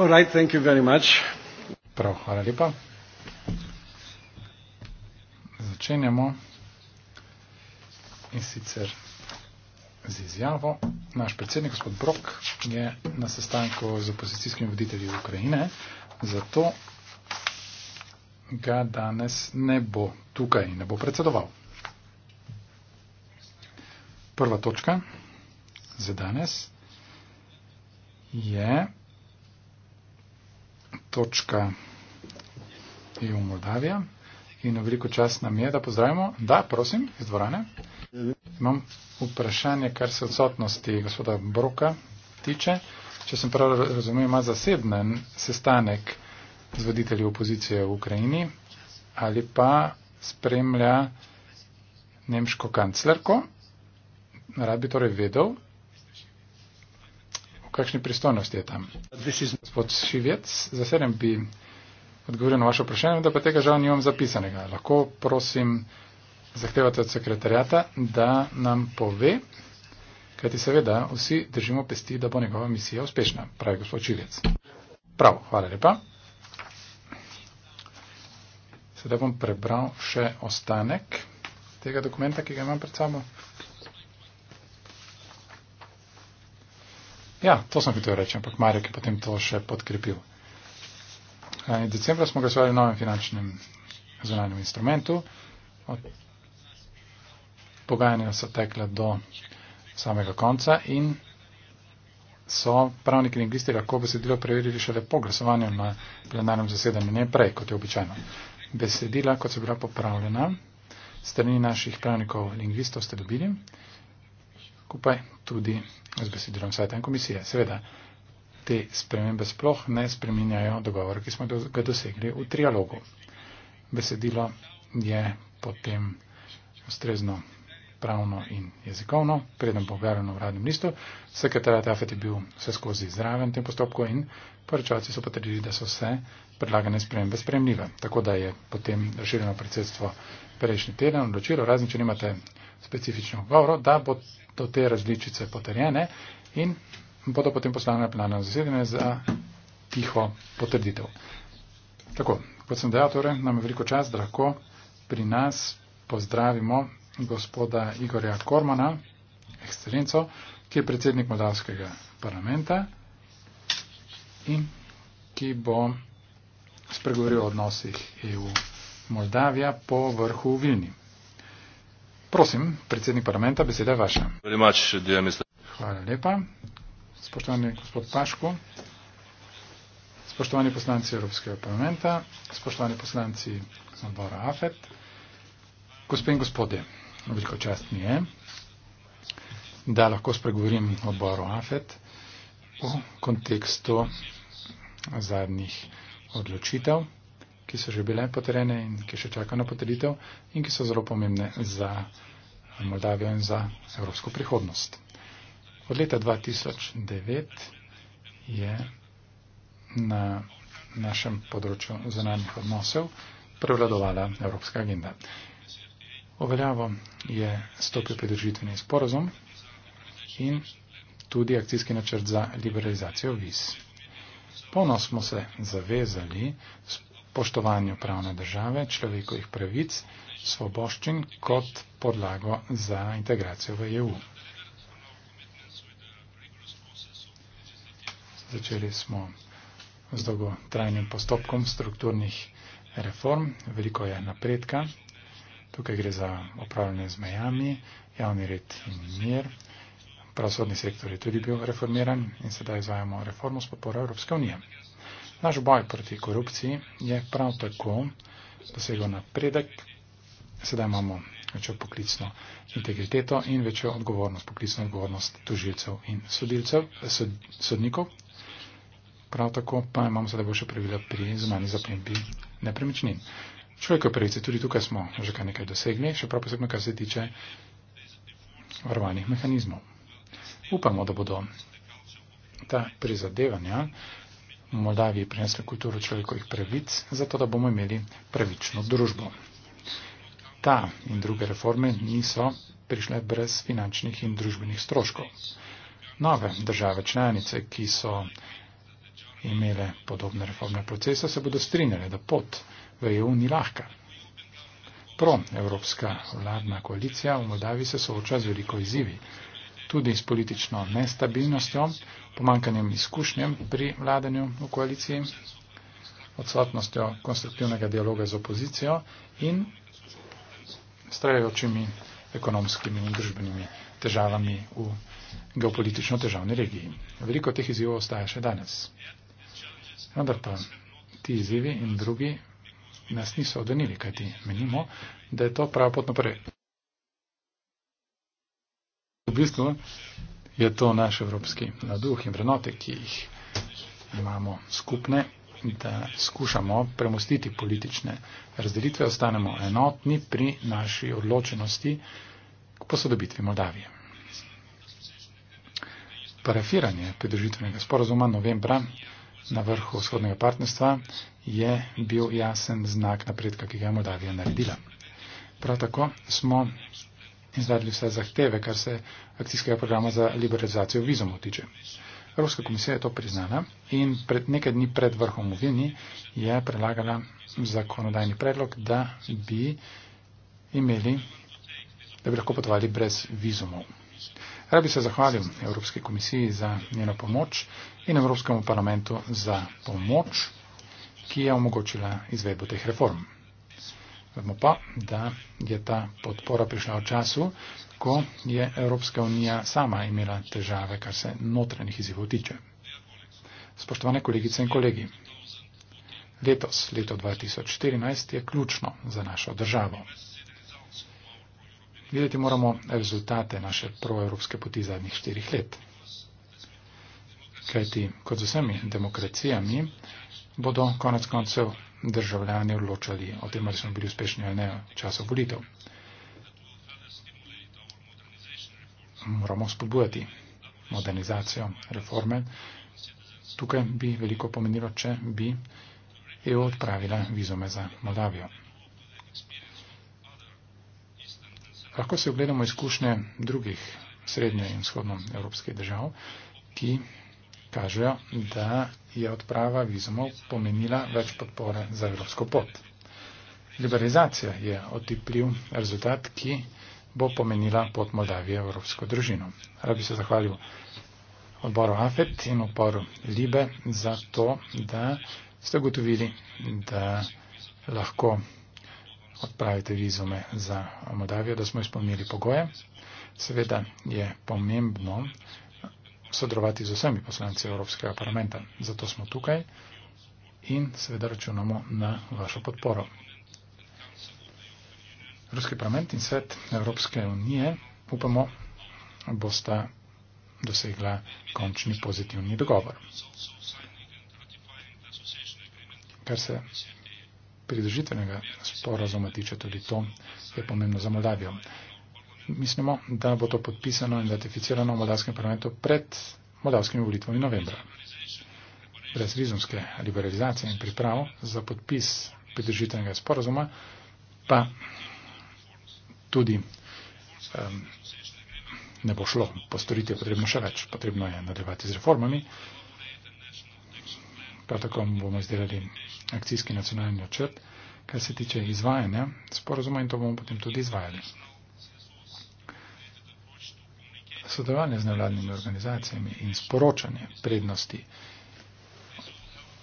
Right, thank you very much. Prav, hvala lepa. Začenjamo in sicer z izjavo. Naš predsednik, gospod Brok, je na sestanku z opozicijskimi voditelji Ukrajine, zato ga danes ne bo tukaj in ne bo predsedoval. Prva točka za danes je Eu Moldavija in veliko čas nam je, da pozdravimo. Da, prosim, iz dvorane. Imam vprašanje, kar se odsotnosti gospoda Broka tiče. Če sem prav razumel, ima zaseben sestanek z voditelji opozicije v Ukrajini ali pa spremlja nemško kanclerko. Rad bi torej vedel, kakšni pristojnosti je tam. Gospod Šivec, za sedem bi odgovoril na vaše vprašanje, da pa tega žal nimam zapisanega. Lahko prosim zahtevate od sekretarjata, da nam pove, kajti seveda vsi držimo pesti, da bo njegova misija uspešna, pravi gospod Šivec. Prav, hvala lepa. Sedaj bom prebral še ostanek tega dokumenta, ki ga imam pred sabo. Ja, to sem hotel reči, ampak Marek je potem to še podkrepil. Eh, decembra smo glasovali o novem finančnem zunanjem instrumentu. Pogajanja so tekla do samega konca in so pravniki in anglisti lahko besedilo preverili šele po glasovanju na plenarnem zasedanju, ne prej, kot je običajno. Besedila, kot so bila popravljena, strani naših pravnikov in anglistov ste dobili skupaj tudi z besedilom svetem komisije. Seveda, te spremembe sploh ne spreminjajo dogovora, ki smo ga dosegli v trialogu. Besedilo je potem ustrezno pravno in jezikovno, preden bo objavljeno v radnem listu. Sekretarat AFET je bil vse skozi zraven v tem postopku in poročavci so potrdili, da so vse predlagane spremembe spremljive. Tako da je potem razširjeno predsedstvo prejšnji teden odločilo, razen če nimate specifično govoro, da bo do te različice potrjene in bodo potem poslane na plano zasedene za tiho potrditev. Tako, kot sem dejal, torej nam je veliko čas, da lahko pri nas pozdravimo gospoda Igorja Kormana, ekscelenco, ki je predsednik Moldavskega parlamenta in ki bo spregovoril o odnosih EU-Moldavija po vrhu Vilni. Prosim, predsednik parlamenta, beseda je vaša. Hvala lepa. Spoštovani gospod Paško, spoštovani poslanci Evropskega parlamenta, spoštovani poslanci odbora AFET, gospe in gospode, veliko čast mi je, da lahko spregovorim odboru AFET v kontekstu zadnjih odločitev ki so že bile potrjene in ki še čakajo na potrditev in ki so zelo pomembne za Moldavijo in za evropsko prihodnost. Od leta 2009 je na našem področju zunanjih odnosov prevladovala evropska agenda. Oveljavo je stopil pridružitveni sporozum in tudi akcijski načrt za liberalizacijo viz. Ponos smo se zavezali poštovanju pravne države, človekovih pravic, svoboščin kot podlago za integracijo v EU. Začeli smo z dolgotrajnim postopkom strukturnih reform, veliko je napredka. Tukaj gre za upravljanje z mejami, javni red in mir. Pravosodni sektor je tudi bil reformiran in sedaj izvajamo reformo s podporo Evropske unije. Naš boj proti korupciji je prav tako dosegel napredek. Sedaj imamo večjo poklicno integriteto in večjo odgovornost, poklicno odgovornost tužilcev in sodilcev, sod, sodnikov. Prav tako pa imamo sedaj boljše pravila pri zunanji zaprembi nepremičnin. Človekove pravice, tudi tukaj smo že kar nekaj dosegli, še prav posebno, kar se tiče varovanih mehanizmov. Upamo, da bodo ta prizadevanja Moldaviji prinesli kulturo človekovih pravic, zato da bomo imeli pravično družbo. Ta in druge reforme niso prišle brez finančnih in družbenih stroškov. Nove države članice, ki so imele podobne reformne procese, se bodo strinjale, da pot v EU ni lahka. Proevropska vladna koalicija v Moldaviji se sooča z veliko izzivi tudi s politično nestabilnostjo, pomankanjem izkušnje pri vladanju v koaliciji, odsotnostjo konstruktivnega dialoga z opozicijo in strajajočimi ekonomskimi in družbenimi težavami v geopolitično težavni regiji. Veliko teh izzivov ostaja še danes. Vendar pa ti izzivi in drugi nas niso odenili, kajti menimo, da je to prava pot naprej v bistvu je to naš evropski duh in vrednote, ki jih imamo skupne, da skušamo premostiti politične razdelitve, ostanemo enotni pri naši odločenosti k posodobitvi Moldavije. Parafiranje pridružitvenega sporozuma novembra na vrhu vzhodnega partnerstva je bil jasen znak napredka, ki ga je Moldavija naredila. Prav tako smo in izvedli vse zahteve, kar se akcijskega programa za liberalizacijo vizumov tiče. Evropska komisija je to priznala in pred nekaj dni pred vrhom v Vini je predlagala zakonodajni predlog, da bi imeli, da bi lahko potovali brez vizumov. Rad bi se zahvalil Evropski komisiji za njeno pomoč in Evropskemu parlamentu za pomoč, ki je omogočila izvedbo teh reform. Vemo pa, da je ta podpora prišla v času, ko je Evropska unija sama imela težave, kar se notranjih izzivov tiče. Spoštovane kolegice in kolegi, letos, leto 2014, je ključno za našo državo. Videti moramo rezultate naše proevropske poti zadnjih štirih let. Kajti, kot z vsemi demokracijami, bodo konec koncev državljani odločali o tem, ali smo bili uspešni ali ne v času volitev. Moramo spodbujati modernizacijo reforme. Tukaj bi veliko pomenilo, če bi EU odpravila vizume za Moldavijo. Lahko se ogledamo izkušnje drugih srednje in vzhodno evropskih držav, ki kažejo, da je odprava vizumov pomenila več podpore za evropsko pot. Liberalizacija je otipljiv rezultat, ki bo pomenila pot Moldavije v evropsko družino. Rad bi se zahvalil odboru AFET in odboru LIBE za to, da ste gotovili, da lahko odpravite vizume za Moldavijo, da smo izpolnili pogoje. Seveda je pomembno, sodelovati z vsemi poslanci Evropskega parlamenta. Zato smo tukaj in seveda računamo na vašo podporo. Evropski parlament in svet Evropske unije upamo, bosta dosegla končni pozitivni dogovor. Kar se pridružitvenega sporazuma tiče tudi to, je pomembno za Moldavijo mislimo, da bo to podpisano in ratificirano v moldavskem parlamentu pred moldavskimi volitvami novembra. Brez vizumske liberalizacije in pripravo za podpis pridržitvenega sporozuma pa tudi um, ne bo šlo. Postoriti je potrebno še več, potrebno je nadaljevati z reformami. Prav tako bomo izdelali akcijski nacionalni načrt, kar se tiče izvajanja sporozuma in to bomo potem tudi izvajali. sodelovanje z nevladnimi organizacijami in sporočanje prednosti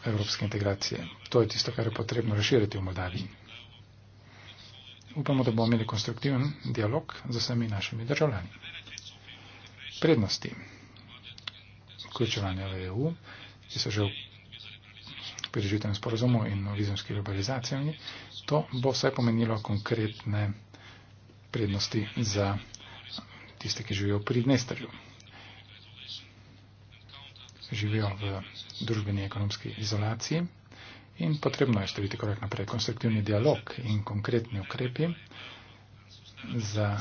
evropske integracije. To je tisto, kar je potrebno razširiti v Moldaviji. Upamo, da bomo imeli konstruktiven dialog z vsemi našimi državljani. Prednosti vključevanja v EU, ki so že v prežitem sporozumu in o vizumski globalizaciji, to bo vse pomenilo konkretne prednosti za tiste, ki živijo pri Nestrlju. Živijo v družbeni ekonomski izolaciji in potrebno je storiti korak naprej. Konstruktivni dialog in konkretni ukrepi za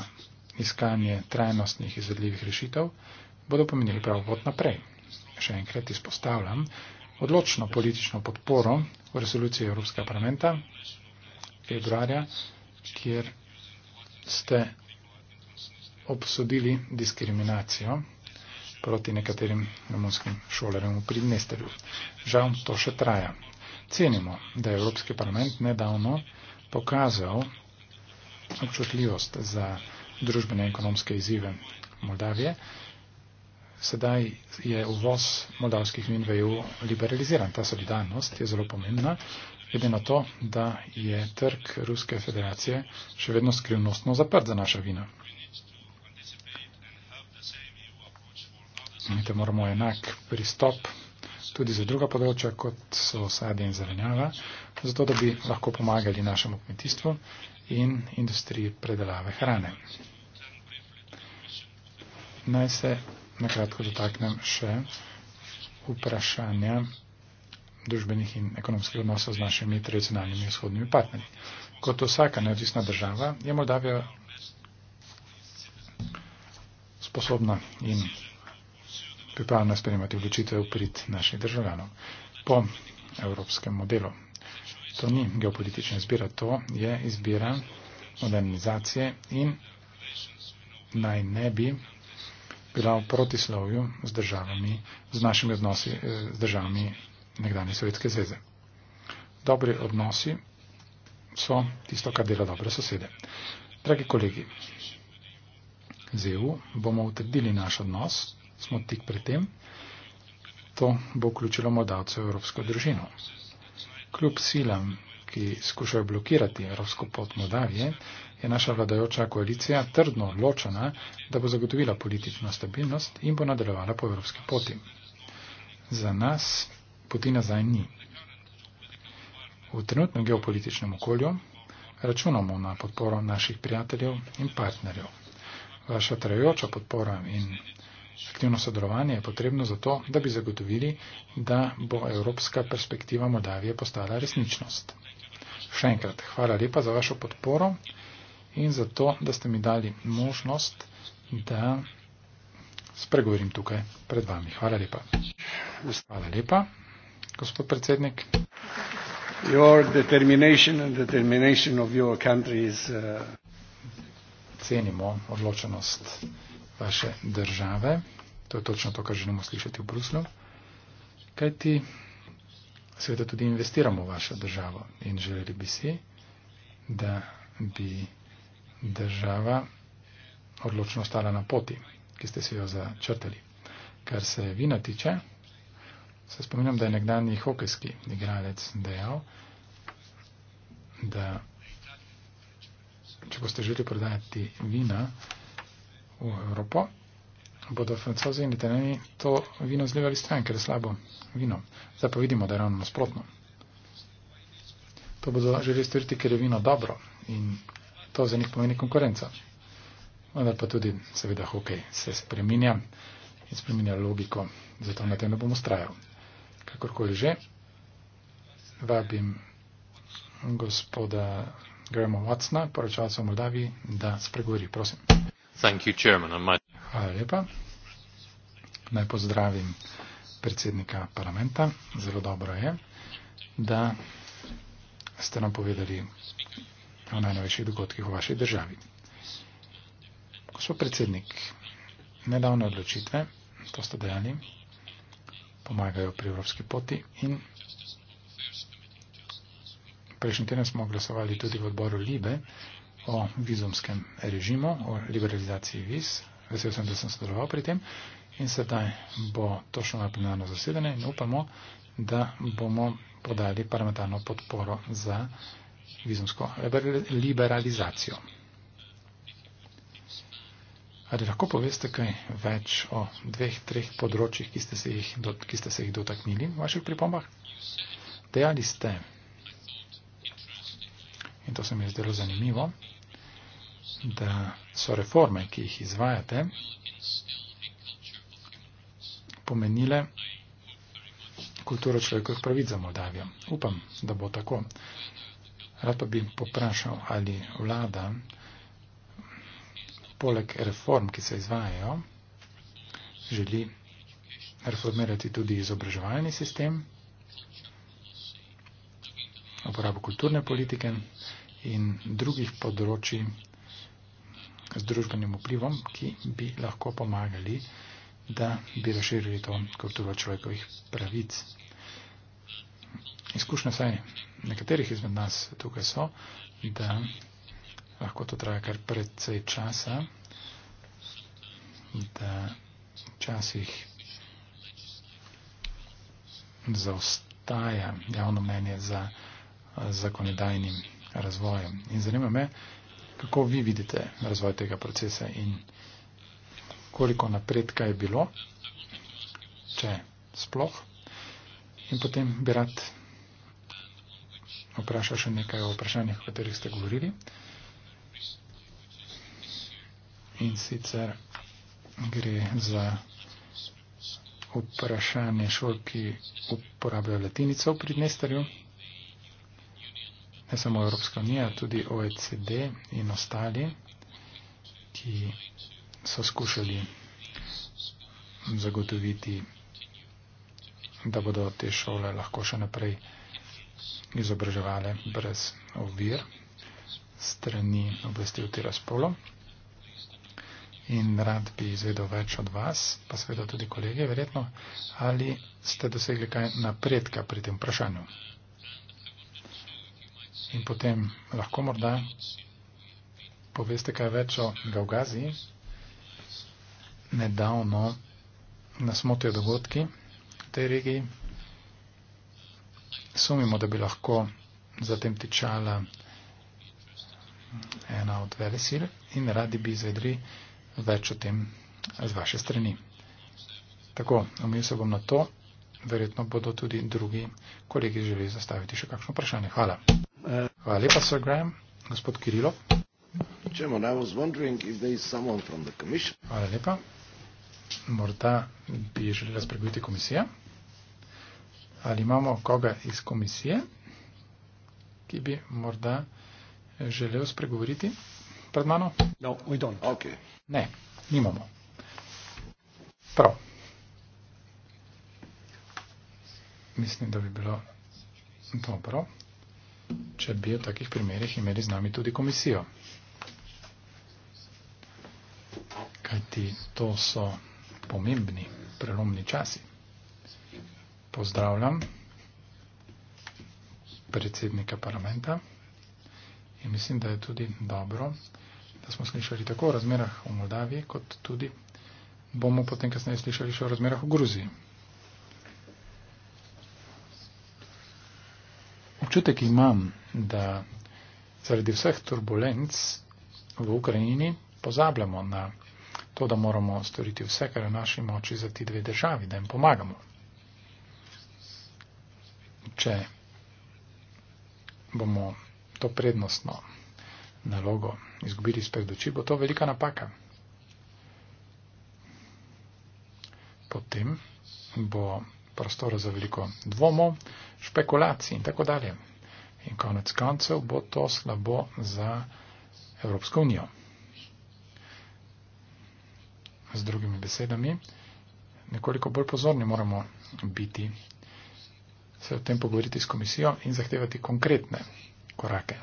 iskanje trajnostnih izvedljivih rešitev bodo pomenili prav pot naprej. Še enkrat izpostavljam odločno politično podporo v resoluciji Evropskega parlamenta februarja, kjer ste obsodili diskriminacijo proti nekaterim romunskim šolarjem v Pridnesterju. Žal to še traja. Cenimo, da je Evropski parlament nedavno pokazal občutljivost za družbene in ekonomske izzive Moldavije. Sedaj je uvoz moldavskih vin v EU liberaliziran. Ta solidarnost je zelo pomembna, glede na to, da je trg Ruske federacije še vedno skrivnostno zaprt za naša vina. mislim, da moramo enak pristop tudi za druga področja, kot so sadje in zelenjava, zato da bi lahko pomagali našemu kmetijstvu in industriji predelave hrane. Naj se na kratko dotaknem še vprašanja družbenih in ekonomskih odnosov z našimi tradicionalnimi vzhodnimi partnerji. Kot vsaka neodvisna država je Moldavija sposobna in pripravljena sprejemati odločitev prid naših državljanov po evropskem modelu. To ni geopolitična izbira, to je izbira modernizacije in naj ne bi bila v protislovju z državami, z našimi odnosi eh, z državami nekdanje Sovjetske zveze. Dobri odnosi so tisto, kar dela dobre sosede. Dragi kolegi, z EU bomo utrdili naš odnos smo tik pred tem, to bo vključilo modalce v evropsko družino. Kljub silam, ki skušajo blokirati evropsko pot Moldavije, je naša vladajoča koalicija trdno odločena, da bo zagotovila politično stabilnost in bo nadaljevala po evropski poti. Za nas poti nazaj ni. V trenutnem geopolitičnem okolju računamo na podporo naših prijateljev in partnerjev. Vaša trajajoča podpora in Aktivno sodelovanje je potrebno zato, da bi zagotovili, da bo evropska perspektiva Moldavije postala resničnost. Še enkrat, hvala lepa za vašo podporo in za to, da ste mi dali možnost, da spregovorim tukaj pred vami. Hvala lepa. Hvala lepa, gospod predsednik. Your determination and determination of your country is. Uh... Cenimo odločenost vaše države. To je točno to, kar želimo slišati v Bruslju. Kaj ti sveta tudi investiramo v vašo državo in želeli bi si, da bi država odločno stala na poti, ki ste si jo začrtali. Kar se vina tiče, se spominjam, da je nekdanji hokejski igralec dejal, da če boste želeli prodajati vina, v Evropo, bodo francozi in italijani to vino zlivali stran, ker je slabo vino. Zdaj pa vidimo, da je ravno nasprotno. To bodo želeli storiti, ker je vino dobro in to za njih pomeni konkurenca. Vendar pa tudi, seveda, hokej se spreminja in spreminja logiko, zato na tem ne bom ustrajal. Kakorkoli že, vabim gospoda Grahama Watsona, poročalca v Moldaviji, da spregovori, prosim. Hvala lepa. Naj pozdravim predsednika parlamenta. Zelo dobro je, da ste nam povedali o najnovejših dogodkih v vaši državi. Gospod predsednik, nedavne odločitve, to ste dejali, pomagajo pri evropski poti in prejšnji teden smo glasovali tudi v odboru Libe o vizumskem režimu, o liberalizaciji viz. Vesel sem, da sem sodeloval pri tem. In sedaj bo točno na plenarno zasedanje in upamo, da bomo podali parlamentarno podporo za vizumsko liberalizacijo. Ali lahko poveste kaj več o dveh, treh področjih, ki ste se jih, ki ste se jih dotaknili v vaših pripombah? Dejali ste, in to se mi je zdelo zanimivo, da so reforme, ki jih izvajate, pomenile kulturo človekovih pravic za Moldavijo. Upam, da bo tako. Rad pa bi poprašal, ali vlada poleg reform, ki se izvajajo, želi reformirati tudi izobraževalni sistem, uporabo kulturne politike in drugih področji, z družbenim vplivom, ki bi lahko pomagali, da bi razširili to kulturo človekovih pravic. Izkušnja vsaj nekaterih izmed nas tukaj so, da lahko to traja kar predvsej časa, da včasih zaostaja javno mnenje za zakonodajnim razvojem. In zanima me, kako vi vidite razvoj tega procesa in koliko napredka je bilo, če sploh. In potem bi rad vprašal še nekaj o vprašanjih, o katerih ste govorili. In sicer gre za vprašanje šol, ki uporabljajo latinico pri Dnestarju ne samo Evropska unija, tudi OECD in ostali, ki so skušali zagotoviti, da bodo te šole lahko še naprej izobraževale brez ovir strani oblasti v Tiraspolu. In rad bi izvedel več od vas, pa seveda tudi kolege, verjetno, ali ste dosegli kaj napredka pri tem vprašanju in potem lahko morda poveste kaj več o Gaugazi. Nedavno nas motijo dogodki v tej regiji. Sumimo, da bi lahko zatem tičala ena od velesil in radi bi izvedli več o tem z vaše strani. Tako, omil se bom na to. Verjetno bodo tudi drugi kolegi želeli zastaviti še kakšno vprašanje. Hvala. Hvala lepa, sir Graham. Gospod Kirilov. Hvala lepa. Morda bi želela spregovoriti komisija. Ali imamo koga iz komisije, ki bi morda želel spregovoriti pred mano? No, okay. Ne, nimamo. Prav. Mislim, da bi bilo dobro če bi v takih primerjih imeli z nami tudi komisijo. Kajti to so pomembni, prelomni časi. Pozdravljam predsednika parlamenta in mislim, da je tudi dobro, da smo slišali tako o razmerah v Moldaviji, kot tudi bomo potem kasneje slišali še o razmerah v Gruziji. občutek imam, da zaradi vseh turbulenc v Ukrajini pozabljamo na to, da moramo storiti vse, kar je v naši moči za ti dve državi, da jim pomagamo. Če bomo to prednostno nalogo izgubili spred oči, bo to velika napaka. Potem bo prostora za veliko dvomov, špekulacij in tako dalje. In konec koncev bo to slabo za Evropsko unijo. Z drugimi besedami, nekoliko bolj pozorni moramo biti, se o tem pogovoriti s komisijo in zahtevati konkretne korake.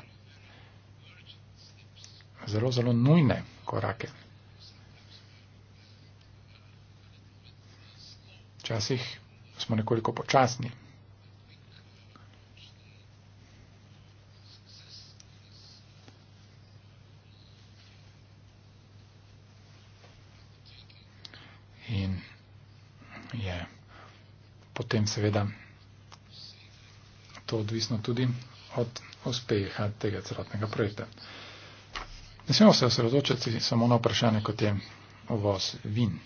Zelo, zelo nujne korake. Včasih smo nekoliko počasni. In je potem seveda to odvisno tudi od uspeha tega celotnega projekta. Ne smemo se osredočiti samo na vprašanje, kot je uvoz vin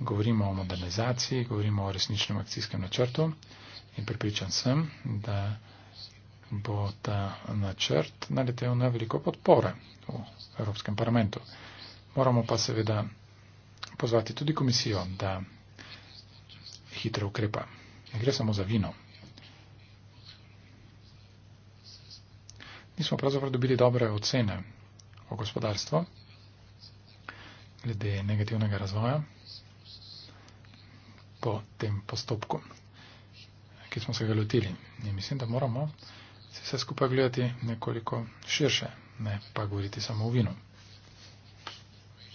govorimo o modernizaciji, govorimo o resničnem akcijskem načrtu in pripričan sem, da bo ta načrt naletel na veliko podpore v Evropskem parlamentu. Moramo pa seveda pozvati tudi komisijo, da hitro ukrepa. Ne gre samo za vino. Nismo pravzaprav dobili dobre ocene o gospodarstvu glede negativnega razvoja po tem postopku, ki smo se ga lotili. In mislim, da moramo se vse skupaj gledati nekoliko širše, ne pa govoriti samo o vinu.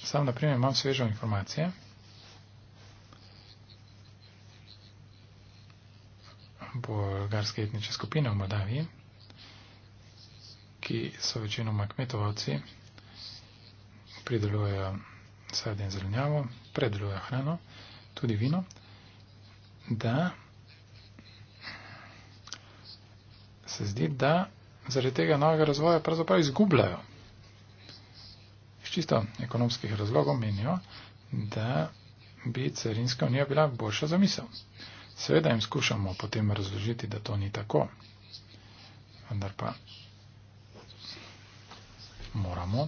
Sam, na primer, imam svežo informacije. bolgarske etnične skupine v Madaviji, ki so večinoma kmetovalci, pridelujejo sadje in zelenjavo, predelujejo hrano, tudi vino, da se zdi, da zaradi tega novega razvoja pravzaprav izgubljajo. Iz čisto ekonomskih razlogov menijo, da bi carinska unija bila boljša zamisel. Seveda jim skušamo potem razložiti, da to ni tako. Vendar pa moramo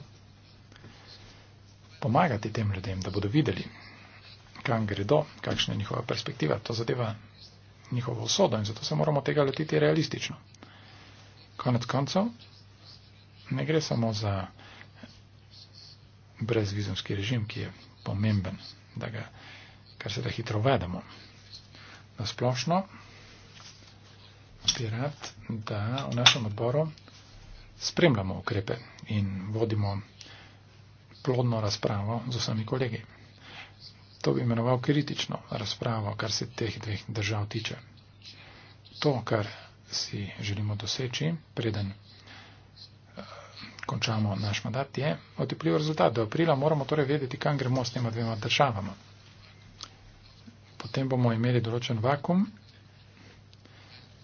pomagati tem ljudem, da bodo videli, kam gredo, kakšna je njihova perspektiva. To zadeva njihovo usodo in zato se moramo tega lotiti realistično. Konec koncev, ne gre samo za brezvizumski režim, ki je pomemben, da ga kar se da hitro vedemo. Na splošno bi rad, da v našem odboru spremljamo ukrepe in vodimo plodno razpravo z vsemi kolegi to bi imenoval kritično razpravo, kar se teh dveh držav tiče. To, kar si želimo doseči, preden eh, končamo naš mandat, je otepljiv rezultat. Do aprila moramo torej vedeti, kam gremo s tema dvema državama. Potem bomo imeli določen vakum,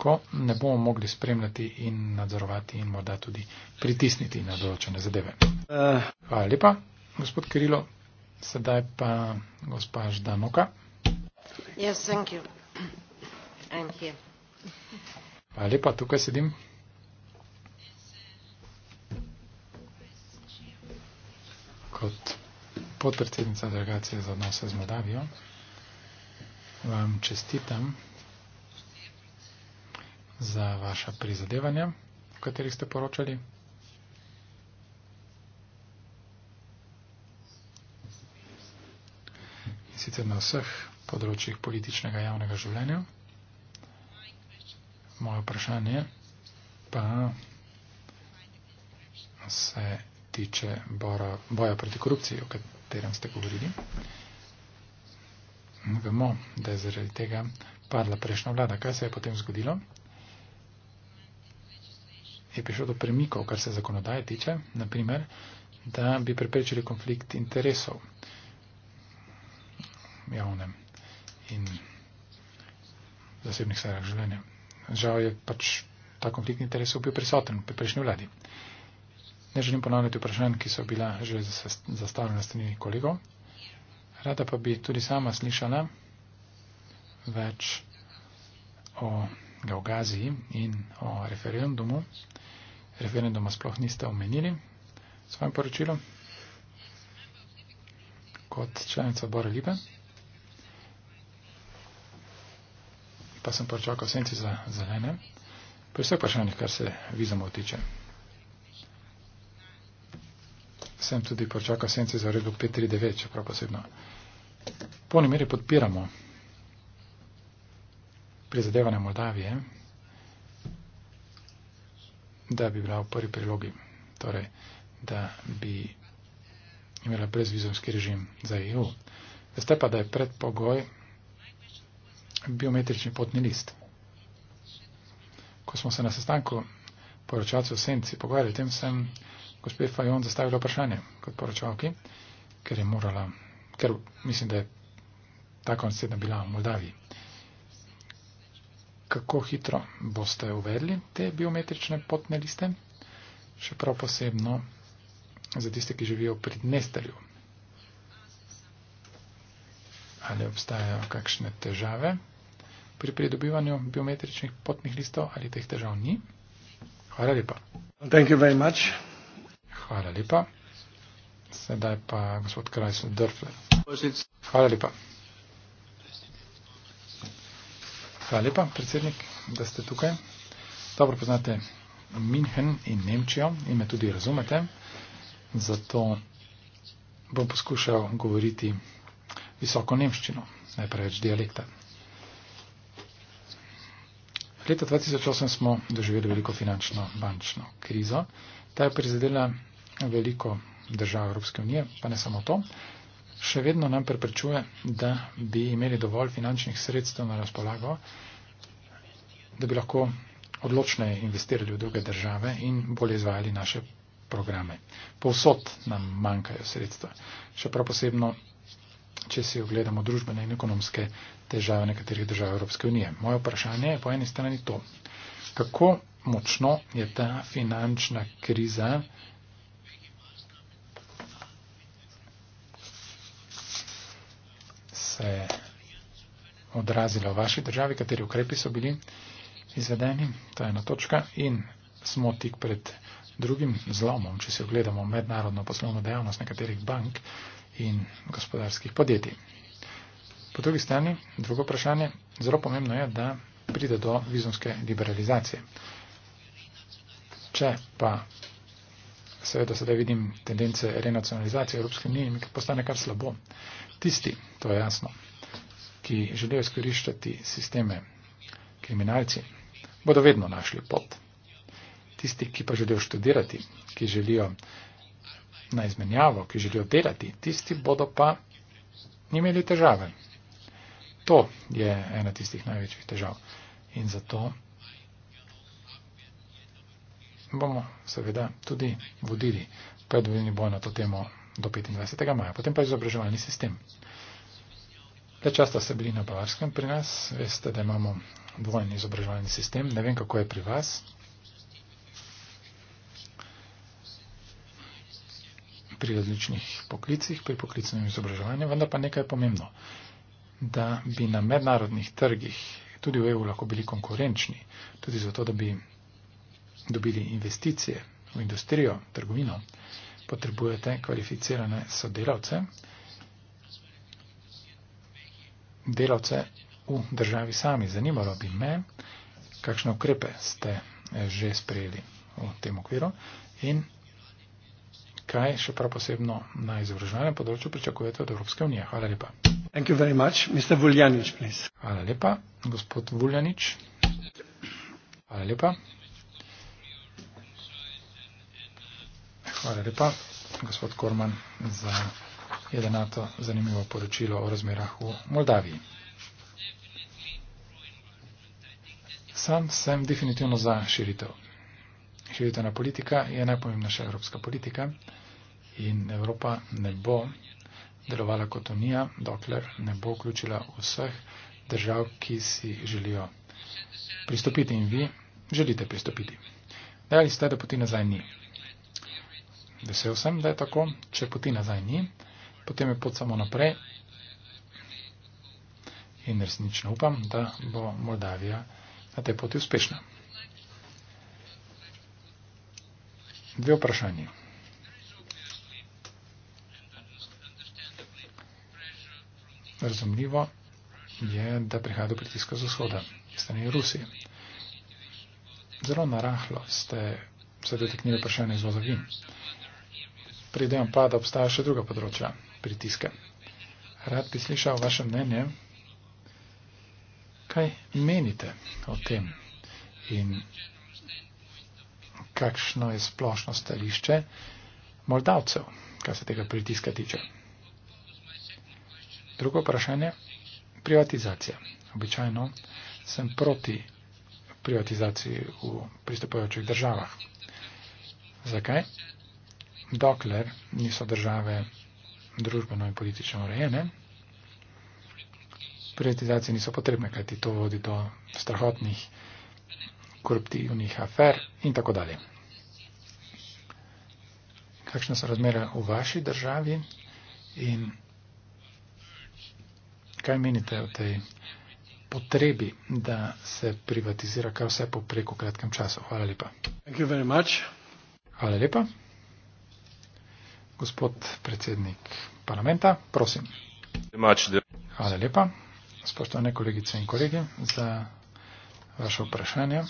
ko ne bomo mogli spremljati in nadzorovati in morda tudi pritisniti na določene zadeve. Eh. Hvala lepa, gospod Kirilo. Sedaj pa gospa Ždanoka. Yes, thank you. I'm here. Pa lepa, tukaj sedim. Kot podpredsednica delegacije za odnose z Moldavijo vam čestitam za vaša prizadevanja, v katerih ste poročali. sicer na vseh področjih političnega javnega življenja. Moje vprašanje pa se tiče bora, boja proti korupciji, o katerem ste govorili. Vemo, da je zaradi tega padla prejšnja vlada. Kaj se je potem zgodilo? Je prišlo do premikov, kar se zakonodaje tiče, naprimer, da bi preprečili konflikt interesov javnem in zasebnih sferah življenja. Žal je pač ta konflikt interesov bil prisoten pri prejšnji vladi. Ne želim ponavljati vprašanj, ki so bila že zastavljena strani kolegov. Rada pa bi tudi sama slišala več o Gaugaziji in o referendumu. Referenduma sploh niste omenili svojem poročilu kot članica odbora Libe. pa sem počakal pač senci za zelene. Pri vseh vprašanjih, kar se vizamo tiče. Sem tudi počakal pač senci za uredbo 539, čeprav posebno. Po nemeri podpiramo prizadevanje Moldavije, da bi bila v prvi prilogi, torej, da bi imela brezvizovski režim za EU. Veste pa, da je predpogoj, biometrični potni list. Ko smo se na sestanku poročalcev senci pogovarjali, tem sem gospe Fajon zastavila vprašanje kot poročalki, ker je morala, ker mislim, da je ta konc tedna bila v Moldaviji. Kako hitro boste uvedli te biometrične potne liste, še prav posebno za tiste, ki živijo pri Dnesterju? Ali obstajajo kakšne težave? pri pridobivanju biometričnih potnih listov ali teh držav ni. Hvala lepa. Thank you very much. Hvala lepa. Sedaj pa gospod Krajsel Dörfler. Hvala lepa. Hvala lepa, predsednik, da ste tukaj. Dobro poznate Minhen in Nemčijo in me tudi razumete. Zato bom poskušal govoriti visoko nemščino, ne preveč dialekta. Leta 2008 smo doživeli veliko finančno bančno krizo. Ta je prizadela veliko držav Evropske unije, pa ne samo to. Še vedno nam preprečuje, da bi imeli dovolj finančnih sredstev na razpolago, da bi lahko odločno investirali v druge države in bolje izvajali naše programe. Povsod nam manjkajo sredstva. Še prav posebno če si ogledamo družbene in ekonomske težave nekaterih držav Evropske unije. Moje vprašanje je po eni strani to, kako močno je ta finančna kriza se odrazila v vaši državi, kateri ukrepi so bili izvedeni, to je ena točka, in smo tik pred drugim zlomom, če si ogledamo mednarodno poslovno dejavnost nekaterih bank, in gospodarskih podjetij. Po drugi strani, drugo vprašanje, zelo pomembno je, da pride do vizumske liberalizacije. Če pa seveda sedaj vidim tendence renacionalizacije Evropske unije, mi postane kar slabo. Tisti, to je jasno, ki želijo izkoriščati sisteme kriminalci, bodo vedno našli pot. Tisti, ki pa želijo študirati, ki želijo na izmenjavo, ki želijo delati, tisti bodo pa imeli težave. To je ena tistih največjih težav. In zato bomo seveda tudi vodili predvoljeni boj na to temo do 25. maja, potem pa izobraževalni sistem. Te časta ste bili na Bavarskem pri nas, veste, da imamo dvojni izobraževalni sistem, ne vem, kako je pri vas, pri različnih poklicih, pri poklicnem izobraževanju, vendar pa nekaj je pomembno, da bi na mednarodnih trgih tudi v EU lahko bili konkurenčni, tudi zato, da bi dobili investicije v industrijo, trgovino, potrebujete kvalificirane sodelavce, delavce v državi sami. Zanimalo bi me, kakšne ukrepe ste že sprejeli v tem okviru in kraj, še prav posebno na izobraževalnem področju, pričakujete od Evropske unije. Hvala lepa. Much, Vuljanič, Hvala lepa, gospod Vuljanič. Hvala lepa. Hvala lepa, gospod Korman, za jedenato zanimivo poročilo o razmerah v Moldaviji. Sam sem definitivno za širitev širitvena politika je najpomembnejša evropska politika in Evropa ne bo delovala kot unija, dokler ne bo vključila vseh držav, ki si želijo pristopiti in vi želite pristopiti. Dejali ste, da poti nazaj ni. Vesel sem, da je tako. Če poti nazaj ni, potem je pot samo naprej. In resnično upam, da bo Moldavija na tej poti uspešna. Dve vprašanje. Razumljivo je, da prihaja do pritiska z vzhoda, strani Rusije. Zelo narahlo ste se dotaknili vprašanja izvoza vin. Pridejam pa, da obstaja še druga področja pritiska. Rad bi slišal vaše mnenje, kaj menite o tem in kakšno je splošno stališče moldavcev, kar se tega pritiska tiče. Drugo vprašanje. Privatizacija. Običajno sem proti privatizaciji v pristopajočih državah. Zakaj? Dokler niso države družbeno in politično urejene, privatizacije niso potrebne, kajti to vodi do strahotnih koruptivnih afer in tako dalje. Kakšne so razmere v vaši državi in kaj menite o tej potrebi, da se privatizira kar vse po preko kratkem času? Hvala lepa. Hvala lepa. Gospod predsednik parlamenta, prosim. Hvala lepa, spoštovane kolegice in kolegi, za vaše vprašanje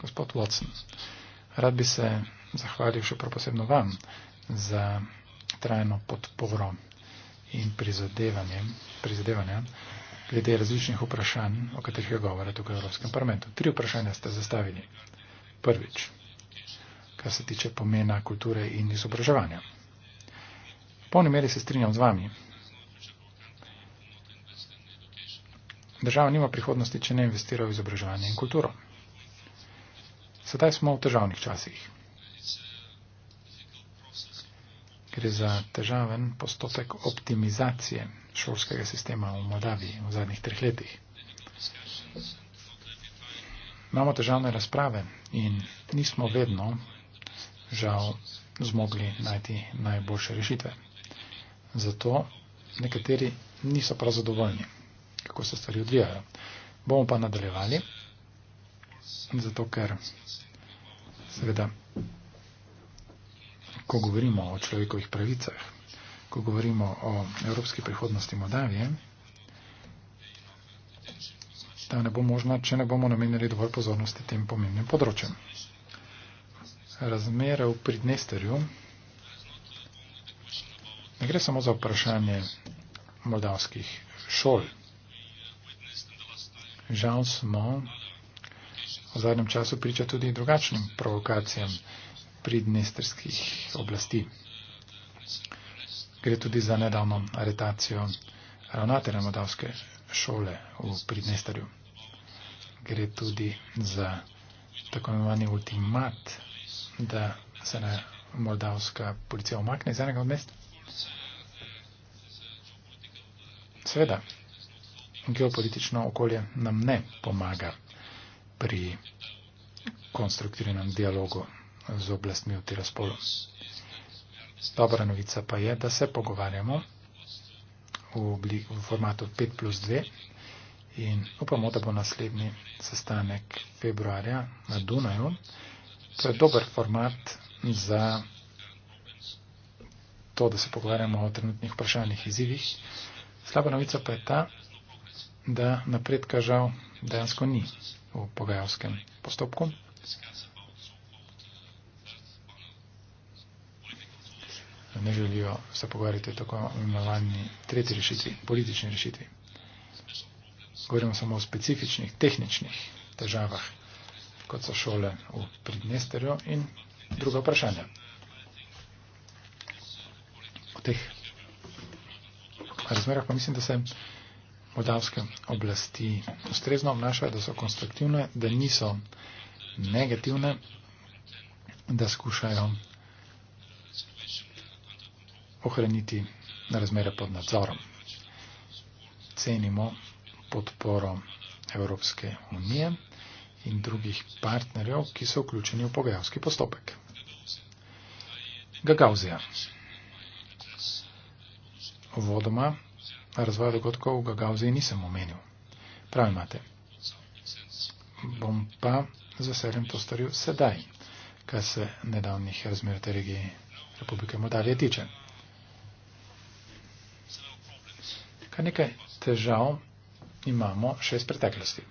gospod Watson, rad bi se zahvalil še proposebno vam za trajno podporo in prizadevanje, prizadevanje glede različnih vprašanj, o katerih je govora tukaj v Evropskem parlamentu. Tri vprašanja ste zastavili. Prvič, kar se tiče pomena kulture in izobraževanja. V polni meri se strinjam z vami. Država nima prihodnosti, če ne investira v izobraževanje in kulturo. Sedaj smo v težavnih časih. Gre za težaven postopek optimizacije šolskega sistema v Moldaviji v zadnjih treh letih. Imamo težavne razprave in nismo vedno, žal, zmogli najti najboljše rešitve. Zato nekateri niso prav zadovoljni, kako se stvari odvijajo. Bomo pa nadaljevali zato ker seveda, ko govorimo o človekovih pravicah, ko govorimo o evropski prihodnosti Moldavije, ta ne bo možna, če ne bomo namenili dovolj pozornosti tem pomembnim področjem. Razmere v Pridnesterju ne gre samo za vprašanje moldavskih šol. Žal smo v zadnjem času priča tudi drugačnim provokacijam pridnestrskih oblasti. Gre tudi za nedavno aretacijo ravnatelja modavske šole v Pridnestarju. Gre tudi za tako imenovani ultimat, da se ne moldavska policija omakne iz enega od mest. Sveda, geopolitično okolje nam ne pomaga pri konstruktivnem dialogu z oblastmi v Tiraspolu. Dobra novica pa je, da se pogovarjamo v, oblik, v formatu 5 plus 2 in upamo, da bo naslednji sestanek februarja na Dunaju. To je dober format za to, da se pogovarjamo o trenutnih vprašanjih izzivih. Slaba novica pa je ta, da napredka žal dejansko ni v pogajalskem postopku. Ne želijo se pogovarjati o tako imenovani tretji rešitvi, politični rešitvi. Govorimo samo o specifičnih, tehničnih težavah, kot so šole v Pridnesterju in druga vprašanja. O teh razmerah pa mislim, da se moldavske oblasti ustrezno obnašajo, da so konstruktivne, da niso negativne, da skušajo ohraniti razmere pod nadzorom. Cenimo podporo Evropske unije in drugih partnerjev, ki so vključeni v pogajalski postopek. Gagauzija. Vodoma razvoj dogodkov v Gagauzi nisem omenil. Prav imate. Bom pa zaseljen to storil sedaj, kar se nedavnih razmer te regije Republike Moldavije tiče. Kar nekaj težav imamo še iz preteklosti.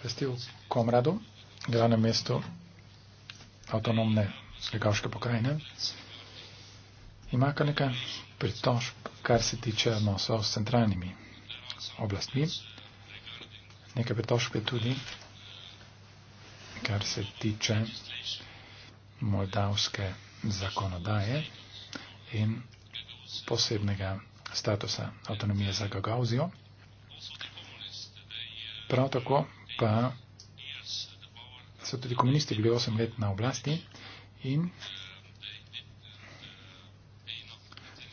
Prestil Komradu, glavnem mestu avtonomne legavške pokrajine, ima kar nekaj pritožb, kar se tiče odnosov s centralnimi oblastmi. Nekaj pritožb je tudi, kar se tiče moldavske zakonodaje in posebnega statusa avtonomije za Gagauzijo. Prav tako pa so tudi komunisti bili 8 let na oblasti in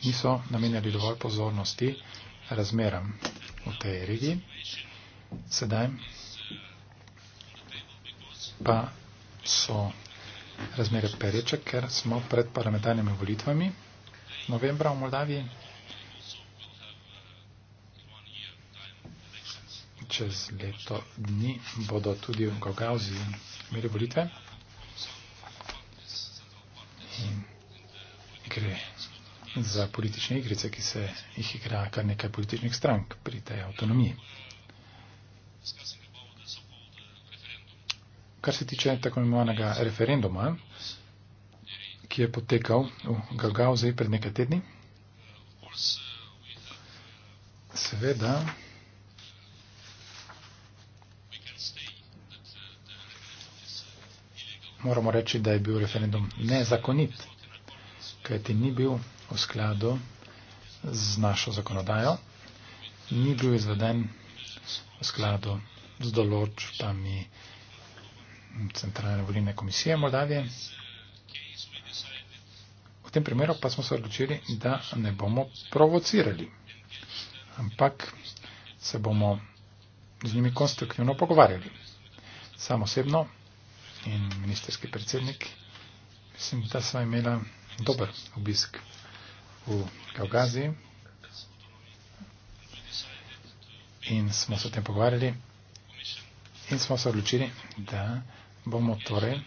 niso namenjali dovolj pozornosti razmeram v tej regiji. Sedaj pa so razmere pereče, ker smo pred parlamentarnimi volitvami novembra v Moldaviji. Čez leto dni bodo tudi v Gagauzi imeli volitve. In gre za politične igrice, ki se jih igra kar nekaj političnih strank pri tej avtonomiji. Kar se tiče tako imenovanega referenduma, ki je potekal v Galgauzi pred nekaj tedni, seveda. Moramo reči, da je bil referendum nezakonit kajti ni bil v skladu z našo zakonodajo, ni bil izveden v skladu z določbami Centralne volilne komisije Moldavije. V tem primeru pa smo se odločili, da ne bomo provocirali, ampak se bomo z njimi konstruktivno pogovarjali. Sam osebno in ministerski predsednik, mislim, da sva imela dober obisk v Kaukaziji. In smo se o tem pogovarjali in smo se odločili, da bomo torej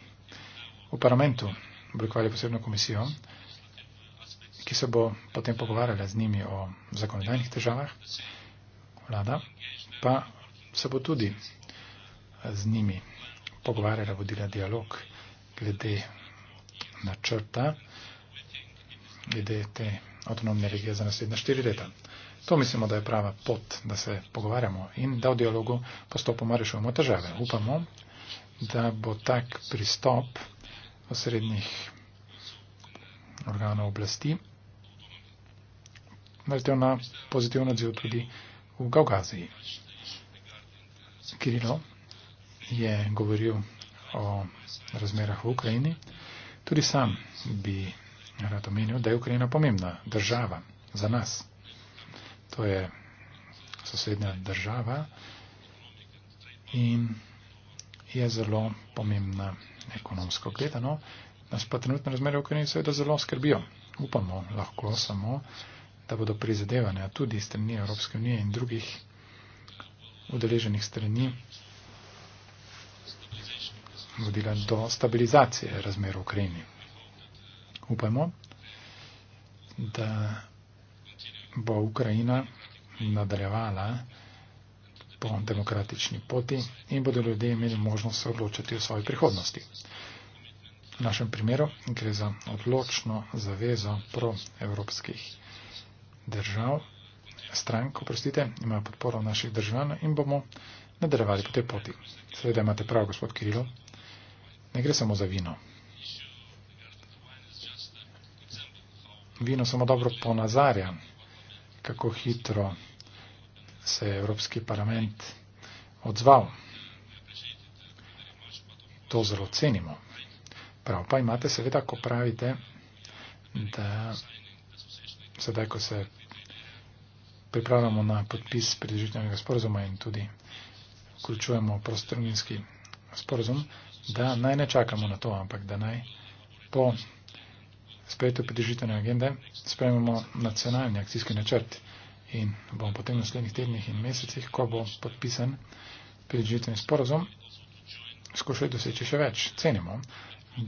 v parlamentu oblikovali posebno komisijo, ki se bo potem pogovarjala z njimi o zakonodajnih težavah. Vlada pa se bo tudi z njimi pogovarjala, vodila dialog glede načrta glede te avtonomne regije za naslednje štiri leta. To mislimo, da je prava pot, da se pogovarjamo in da v dialogu postopoma rešujemo težave. Upamo, da bo tak pristop osrednjih organov oblasti naletel na pozitiven odziv tudi v Gaugaziji. Kirilo je govoril o razmerah v Ukrajini. Tudi sam bi rad omenil, da je Ukrajina pomembna država za nas. To je sosednja država in je zelo pomembna ekonomsko gledano. Nas pa trenutne razmere v Ukrajini seveda zelo skrbijo. Upamo lahko samo, da bodo prizadevanja tudi strani Evropske unije in drugih udeleženih strani vodila do stabilizacije razmer v Ukrajini upajmo, da bo Ukrajina nadaljevala po demokratični poti in bodo ljudje imeli možnost se odločiti o svoji prihodnosti. V našem primeru gre za odločno zavezo proevropskih držav, strank, oprostite, imajo podporo naših državljanov in bomo nadaljevali po tej poti. Seveda imate prav, gospod Kirilo, ne gre samo za vino. vino samo dobro ponazarja, kako hitro se je Evropski parlament odzval. To zelo cenimo. Prav pa imate seveda, ko pravite, da sedaj, ko se pripravljamo na podpis pridružitvenega sporozuma in tudi vključujemo prostorninski sporozum, da naj ne čakamo na to, ampak da naj po sprejeti v pridržitene agende, sprejmemo nacionalni akcijski načrt in bomo potem v naslednjih tednih in mesecih, ko bo podpisan pridržitveni sporozum, skušali doseči še več. Cenimo,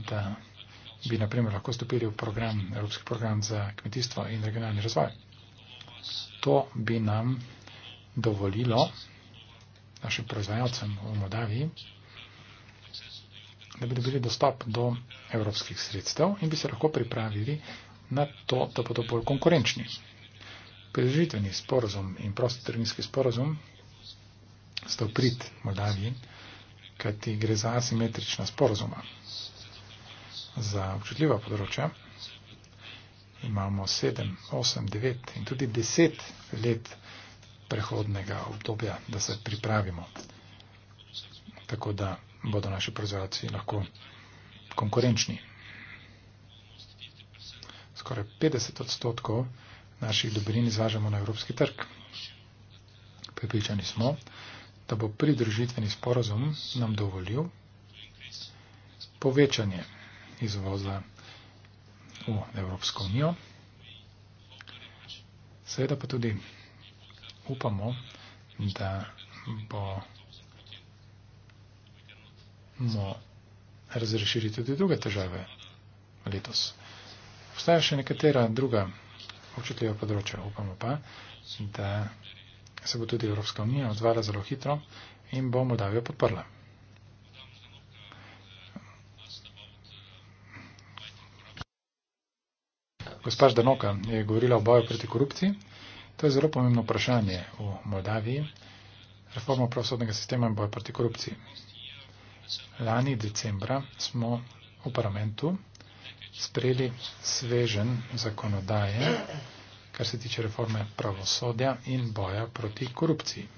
da bi naprimer lahko stopili v program, Evropski program za kmetijstvo in regionalni razvoj. To bi nam dovolilo našim proizvajalcem v Moldaviji, da bi dobili dostop do evropskih sredstev in bi se lahko pripravili na to, da bodo bolj konkurenčni. Pridružitveni sporozum in prostotrgovinski sporozum sta v prid Moldaviji, kajti gre za asimetrična sporozuma. Za občutljiva področja imamo 7, 8, 9 in tudi 10 let prehodnega obdobja, da se pripravimo. Tako da bodo naši proizvajalci lahko konkurenčni. Skoraj 50 odstotkov naših dobrin izvažamo na evropski trg. Pripričani smo, da bo pridružitveni sporozum nam dovolil povečanje izvoza v Evropsko unijo. Seveda pa tudi upamo, da bo bomo razrešili tudi druge težave letos. Obstaja še nekatera druga občutljiva področja. Upamo pa, da se bo tudi Evropska unija odzvala zelo hitro in bo Moldavijo podprla. Gospa Ždanoka je govorila o boju proti korupciji. To je zelo pomembno vprašanje v Moldaviji. Reforma pravosodnega sistema in boj proti korupciji. Lani decembra smo v parlamentu sprejeli svežen zakonodaje, kar se tiče reforme pravosodja in boja proti korupciji.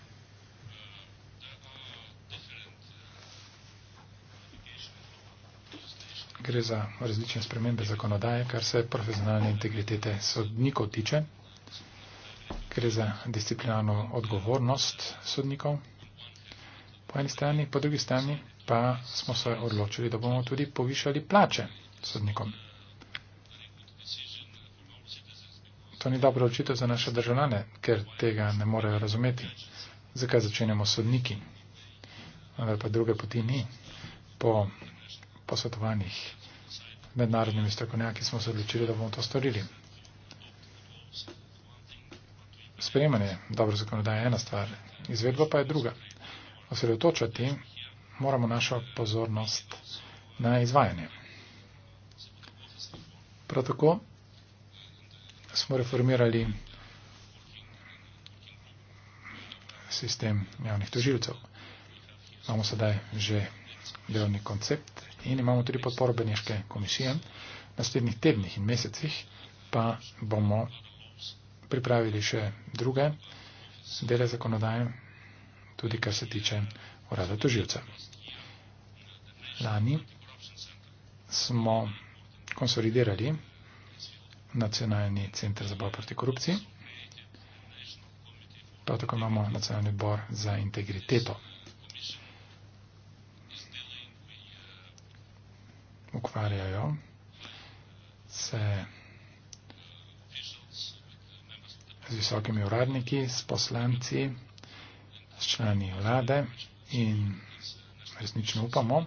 Gre za različne spremembe zakonodaje, kar se profesionalne integritete sodnikov tiče. Gre za disciplinarno odgovornost sodnikov. Po eni strani, po drugi strani pa smo se odločili, da bomo tudi povišali plače sodnikom. To ni dobro očitev za naše državljane, ker tega ne morejo razumeti. Zakaj začenjamo sodniki? Ali pa druge poti ni. Po posvetovanjih mednarodnimi strokovnjaki smo se odločili, da bomo to storili. Sprejemanje dobro zakonodaje je ena stvar, izvedba pa je druga. Osredotočati moramo našo pozornost na izvajanje. Prav tako smo reformirali sistem javnih tožilcev. Imamo sedaj že delovni koncept in imamo tudi podporo Beneške komisije. Na naslednjih tednih in mesecih pa bomo pripravili še druge dele zakonodaje, tudi kar se tiče urada tožilca. Lani smo konsolidirali nacionalni centr za boj proti korupciji, prav tako imamo nacionalni bor za integriteto. Ukvarjajo se z visokimi uradniki, s poslanci, s člani vlade in resnično upamo,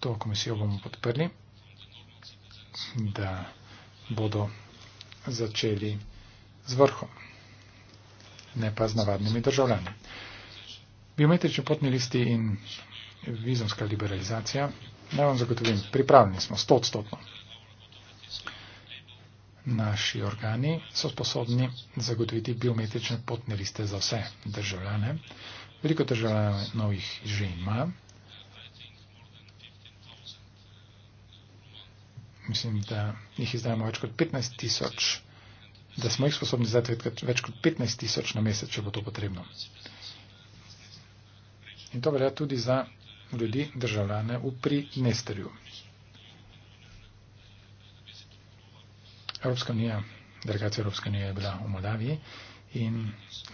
to komisijo bomo podprli, da bodo začeli z vrhom, ne pa z navadnimi državljani. Biometrični potni listi in vizumska liberalizacija, naj vam zagotovim, pripravljeni smo sto odstotno. Naši organi so sposobni zagotoviti biometrične potne liste za vse državljane. Veliko državljanov jih že ima. Mislim, da jih izdajamo več kot 15 tisoč, da smo jih sposobni izdati več kot 15 tisoč na mesec, če bo to potrebno. In to velja tudi za ljudi, državljane v Prinesterju. Evropska unija, delegacija Evropske unije je bila v Moldaviji in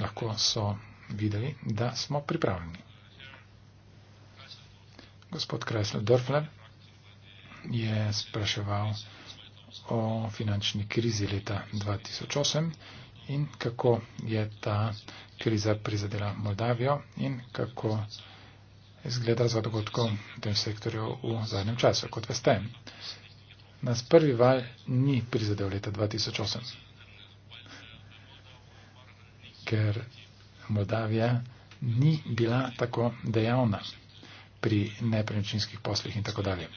lahko so videli, da smo pripravljeni. Gospod Kresler Dörfler je spraševal o finančni krizi leta 2008 in kako je ta kriza prizadela Moldavijo in kako izgleda za dogodkov v tem sektorju v zadnjem času, kot veste. Nas prvi val ni prizadel leta 2008, ker Moldavija ni bila tako dejavna pri nepremičninskih poslih in tako dalje.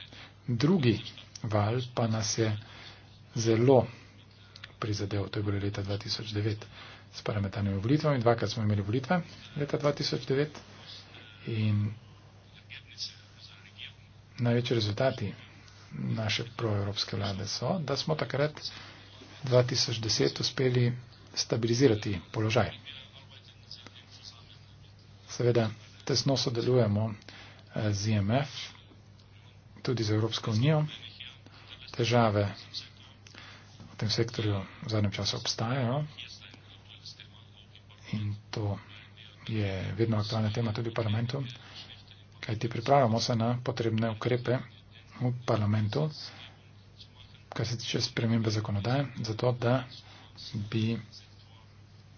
Drugi val pa nas je zelo prizadel, to je bilo leta 2009 s parametanimi volitvami, dvakrat smo imeli volitve leta 2009 in največji rezultati naše proevropske vlade so, da smo takrat 2010 uspeli stabilizirati položaj. Seveda, tesno sodelujemo eh, z IMF, tudi z Evropsko unijo. Težave v tem sektorju v zadnjem času obstajajo in to je vedno aktualna tema tudi v parlamentu, kajti pripravljamo se na potrebne ukrepe v parlamentu, kar se tiče spremembe zakonodaje, zato da bi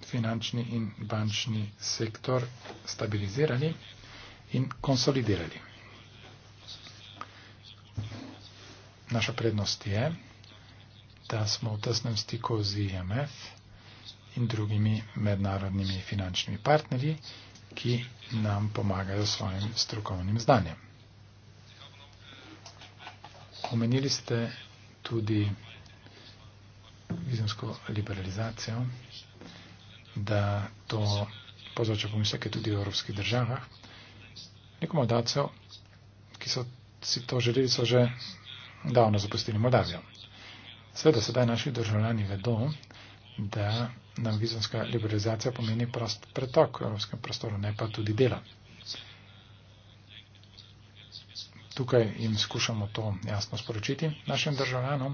finančni in bančni sektor stabilizirali in konsolidirali. Naša prednost je, da smo v tesnem stiku z IMF in drugimi mednarodnimi finančnimi partnerji, ki nam pomagajo s svojim strokovnim znanjem. Omenili ste tudi vizumsko liberalizacijo da to povzroča pomisleke tudi v evropskih državah. Neko Moldavcev, ki so si to želeli, so že davno zapustili Moldavijo. Sveda sedaj naši državljani vedo, da nam vizonska liberalizacija pomeni prost pretok v evropskem prostoru, ne pa tudi dela. Tukaj jim skušamo to jasno sporočiti našim državljanom,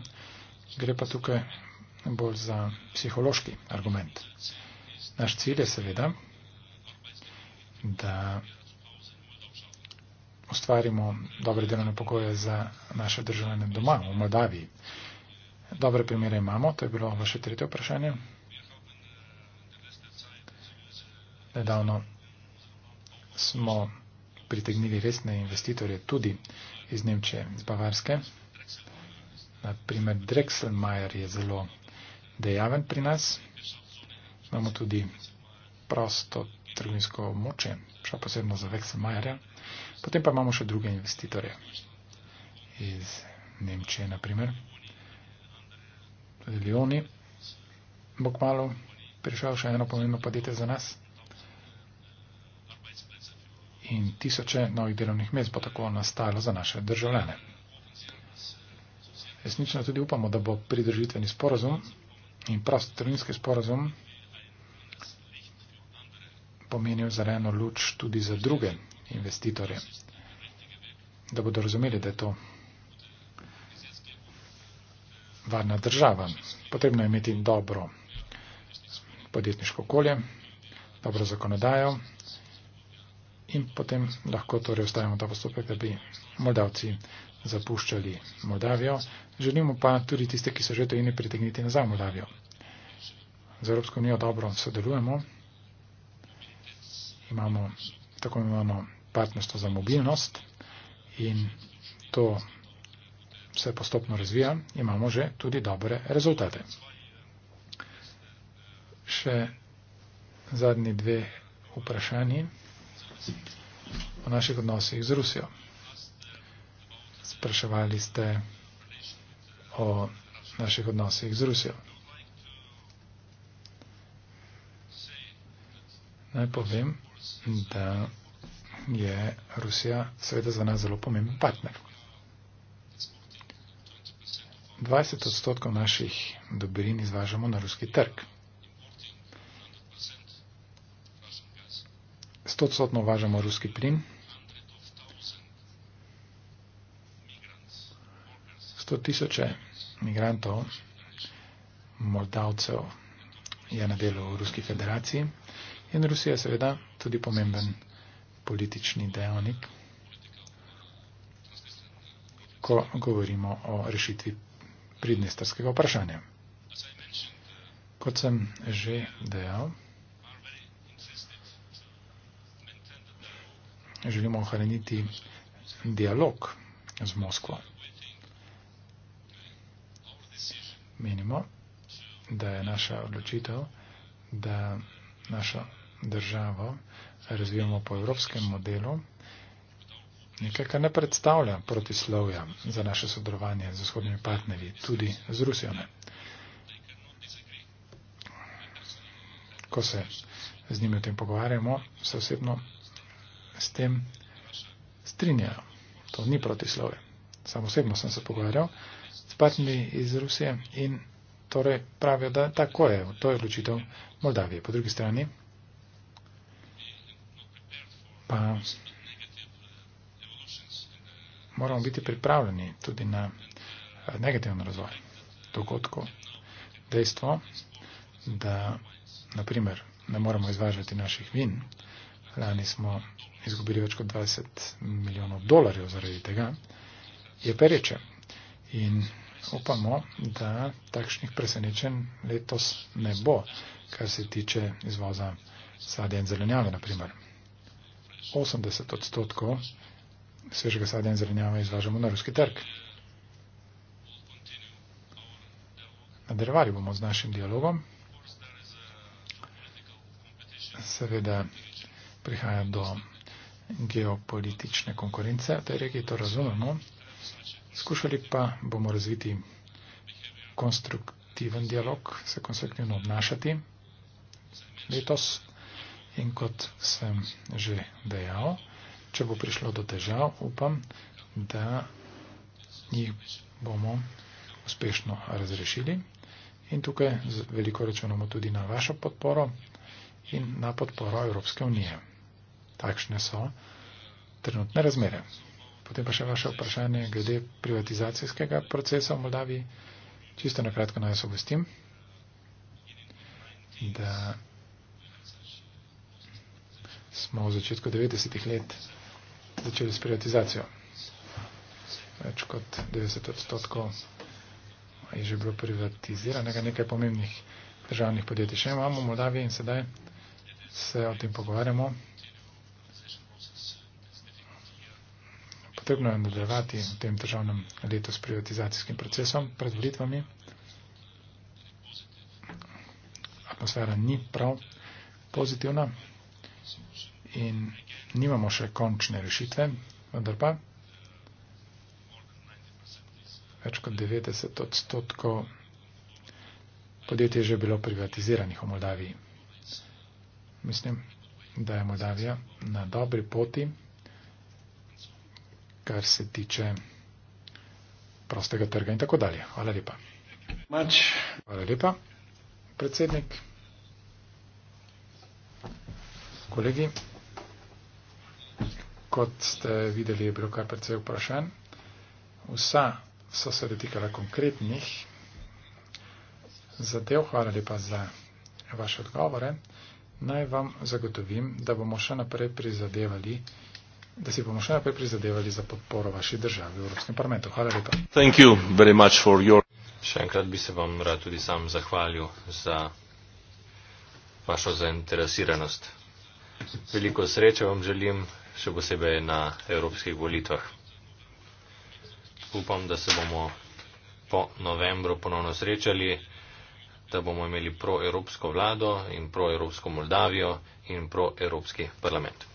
gre pa tukaj bolj za psihološki argument. Naš cilj je seveda, da ustvarimo dobre delovne pogoje za naše državljane doma v Moldaviji. Dobre primere imamo, to je bilo vaše tretje vprašanje. Nedavno smo pritegnili resne investitorje tudi iz Nemčije, iz Bavarske. Naprimer, Drexelmeier je zelo dejaven pri nas imamo tudi prosto trgovinsko moče, še posebno za Vexel Majerja. Potem pa imamo še druge investitorje iz Nemčije, naprimer. Tudi Leoni bo kmalo prišel še eno pomembno podjetje za nas. In tisoče novih delovnih mest bo tako nastalo za naše državljane. Resnično tudi upamo, da bo pridržitveni sporozum in prosto trgovinski sporozum pomenil zeleno luč tudi za druge investitorje, da bodo razumeli, da je to varna država. Potrebno je imeti dobro podjetniško okolje, dobro zakonodajo in potem lahko torej ustavimo ta postopek, da bi moldavci zapuščali Moldavijo. Želimo pa tudi tiste, ki so že tojeni, pritegniti nazaj v Moldavijo. Z Evropsko unijo dobro sodelujemo imamo tako imamo partnerstvo za mobilnost in to se postopno razvija, imamo že tudi dobre rezultate. Še zadnji dve vprašanji o naših odnosih z Rusijo. Spraševali ste o naših odnosih z Rusijo. Naj povem, da je Rusija seveda za nas zelo pomemben partner. 20 odstotkov naših dobrin izvažamo na ruski trg. 100 odstotno uvažamo ruski plin. 100 tisoče migrantov, moldavcev je na delu v Ruski federaciji. In Rusija je seveda tudi pomemben politični dejavnik, ko govorimo o rešitvi pridnestarskega vprašanja. Kot sem že dejal, želimo ohraniti dialog z Moskvo. Menimo, da je naša odločitev, da naša državo razvijamo po evropskem modelu, nekaj, kar ne predstavlja protislovja za naše sodelovanje z vzhodnimi partnerji, tudi z Rusijo. Ne. Ko se z njimi o tem pogovarjamo, se osebno s tem strinjajo. To ni protislovje. Sam osebno sem se pogovarjal s partnerji iz Rusije in torej pravijo, da tako je. To je odločitev Moldavije. Po drugi strani pa moramo biti pripravljeni tudi na eh, negativen razvoj dogodkov. Dejstvo, da naprimer ne moremo izvažati naših vin, lani smo izgubili več kot 20 milijonov dolarjev zaradi tega, je pereče. In upamo, da takšnih presenečenj letos ne bo, kar se tiče izvoza sadja in zelenjave, naprimer. 80 odstotkov svežega sadja in zelenjave izvažamo na ruski trg. Nadaljevali bomo z našim dialogom. Seveda prihaja do geopolitične konkurence v tej regiji, to razumemo. Skušali pa bomo razviti konstruktiven dialog, se konstruktivno obnašati. Letos In kot sem že dejal, če bo prišlo do težav, upam, da jih bomo uspešno razrešili. In tukaj veliko računamo tudi na vašo podporo in na podporo Evropske unije. Takšne so trenutne razmere. Potem pa še vaše vprašanje glede privatizacijskega procesa v Moldaviji. Čisto na kratko naj se obvestim, da smo v začetku 90-ih let začeli s privatizacijo. Več kot 90 odstotkov je že bilo privatiziranega, nekaj pomembnih državnih podjetij še imamo v Moldaviji in sedaj se o tem pogovarjamo. Potrebno je nadaljevati v tem državnem letu s privatizacijskim procesom pred volitvami. Atmosfera ni prav pozitivna in nimamo še končne rešitve, vendar pa več kot 90 odstotkov podjetij je že bilo privatiziranih v Moldaviji. Mislim, da je Moldavija na dobri poti, kar se tiče prostega trga in tako dalje. Hvala lepa. Mač. Hvala lepa, predsednik. Kolegi kot ste videli, je bilo kar precej vprašanj. Vsa so se dotikala konkretnih zadev. Hvala lepa za vaše odgovore. Naj vam zagotovim, da, bomo še naprej prizadevali, da si bomo še naprej prizadevali za podporo vaši državi v Evropskem parlamentu. Hvala lepa. Your... Še enkrat bi se vam rad tudi sam zahvalil za vašo zainteresiranost. Veliko sreče vam želim še posebej na evropskih volitvah. Upam, da se bomo po novembru ponovno srečali, da bomo imeli proevropsko vlado in proevropsko Moldavijo in proevropski parlament.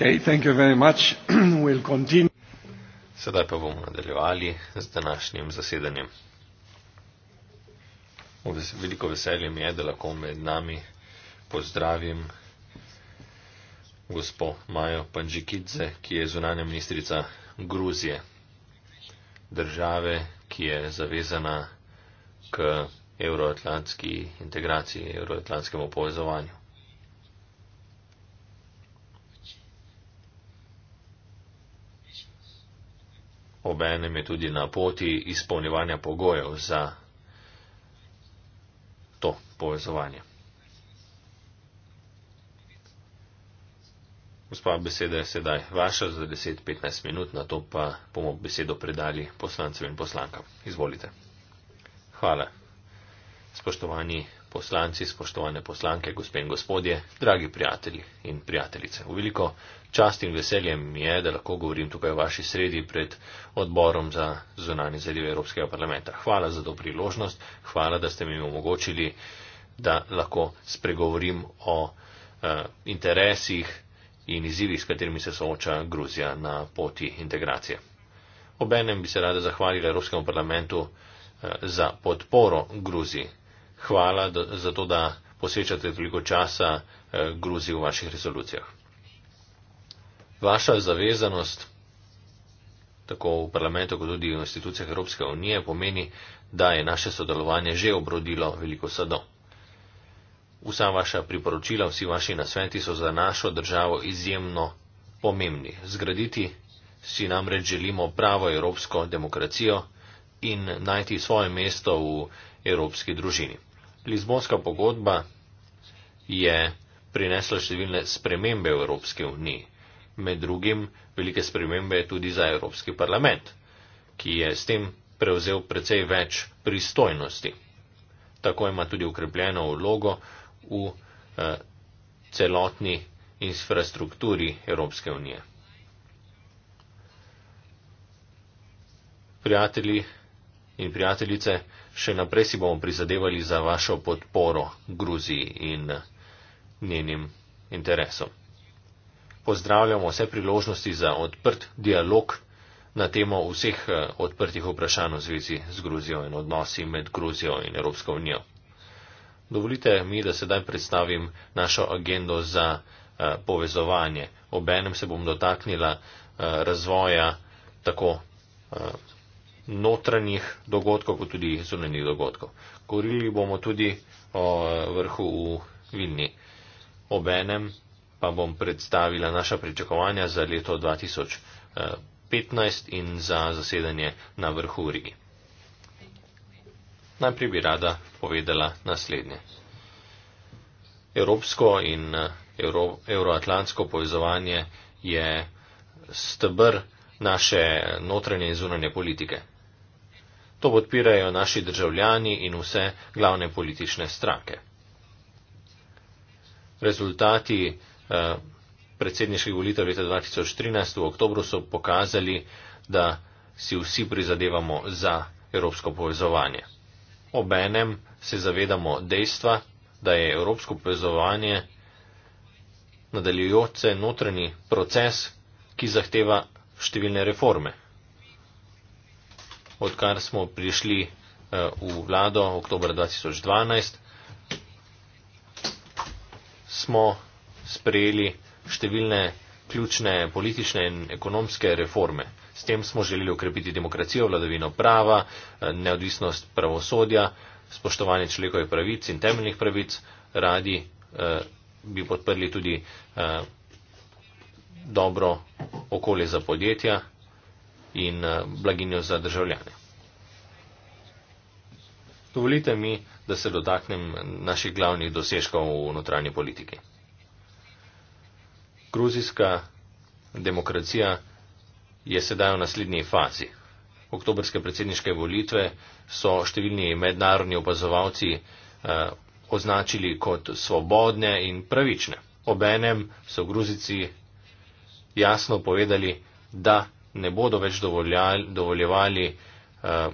Sedaj pa bomo nadaljevali z današnjim zasedanjem. Veliko veselje mi je, da lahko med nami pozdravim gospo Majo Panžikidze, ki je zunanja ministrica Gruzije, države, ki je zavezana k euroatlantski integraciji, euroatlantskemu povezovanju. obenem je tudi na poti izpolnjevanja pogojev za to povezovanje. Gospa, beseda je sedaj vaša za 10-15 minut, na to pa bomo besedo predali poslancem in poslankam. Izvolite. Hvala. Spoštovani poslanci, spoštovane poslanke, gospe in gospodje, dragi prijatelji in prijateljice. V veliko čast in veseljem mi je, da lahko govorim tukaj v vaši sredi pred odborom za zunanje zadeve Evropskega parlamenta. Hvala za to priložnost, hvala, da ste mi omogočili, da lahko spregovorim o eh, interesih in izzivih, s katerimi se sooča Gruzija na poti integracije. Obenem bi se rada zahvalila Evropskemu parlamentu eh, za podporo Gruziji hvala za to, da posvečate toliko časa eh, Gruzi v vaših rezolucijah. Vaša zavezanost tako v parlamentu, kot tudi v institucijah Evropske unije pomeni, da je naše sodelovanje že obrodilo veliko sado. Vsa vaša priporočila, vsi vaši nasveti so za našo državo izjemno pomembni. Zgraditi si namreč želimo pravo evropsko demokracijo in najti svoje mesto v evropski družini. Lizbonska pogodba je prinesla številne spremembe v Evropski uniji. Med drugim velike spremembe je tudi za Evropski parlament, ki je s tem prevzel precej več pristojnosti. Tako ima tudi ukrepljeno vlogo v eh, celotni infrastrukturi Evropske unije. Prijatelji, in prijateljice, še naprej si bomo prizadevali za vašo podporo Gruziji in njenim interesom. Pozdravljamo vse priložnosti za odprt dialog na temo vseh eh, odprtih vprašanj v zvezi z Gruzijo in odnosi med Gruzijo in Evropsko unijo. Dovolite mi, da sedaj predstavim našo agendo za eh, povezovanje. Obenem se bom dotaknila eh, razvoja tako notranjih dogodkov, kot tudi zunanjih dogodkov. Govorili bomo tudi o vrhu v Vilni. Obenem pa bom predstavila naša pričakovanja za leto 2015 in za zasedanje na vrhu v Rigi. Najprej bi rada povedala naslednje. Evropsko in euro, euroatlantsko povezovanje je stebr naše notranje in zunanje politike. To podpirajo naši državljani in vse glavne politične stranke. Rezultati eh, predsedniških volitev leta 2013 v oktobru so pokazali, da si vsi prizadevamo za evropsko povezovanje. Obenem se zavedamo dejstva, da je evropsko povezovanje nadaljujoce notranji proces, ki zahteva številne reforme odkar smo prišli eh, v vlado oktober 2012, smo sprejeli številne ključne politične in ekonomske reforme. S tem smo želeli ukrepiti demokracijo, vladavino prava, eh, neodvisnost pravosodja, spoštovanje človekovih pravic in temeljnih pravic. Radi eh, bi podprli tudi eh, dobro okolje za podjetja, in eh, blaginjo za državljane. Dovolite mi, da se dotaknem naših glavnih dosežkov v notranji politiki. Gruzijska demokracija je sedaj v naslednji fazi. Oktobrske predsedniške volitve so številni mednarodni opazovalci eh, označili kot svobodne in pravične. Obenem so Gruzici jasno povedali, da ne bodo več dovoljevali uh,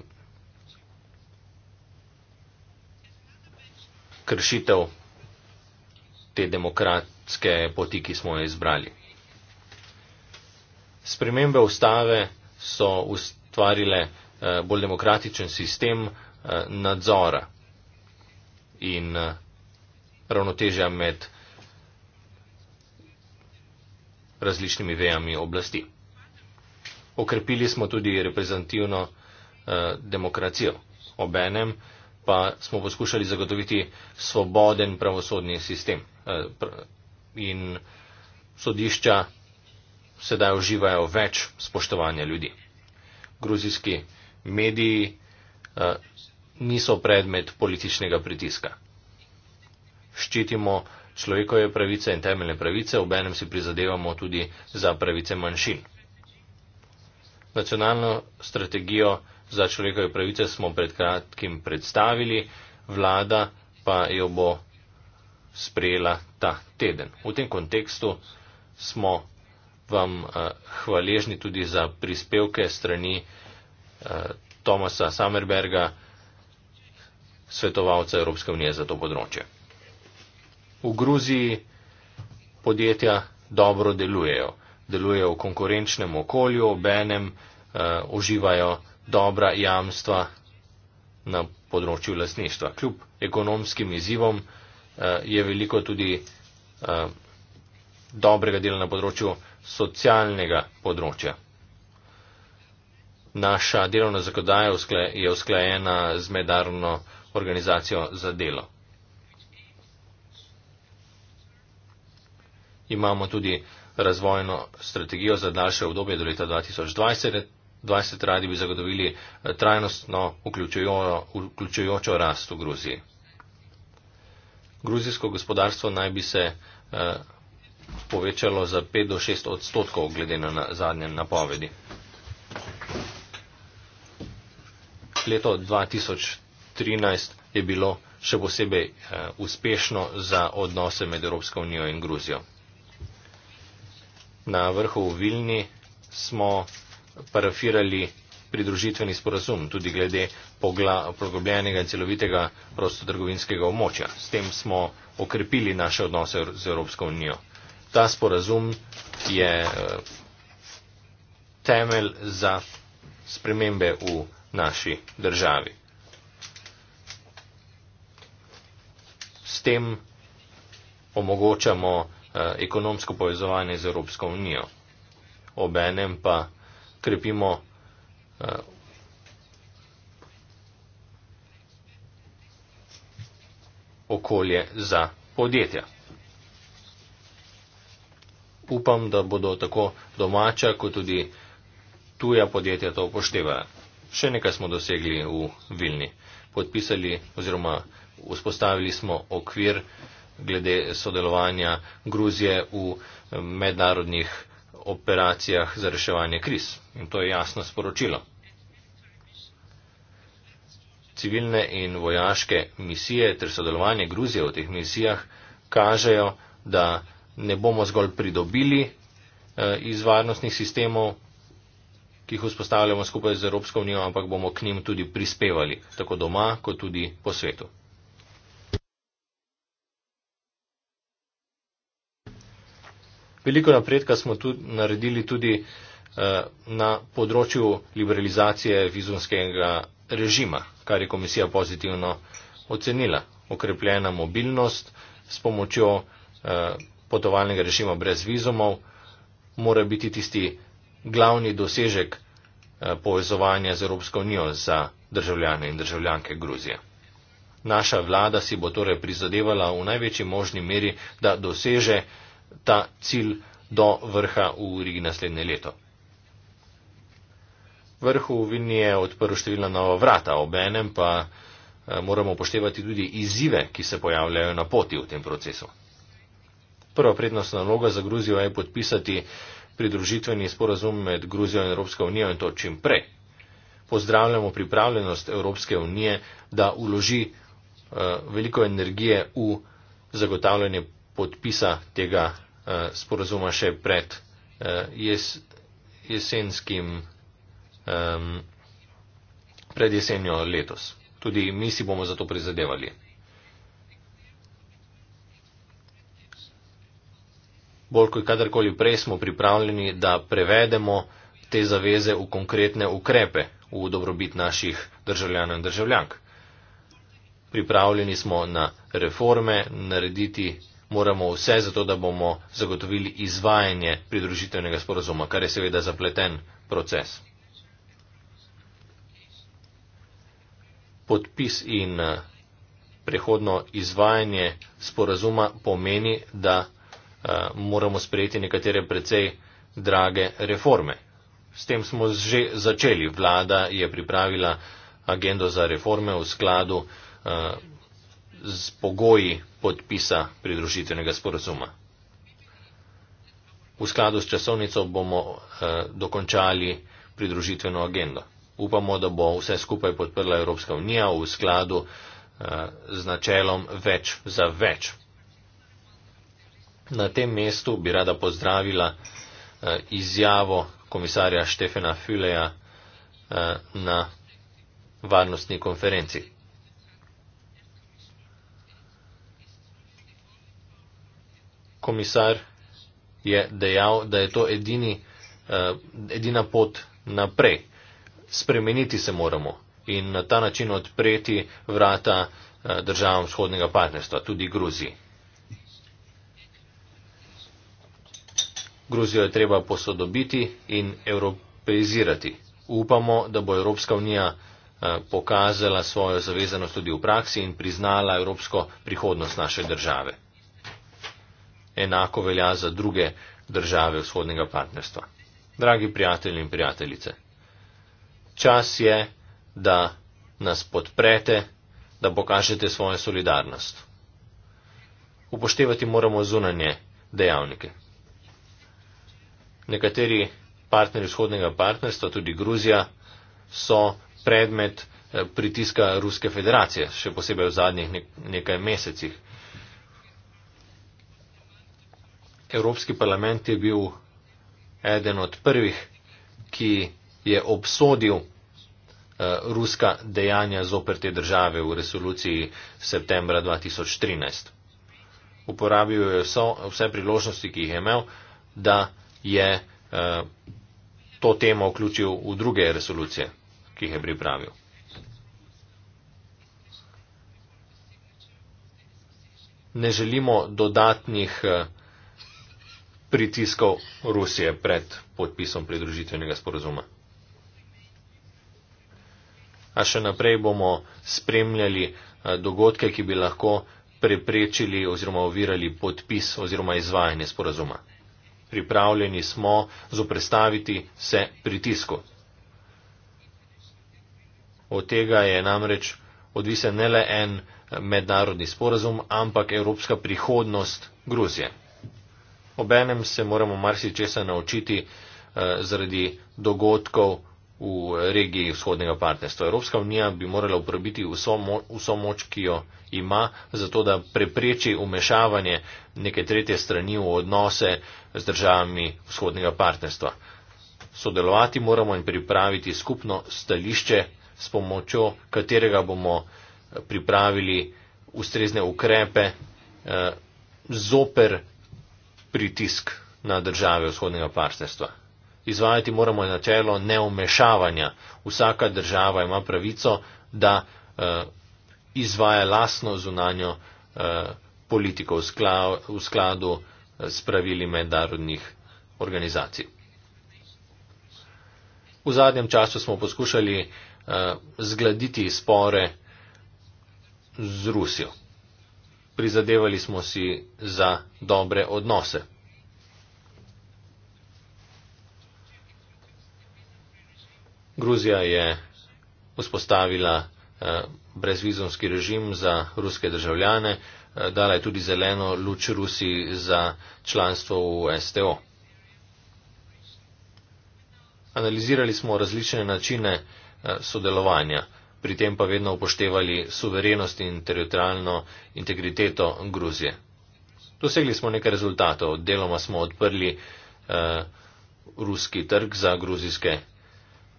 kršitev te demokratske poti, ki smo jo izbrali. Spremembe ustave so ustvarile uh, bolj demokratičen sistem uh, nadzora in uh, ravnotežja med različnimi vejami oblasti okrepili smo tudi reprezentativno eh, demokracijo. Obenem pa smo poskušali zagotoviti svoboden pravosodni sistem. Eh, pr in sodišča sedaj uživajo več spoštovanja ljudi. Gruzijski mediji eh, niso predmet političnega pritiska. Ščitimo človekove pravice in temeljne pravice, obenem si prizadevamo tudi za pravice manjšin nacionalno strategijo za človekove pravice smo pred kratkim predstavili, vlada pa jo bo sprejela ta teden. V tem kontekstu smo vam eh, hvaležni tudi za prispevke strani eh, Tomasa Samerberga, svetovalca Evropske unije za to področje. V Gruziji podjetja dobro delujejo delujejo v konkurenčnem okolju, obenem uh, uživajo dobra jamstva na področju lasništva. Kljub ekonomskim izzivom uh, je veliko tudi uh, dobrega dela na področju socialnega področja. Naša delovna zakodaja je usklajena z mednarodno organizacijo za delo. Imamo tudi razvojno strategijo za daljše obdobje do leta 2020. 20 radi bi zagotovili eh, trajnostno vključujočo rast v Gruziji. Gruzijsko gospodarstvo naj bi se eh, povečalo za 5 do 6 odstotkov glede na, na zadnje napovedi. Leto 2013 je bilo še posebej eh, uspešno za odnose med Evropsko unijo in Gruzijo na vrhu v Vilni smo parafirali pridružitveni sporazum tudi glede poglobljenega in celovitega prostotrgovinskega območja. S tem smo okrepili naše odnose z Evropsko unijo. Ta sporazum je eh, temelj za spremembe v naši državi. S tem omogočamo Eh, ekonomsko povezovanje z Evropsko unijo. Obenem pa krepimo eh, okolje za podjetja. Upam, da bodo tako domača, kot tudi tuja podjetja to upoštevala. Še nekaj smo dosegli v Vilni. Podpisali oziroma vzpostavili smo okvir glede sodelovanja Gruzije v eh, mednarodnih operacijah za reševanje kriz. In to je jasno sporočilo. Civilne in vojaške misije ter sodelovanje Gruzije v teh misijah kažejo, da ne bomo zgolj pridobili eh, iz varnostnih sistemov, ki jih vzpostavljamo skupaj z Evropsko unijo, ampak bomo k njim tudi prispevali, tako doma, kot tudi po svetu. Veliko napredka smo tudi naredili tudi eh, na področju liberalizacije vizumskega režima, kar je komisija pozitivno ocenila. Okrepljena mobilnost s pomočjo eh, potovalnega režima brez vizumov mora biti tisti glavni dosežek eh, povezovanja z Evropsko unijo za državljane in državljanke Gruzije. Naša vlada si bo torej prizadevala v največji možni meri, da doseže ta cilj do vrha v Rigi naslednje leto. Vrhu Vini je odprl številna nova vrata, ob enem pa eh, moramo upoštevati tudi izzive, ki se pojavljajo na poti v tem procesu. Prva prednostna naloga za Gruzijo je podpisati pridružitveni sporazum med Gruzijo in Evropsko unijo in to čim prej. Pozdravljamo pripravljenost Evropske unije, da uloži uh, eh, veliko energije v zagotavljanje podpisa tega uh, sporazuma še pred uh, jes, jesenskim, um, pred jesenjo letos. Tudi mi si bomo za to prizadevali. Bolj kot kadarkoli prej smo pripravljeni, da prevedemo te zaveze v konkretne ukrepe v dobrobit naših državljanov in državljank. Pripravljeni smo na reforme, narediti moramo vse zato, da bomo zagotovili izvajanje pridružitevnega sporozuma, kar je seveda zapleten proces. Podpis in eh, prehodno izvajanje sporozuma pomeni, da eh, moramo sprejeti nekatere precej drage reforme. S tem smo že začeli. Vlada je pripravila agendo za reforme v skladu eh, z pogoji podpisa pridružitvenega sporozuma. V skladu s časovnico bomo eh, dokončali pridružitveno agendo. Upamo, da bo vse skupaj podprla Evropska unija v skladu eh, z načelom več za več. Na tem mestu bi rada pozdravila eh, izjavo komisarja Štefena Füleja eh, na varnostni konferenci. komisar je dejal, da je to edini, eh, edina pot naprej. Spremeniti se moramo in na ta način odpreti vrata eh, državam vzhodnega partnerstva, tudi Gruziji. Gruzijo je treba posodobiti in evropeizirati. Upamo, da bo Evropska unija eh, pokazala svojo zavezanost tudi v praksi in priznala evropsko prihodnost naše države enako velja za druge države vzhodnega partnerstva. Dragi prijatelji in prijateljice, čas je, da nas podprete, da pokažete svojo solidarnost. Upoštevati moramo zunanje dejavnike. Nekateri partneri vzhodnega partnerstva, tudi Gruzija, so predmet eh, pritiska Ruske federacije, še posebej v zadnjih nekaj mesecih. Evropski parlament je bil eden od prvih, ki je obsodil eh, ruska dejanja zoper te države v resoluciji septembra 2013. Uporabil je vso, vse priložnosti, ki jih je imel, da je eh, to temo vključil v druge resolucije, ki jih je pripravil. Ne želimo dodatnih eh, pritiskov Rusije pred podpisom pridružitvenega sporozuma. A še naprej bomo spremljali eh, dogodke, ki bi lahko preprečili oziroma ovirali podpis oziroma izvajanje sporozuma. Pripravljeni smo zoprestaviti se pritisku. Od tega je namreč odvisen ne le en mednarodni sporozum, ampak evropska prihodnost Gruzije obenem se moramo marsičesa naučiti eh, zaradi dogodkov v regiji vzhodnega partnerstva. Evropska unija bi morala uporabiti vso, mo vso moč, ki jo ima, zato da prepreči umešavanje neke tretje strani v odnose z državami vzhodnega partnerstva. Sodelovati moramo in pripraviti skupno stališče, s pomočjo katerega bomo eh, pripravili ustrezne ukrepe eh, zoper pritisk na države vzhodnega partnerstva. Izvajati moramo načelo neomešavanja. Vsaka država ima pravico, da eh, izvaja lasno zunanjo eh, politiko v, skla, v skladu eh, s pravili mednarodnih organizacij. V zadnjem času smo poskušali eh, zgladiti spore z Rusijo prizadevali smo si za dobre odnose. Gruzija je vzpostavila eh, brezvizumski režim za ruske državljane, eh, dala je tudi zeleno luč Rusi za članstvo v STO. Analizirali smo različne načine eh, sodelovanja pri tem pa vedno upoštevali suverenost in teritorijalno integriteto Gruzije. Dosegli smo nekaj rezultatov. Deloma smo odprli eh, ruski trg za gruzijske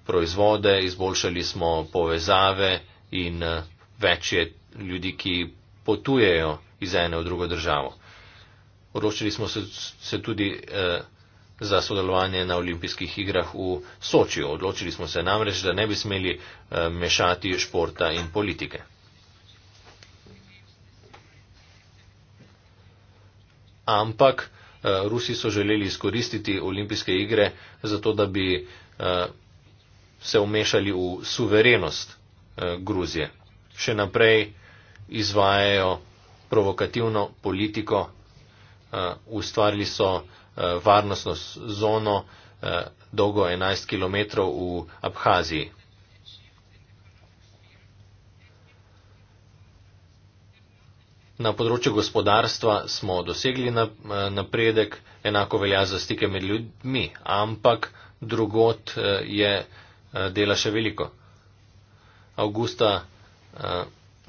proizvode, izboljšali smo povezave in eh, večje ljudi, ki potujejo iz ene v drugo državo. Oročili smo se, se tudi eh, za sodelovanje na olimpijskih igrah v Sočiju. Odločili smo se namreč, da ne bi smeli eh, mešati športa in politike. Ampak eh, Rusi so želeli izkoristiti olimpijske igre zato, da bi eh, se umešali v suverenost Gruzije. Še naprej izvajajo provokativno politiko, ustvarili so Eh, varnostno zono eh, dolgo 11 km v Abhaziji. Na področju gospodarstva smo dosegli eh, napredek, enako velja za stike med ljudmi, ampak drugot je dela še veliko. Augusta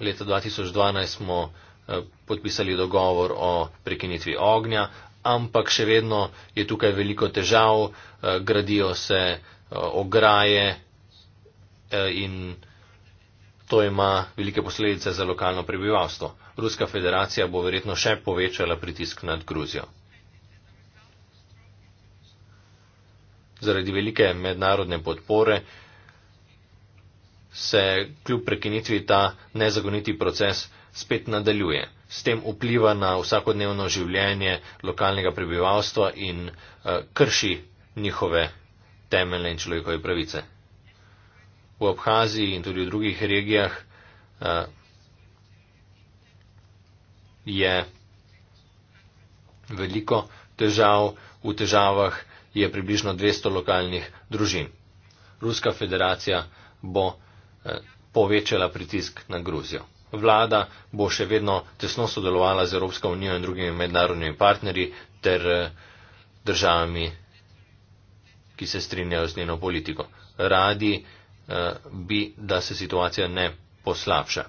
leta 2012 smo podpisali dogovor o prekinitvi ognja, ampak še vedno je tukaj veliko težav, eh, gradijo se eh, ograje eh, in to ima velike posledice za lokalno prebivalstvo. Ruska federacija bo verjetno še povečala pritisk nad Gruzijo. Zaradi velike mednarodne podpore se kljub prekinitvi ta nezagoniti proces spet nadaljuje s tem vpliva na vsakodnevno življenje lokalnega prebivalstva in uh, krši njihove temeljne in človekove pravice. V Abhaziji in tudi v drugih regijah uh, je veliko težav, v težavah je približno 200 lokalnih družin. Ruska federacija bo uh, povečala pritisk na Gruzijo vlada bo še vedno tesno sodelovala z Evropsko unijo in drugimi mednarodnimi partnerji ter eh, državami, ki se strinjajo z njeno politiko. Radi eh, bi, da se situacija ne poslabša.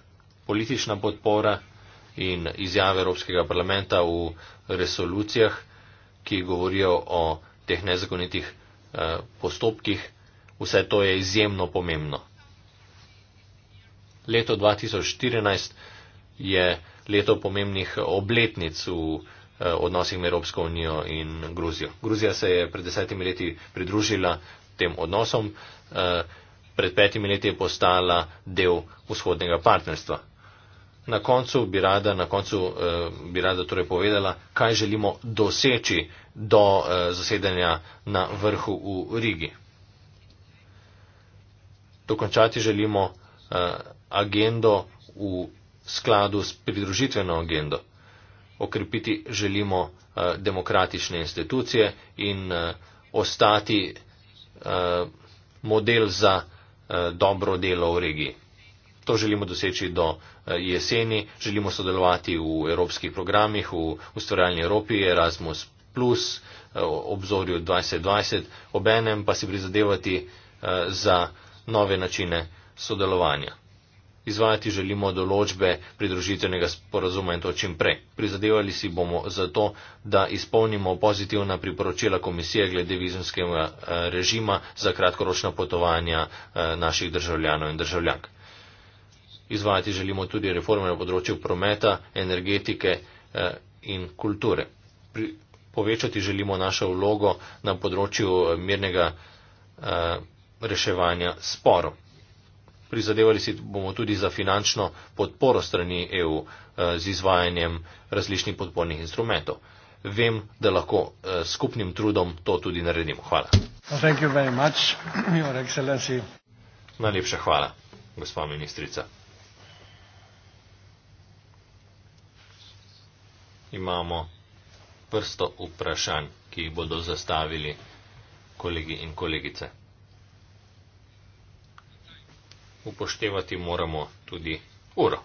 Politična podpora in izjave Evropskega parlamenta v resolucijah, ki govorijo o teh nezakonitih eh, postopkih, vse to je izjemno pomembno. Leto 2014 je leto pomembnih obletnic v eh, odnosih med Evropsko unijo in Gruzijo. Gruzija se je pred desetimi leti pridružila tem odnosom, eh, pred petimi leti je postala del vzhodnega partnerstva. Na koncu bi rada, na koncu eh, bi rada torej povedala, kaj želimo doseči do zasedanja na vrhu v Rigi. Dokončati želimo agendo v skladu s pridružitveno agendo. Okrepiti želimo uh, demokratične institucije in uh, ostati uh, model za uh, dobro delo v regiji. To želimo doseči do uh, jeseni. Želimo sodelovati v evropskih programih, v ustvarjalni Evropi, Erasmus, uh, obzorju 2020, obenem pa si prizadevati uh, za nove načine sodelovanja izvajati želimo določbe pridružitvenega sporazuma in to čim prej. Prizadevali si bomo za to, da izpolnimo pozitivna priporočila komisije glede vizumskega eh, režima za kratkoročna potovanja eh, naših državljanov in državljank. Izvajati želimo tudi reforme na področju prometa, energetike eh, in kulture. Pri, povečati želimo našo vlogo na področju mirnega reševanja sporov prizadevali si bomo tudi za finančno podporo strani EU eh, z izvajanjem različnih podpornih instrumentov. Vem, da lahko eh, s skupnim trudom to tudi naredimo. Hvala. Much, Najlepša hvala, gospa ministrica. Imamo vrsto vprašanj, ki jih bodo zastavili kolegi in kolegice upoštevati moramo tudi uro.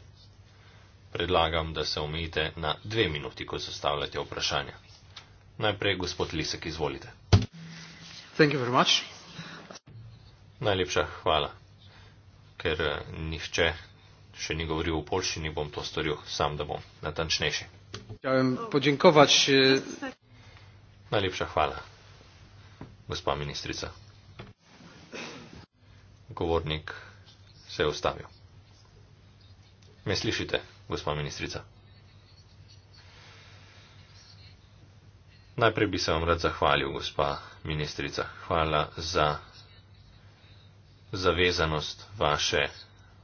Predlagam, da se omejite na dve minuti, ko zastavljate vprašanja. Najprej gospod Lisek, izvolite. Najlepša hvala, ker eh, nihče še ni govoril v polščini, bom to storil sam, da bom natančnejši. Eh, Najlepša hvala, gospa ministrica. Govornik se je ustavil. Me slišite, gospa ministrica? Najprej bi se vam rad zahvalil, gospa ministrica. Hvala za zavezanost vaše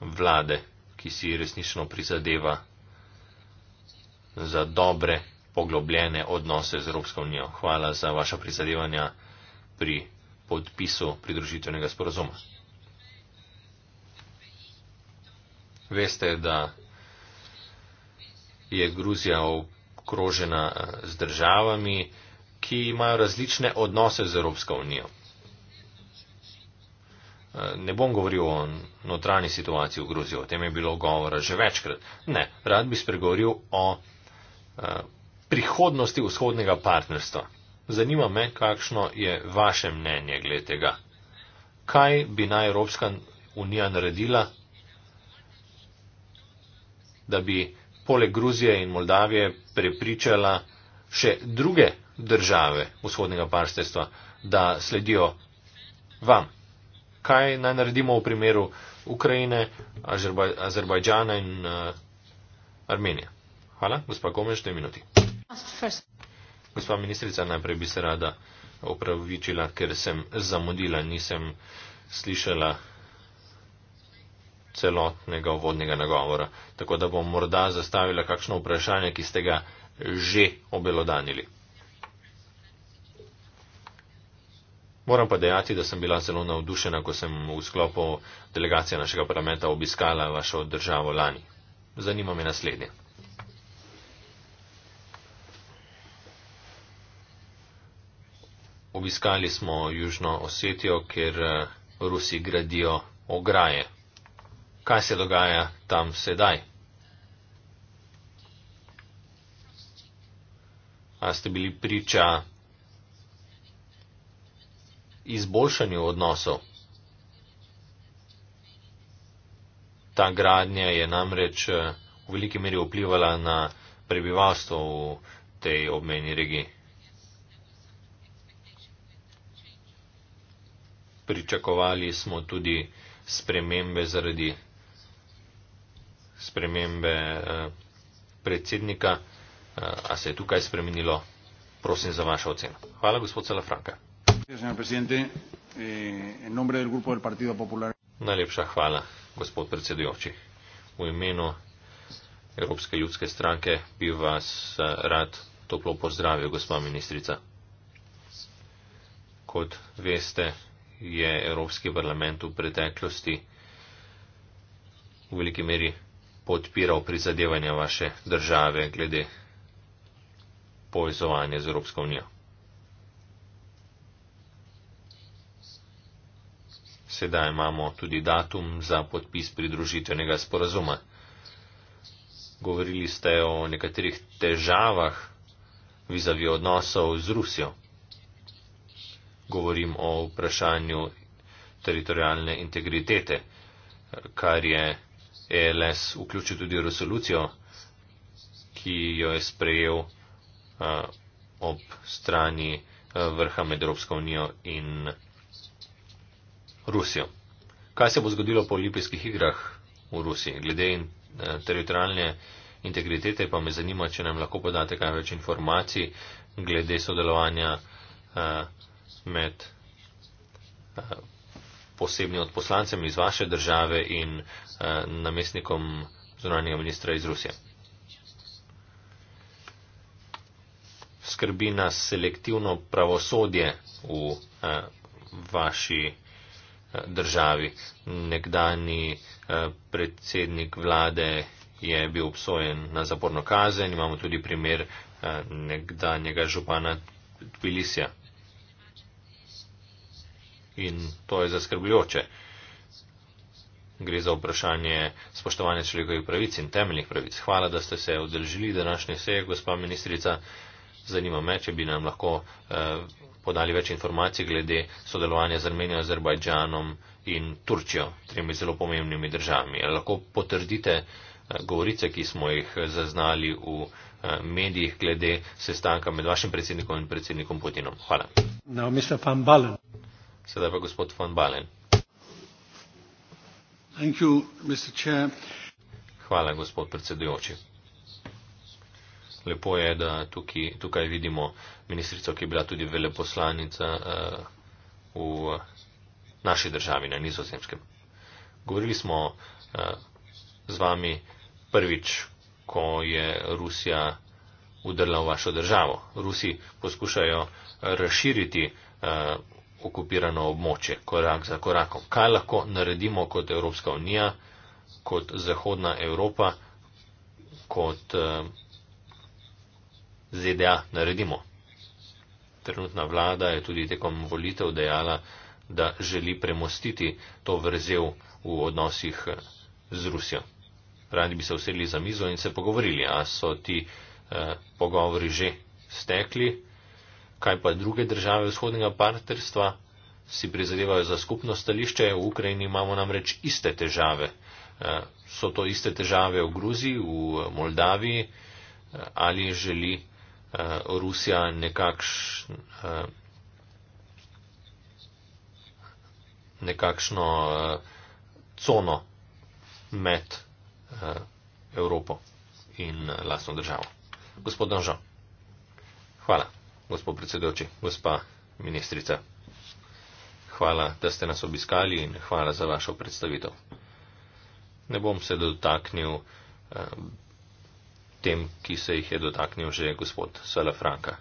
vlade, ki si resnično prizadeva za dobre, poglobljene odnose z Evropsko unijo. Hvala za vaša prizadevanja pri podpisu pridružitvenega sporozuma. Veste, da je Gruzija okrožena eh, z državami, ki imajo različne odnose z Evropsko unijo. Eh, ne bom govoril o notranji situaciji v Gruziji, o tem je bilo govora že večkrat. Ne, rad bi spregovoril o eh, prihodnosti vzhodnega partnerstva. Zanima me, kakšno je vaše mnenje glede tega. Kaj bi naj Evropska unija naredila da bi poleg Gruzije in Moldavije prepričala še druge države vzhodnega parstestva, da sledijo vam. Kaj naj naredimo v primeru Ukrajine, Azerbaj Azerbajdžana in uh, Armenije? Hvala, gospa Gomeš, dve minuti. Gospa ministrica, najprej bi se rada opravičila, ker sem zamudila, nisem slišala celotnega vodnega nagovora, tako da bom morda zastavila kakšno vprašanje, ki ste ga že obelodanili. Moram pa dejati, da sem bila zelo navdušena, ko sem v sklopu delegacije našega parlamenta obiskala vašo državo lani. Zanima me naslednje. Obiskali smo Južno Osetijo, kjer eh, Rusi gradijo ograje kaj se dogaja tam sedaj. A ste bili priča izboljšanju odnosov? Ta gradnja je namreč eh, v veliki meri vplivala na prebivalstvo v tej obmeni regiji. Pričakovali smo tudi spremembe zaradi spremembe eh, predsednika. Eh, a se je tukaj spremenilo? Prosim za vašo oceno. Hvala, gospod Salafranka. Eh, Najlepša hvala, gospod predsedujoči. V imenu Evropske ljudske stranke bi vas rad toplo pozdravil, gospa ministrica. Kot veste, je Evropski parlament v preteklosti v veliki meri podpiral prizadevanja vaše države glede povezovanja z Evropsko unijo. Sedaj imamo tudi datum za podpis pridružitvenega sporazuma. Govorili ste o nekaterih težavah vizavi odnosov z Rusijo. Govorim o vprašanju teritorijalne integritete, kar je ELS vključil tudi resolucijo, ki jo je sprejel uh, ob strani uh, vrha med Evropsko unijo in Rusijo. Kaj se bo zgodilo po olimpijskih igrah v Rusiji? Glede in, uh, teritorijalne integritete pa me zanima, če nam lahko podate kaj več informacij glede sodelovanja uh, med. Uh, posebni od poslancem iz vaše države in eh, namestnikom zunanjega ministra iz Rusije. Skrbi nas selektivno pravosodje v eh, vaši eh, državi. Nekdani eh, predsednik vlade je bil obsojen na zaporno kazen, imamo tudi primer eh, nekdanjega župana Tbilisija in to je zaskrbljujoče. Gre za vprašanje spoštovanja človekovih pravic in temeljnih pravic. Hvala, da ste se odeležili današnje seje, gospa ministrica. Zanima me, če bi nam lahko eh, podali več informacij glede sodelovanja z Armenijo, Azerbajdžanom in Turčijo, tremi zelo pomembnimi državami. Ali lahko potrdite eh, govorice, ki smo jih eh, zaznali v eh, medijih glede sestanka med vašim predsednikom in predsednikom Putinom? Hvala. No, Sedaj pa gospod von Balen. You, Hvala, gospod predsedujoči. Lepo je, da tukaj, tukaj vidimo ministrico, ki je bila tudi veleposlanica uh, v naši državi na nizozemskem. Govorili smo uh, z vami prvič, ko je Rusija udrla v vašo državo. Rusi poskušajo eh, razširiti uh, okupirano območje, korak za korakom. Kaj lahko naredimo kot Evropska unija, kot Zahodna Evropa, kot eh, ZDA naredimo? Trenutna vlada je tudi tekom volitev dejala, da želi premostiti to vrzel v odnosih eh, z Rusijo. Radi bi se usedli za mizo in se pogovorili, a so ti eh, pogovori že stekli kaj pa druge države vzhodnega partnerstva si prizadevajo za skupno stališče. V Ukrajini imamo namreč iste težave. Eh, so to iste težave v Gruziji, v Moldaviji eh, ali želi eh, Rusija nekakšen. nekakšno uh, cono med uh, Evropo in uh, lastno državo. Gospod Donžo, hvala gospod predsedoči, gospa ministrica. Hvala, da ste nas obiskali in hvala za vašo predstavitev. Ne bom se dotaknil eh, tem, ki se jih je dotaknil že gospod Salafranka.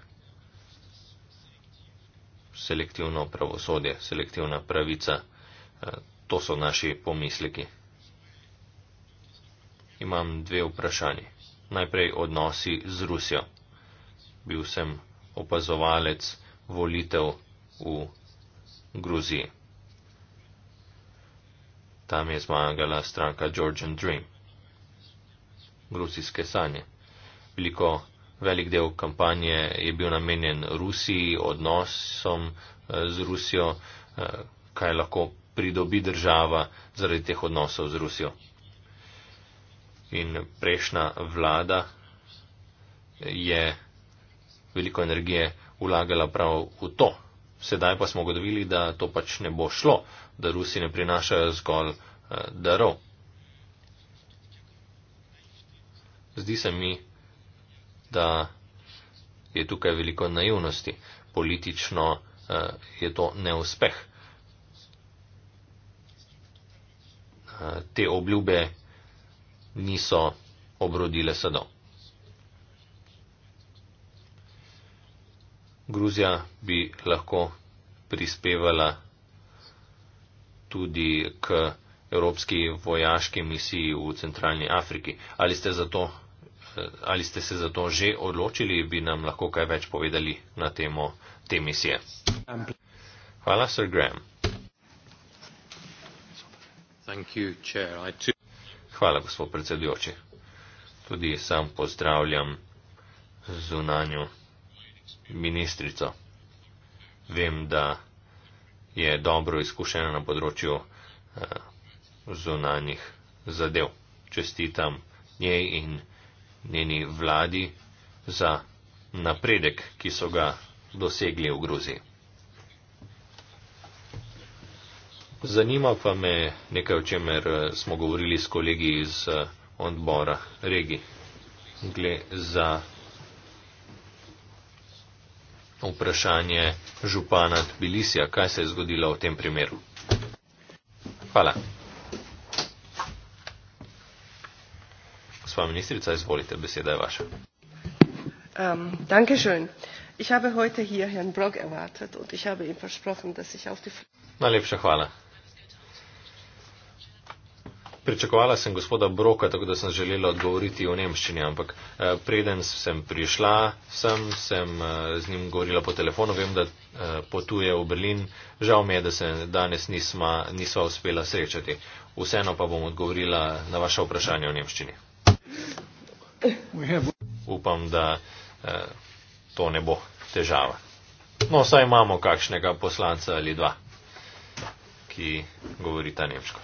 Selektivno pravosodje, selektivna pravica, eh, to so naši pomisleki. Imam dve vprašanje. Najprej odnosi z Rusijo. Bil sem opazovalec volitev v Gruziji. Tam je zmagala stranka Georgian Dream, gruzijske sanje. Veliko, velik del kampanje je bil namenjen Rusiji, odnosom eh, z Rusijo, eh, kaj lahko pridobi država zaradi teh odnosov z Rusijo. In prejšnja vlada je veliko energije vlagala prav v to. Sedaj pa smo ugotovili, da to pač ne bo šlo, da Rusi ne prinašajo zgolj uh, darov. Zdi se mi, da je tukaj veliko naivnosti. Politično uh, je to neuspeh. Uh, te obljube niso obrodile sadov. Gruzija bi lahko prispevala tudi k evropski vojaški misiji v centralni Afriki. Ali ste, to, eh, ali ste se za to že odločili, bi nam lahko kaj več povedali na temo te misije. Hvala, Sir Graham. Hvala, gospod predsedujoči. Tudi sam pozdravljam zunanju ministrico. Vem, da je dobro izkušena na področju uh, zunanjih zadev. Čestitam njej in njeni vladi za napredek, ki so ga dosegli v Gruziji. Zanima pa me nekaj, o čemer eh, smo govorili s kolegi iz eh, odbora regi. Gle za vprašanje župana Tbilisija, kaj se je zgodilo v tem primeru. Hvala. Gospa ministrica, izvolite, beseda je vaša. Um, danke schön. Ich habe heute hier Herrn Brock erwartet und ich habe ihm versprochen, dass ich auf die. Najlepša hvala pričakovala sem gospoda Broka, tako da sem želela odgovoriti v nemščini, ampak eh, preden sem prišla, sem, sem eh, z njim govorila po telefonu, vem, da eh, potuje v Berlin, žal mi je, da se danes nisma, nisva uspela srečati. Vseeno pa bom odgovorila na vaše vprašanje v nemščini. Upam, da eh, to ne bo težava. No, saj imamo kakšnega poslanca ali dva, ki govorita nemško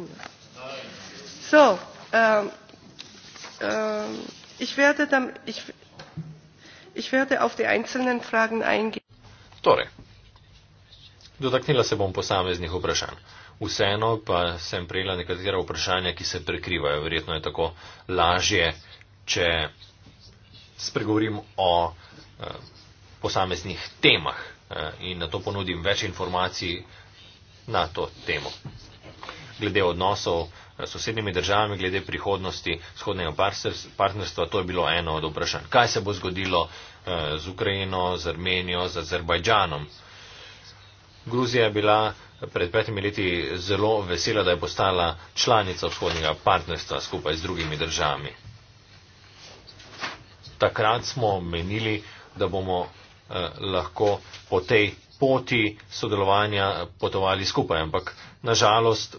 gut. So, ähm, ähm, ich werde dann, ich, ich werde auf die einzelnen Fragen eingehen. Torej, dotaknila se bom posameznih vprašanj. Vseeno pa sem prejela nekatera vprašanja, ki se prekrivajo. Verjetno je tako lažje, če spregovorim o eh, posameznih temah eh, in na to ponudim več informacij na to temo glede odnosov eh, s sosednjimi državami, glede prihodnosti shodnega partnerstva, to je bilo eno od vprašanj. Kaj se bo zgodilo eh, z Ukrajino, z Armenijo, z Azerbajdžanom? Gruzija je bila pred petimi leti zelo vesela, da je postala članica vzhodnega partnerstva skupaj z drugimi državami. Takrat smo menili, da bomo eh, lahko po tej poti sodelovanja potovali skupaj, ampak nažalost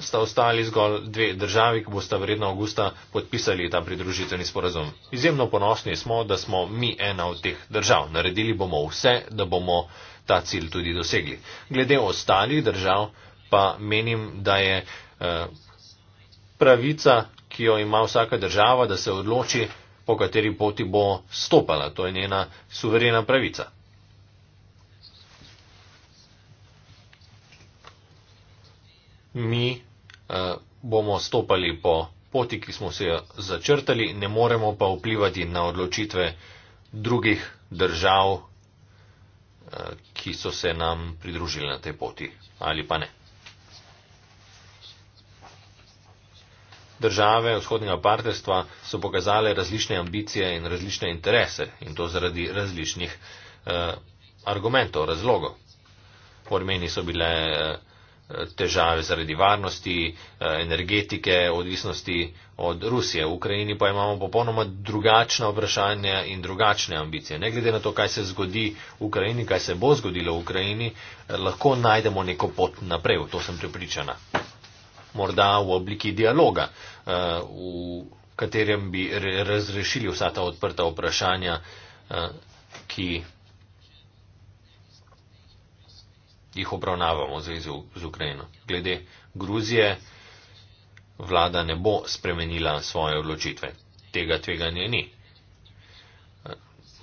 sta ostali zgolj dve državi, ki bosta vredno avgusta podpisali ta pridružitveni sporazum. Izjemno ponosni smo, da smo mi ena od teh držav. Naredili bomo vse, da bomo ta cilj tudi dosegli. Glede ostalih držav pa menim, da je eh, pravica, ki jo ima vsaka država, da se odloči, po kateri poti bo stopala. To je njena suverena pravica. Mi Eh, bomo stopali po poti, ki smo se jo začrtali, ne moremo pa vplivati na odločitve drugih držav, eh, ki so se nam pridružili na tej poti ali pa ne. Države vzhodnega partnerstva so pokazale različne ambicije in različne interese in to zaradi različnih eh, argumentov, razlogov. Po armeni so bile eh, težave zaradi varnosti, eh, energetike, odvisnosti od Rusije. V Ukrajini pa imamo popolnoma drugačna vprašanja in drugačne ambicije. Ne glede na to, kaj se zgodi v Ukrajini, kaj se bo zgodilo v Ukrajini, eh, lahko najdemo neko pot naprej, v to sem pripričana. Morda v obliki dialoga, eh, v katerem bi razrešili vsa ta odprta vprašanja, ki jih obravnavamo v zvezi z Ukrajino. Glede Gruzije vlada ne bo spremenila svoje odločitve. Tega tveganja ni.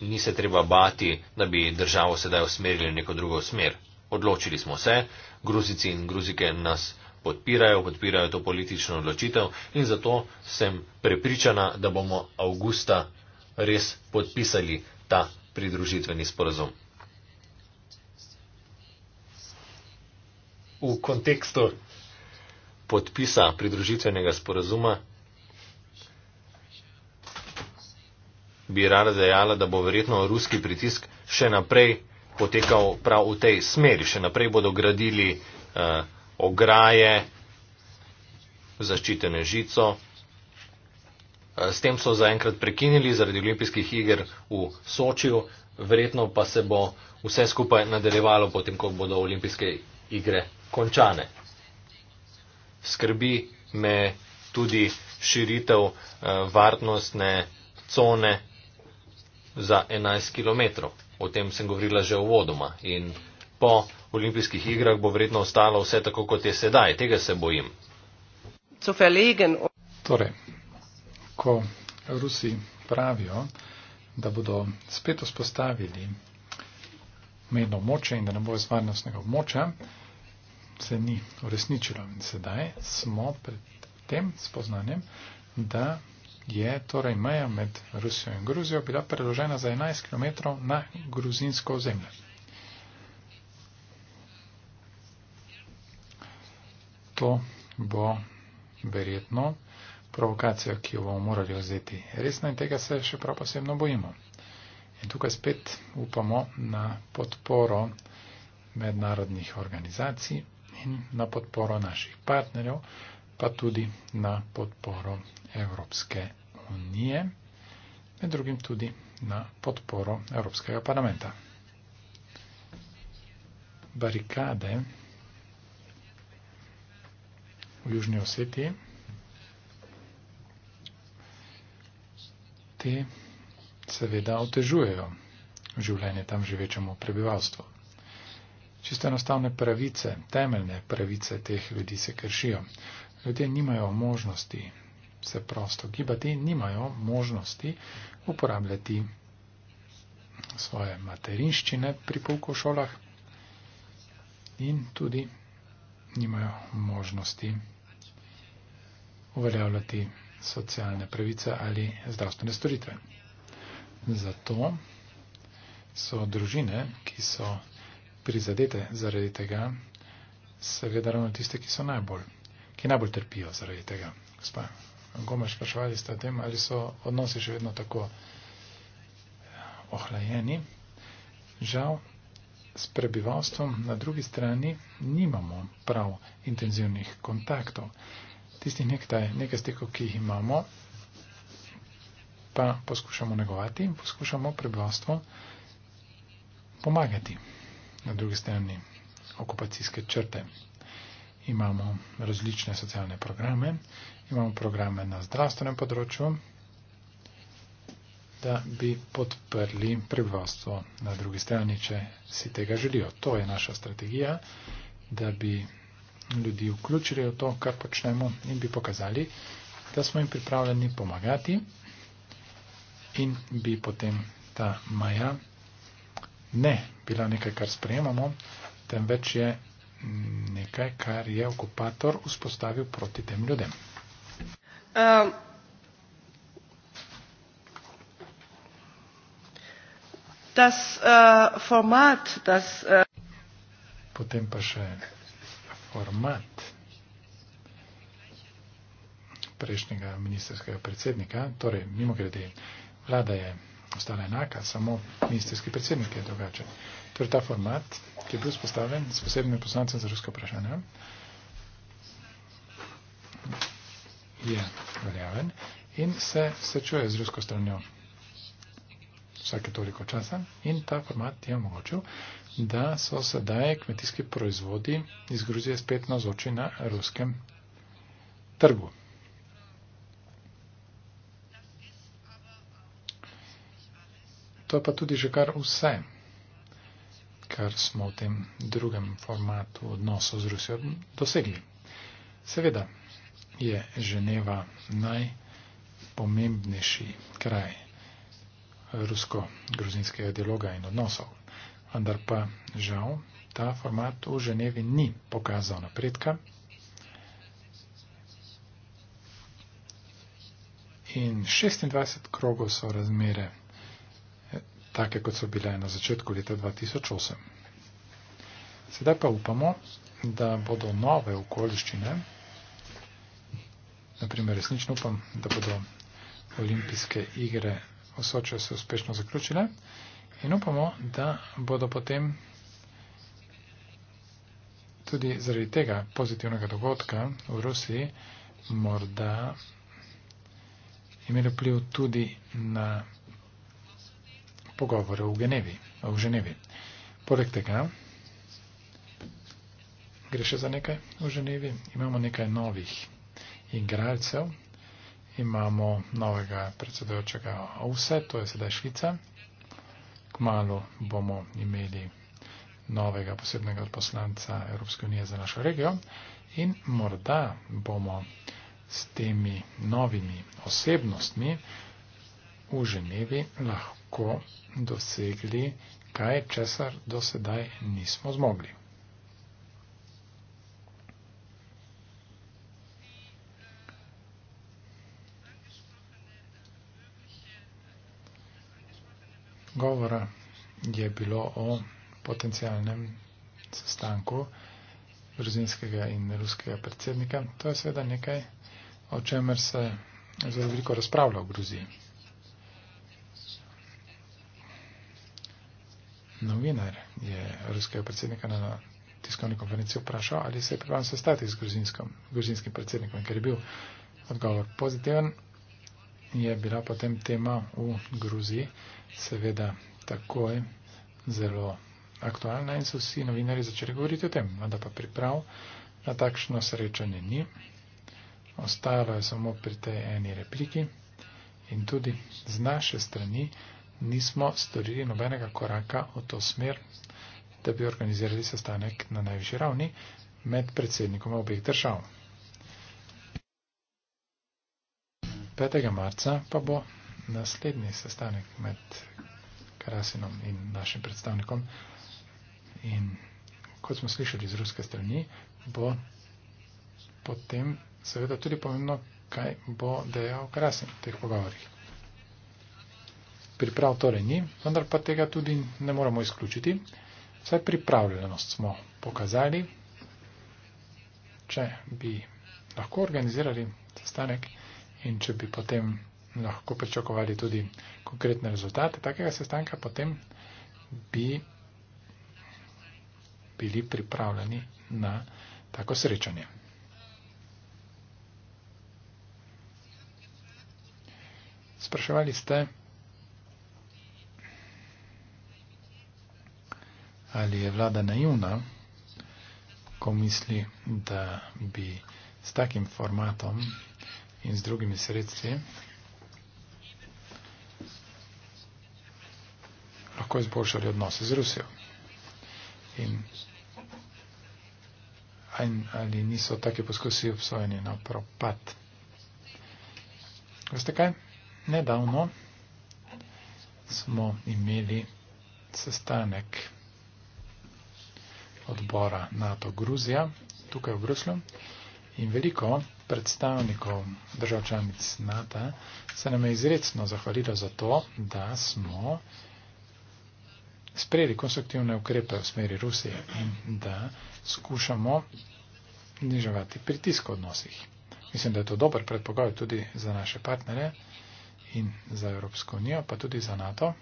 Ni se treba bati, da bi državo sedaj usmerili v neko drugo smer. Odločili smo se, Gruzici in Gruzike nas podpirajo, podpirajo to politično odločitev in zato sem prepričana, da bomo avgusta res podpisali ta pridružitveni sporazum. v kontekstu podpisa pridružitvenega sporazuma bi rada dejala, da bo verjetno ruski pritisk še naprej potekal prav v tej smeri. Še naprej bodo gradili uh, ograje, zaščitene žico. Eh, s tem so zaenkrat prekinili zaradi olimpijskih iger v Sočiju, verjetno pa se bo vse skupaj nadaljevalo potem, ko bodo olimpijske igre končane. Skrbi me tudi širitev eh, varnostne cone za 11 km. O tem sem govorila že v vodoma. In po olimpijskih igrah bo vredno ostalo vse tako, kot je sedaj. Tega se bojim. Torej, ko Rusi pravijo, da bodo spet vzpostavili mejno območje in da ne bo iz varnostnega območja, se ni uresničilo. In sedaj smo pred tem spoznanjem, da je torej meja med Rusijo in Gruzijo bila preložena za 11 km na gruzinsko zemlje. To bo verjetno provokacija, ki jo bomo morali vzeti resno in tega se še prav posebno bojimo. In tukaj spet upamo na podporo mednarodnih organizacij in na podporo naših partnerjev, pa tudi na podporo Evropske unije, med drugim tudi na podporo Evropskega parlamenta. Barikade v Južni Osetiji, te seveda otežujejo življenje tam živečemu prebivalstvu. Čisto enostavne pravice, temeljne pravice teh ljudi se kršijo. Ljudje nimajo možnosti se prosto gibati, nimajo možnosti uporabljati svoje materinščine pri pouku v šolah in tudi nimajo možnosti uveljavljati socialne pravice ali zdravstvene storitve. Zato so družine, ki so prizadete zaradi tega, seveda ravno tiste, ki so najbolj, ki najbolj trpijo zaradi tega. Gospa Gomeš, sprašvali ste o tem, ali so odnosi še vedno tako eh, ohlajeni. Žal, s prebivalstvom na drugi strani nimamo prav intenzivnih kontaktov. Tistih nekaj, nekaj stikov, ki jih imamo, pa poskušamo negovati in poskušamo prebivalstvo pomagati. Na drugi strani okupacijske črte imamo različne socialne programe, imamo programe na zdravstvenem področju, da bi podprli prebivalstvo na drugi strani, če si tega želijo. To je naša strategija, da bi ljudi vključili v to, kar počnemo in bi pokazali, da smo jim pripravljeni pomagati in bi potem ta maja ne bila nekaj, kar sprejemamo, temveč je nekaj, kar je okupator vzpostavil proti tem ljudem. Um. Das, uh, format, das, uh... Potem pa še format prejšnjega ministerskega predsednika, torej mimo grede. Uh, vlada je ostala enaka, samo ministerski predsednik je drugačen. Torej ta format, ki je bil spostavljen s posebnim poslancem za rusko vprašanje, je veljaven in se srečuje z rusko stranjo vsake toliko časa in ta format je omogočil, da so sedaj kmetijski proizvodi iz Gruzije spet na na ruskem trgu. To je pa tudi že kar vse, kar smo v tem drugem formatu odnosov z Rusijo dosegli. Seveda je Ženeva najpomembnejši kraj rusko-gruzinskega dialoga in odnosov, vendar pa žal ta format v Ženevi ni pokazal napredka. In 26 krogov so razmere take, kot so bile na začetku leta 2008. Sedaj pa upamo, da bodo nove okoliščine, naprimer resnično upam, da bodo olimpijske igre v Sočju se uspešno zaključile in upamo, da bodo potem tudi zaradi tega pozitivnega dogodka v Rusiji morda imeli vpliv tudi na pogovora v, Genevi, v Ženevi. Poleg tega, gre še za nekaj v Ženevi, imamo nekaj novih igralcev, imamo novega predsedojočega OVSE, to je sedaj Švica. Kmalo bomo imeli novega posebnega odposlanca Evropske unije za našo regijo in morda bomo s temi novimi osebnostmi v Ženevi lahko lahko dosegli, kaj česar do sedaj nismo zmogli. Govora je bilo o potencijalnem sestanku brazilskega in ruskega predsednika. To je seveda nekaj, o čemer se zelo veliko razpravlja v Gruziji. novinar je ruskega predsednika na tiskovni konferenci vprašal, ali se je pripravljen sestati z gruzinskim predsednikom, ker je bil odgovor pozitiven. Je bila potem tema v Gruziji seveda takoj zelo aktualna in so vsi novinari začeli govoriti o tem, vendar pa priprav na takšno srečanje ni. Ostalo je samo pri tej eni repliki in tudi z naše strani nismo storili nobenega koraka v to smer, da bi organizirali sestanek na najvišji ravni med predsednikom obeh držav. 5. marca pa bo naslednji sestanek med Karasinom in našim predstavnikom. In kot smo slišali z ruske strani, bo potem seveda tudi pomembno, kaj bo dejal Karasin v teh pogovorih priprav torej ni, vendar pa tega tudi ne moramo izključiti. Vsaj pripravljenost smo pokazali, če bi lahko organizirali sestanek in če bi potem lahko pričakovali tudi konkretne rezultate takega sestanka, potem bi bili pripravljeni na tako srečanje. Sprašovali ste, ali je vlada naivna, ko misli, da bi s takim formatom in z drugimi sredstvi lahko izboljšali odnose z Rusijo. In ali niso taki poskusi obsojeni na propad. Veste kaj? Nedavno smo imeli sestanek odbora NATO Gruzija tukaj v Bruslju in veliko predstavnikov držav članic NATO se nam je izredno zahvalilo za to, da smo sprejeli konstruktivne ukrepe v smeri Rusije in da skušamo niževati pritisk v odnosih. Mislim, da je to dober predpogoj tudi za naše partnere in za Evropsko unijo, pa tudi za NATO,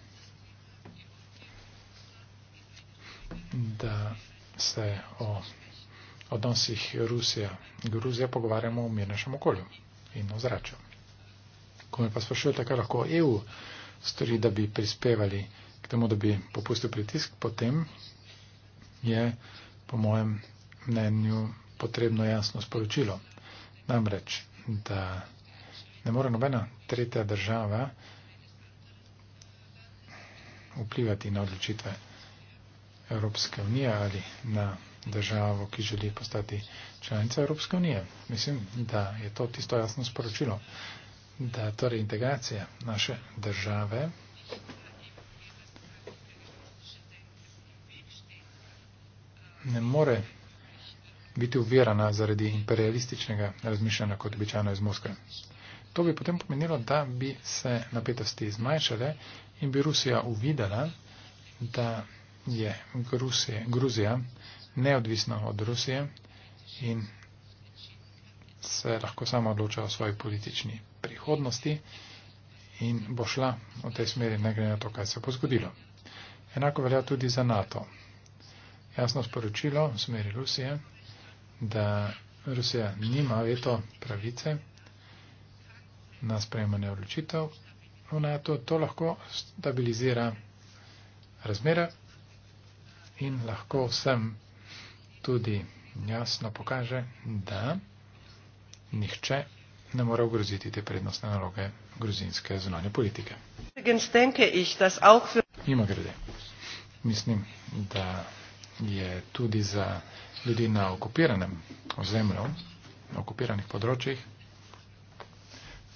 da ste o odnosih Rusija in Gruzija pogovarjamo v mirnejšem okolju in o zraču. Ko me pa sprašujete, kaj lahko EU stori, da bi prispevali k temu, da bi popustil pritisk, potem je po mojem mnenju potrebno jasno sporočilo. Namreč, da ne more nobena tretja država vplivati na odločitve Evropske unije ali na državo, ki želi postati članica Evropske unije. Mislim, da je to tisto jasno sporočilo, da torej integracija naše države ne more biti uverana zaradi imperialističnega razmišljanja kot običajno iz Moskve. To bi potem pomenilo, da bi se napetosti zmanjšale in bi Rusija uvidela, da je Grusija, Gruzija neodvisna od Rusije in se lahko sama odloča o svoji politični prihodnosti in bo šla v tej smeri, ne glede na to, kaj se bo zgodilo. Enako velja tudi za NATO. Jasno sporočilo v smeri Rusije, da Rusija nima veto pravice na sprejemanje odločitev v NATO, to lahko stabilizira razmere in lahko vsem tudi jasno pokaže, da nihče ne more ogroziti te prednostne naloge gruzinske zunanje politike. Ima grede. Mislim, da je tudi za ljudi na okupiranem ozemlju, na okupiranih področjih,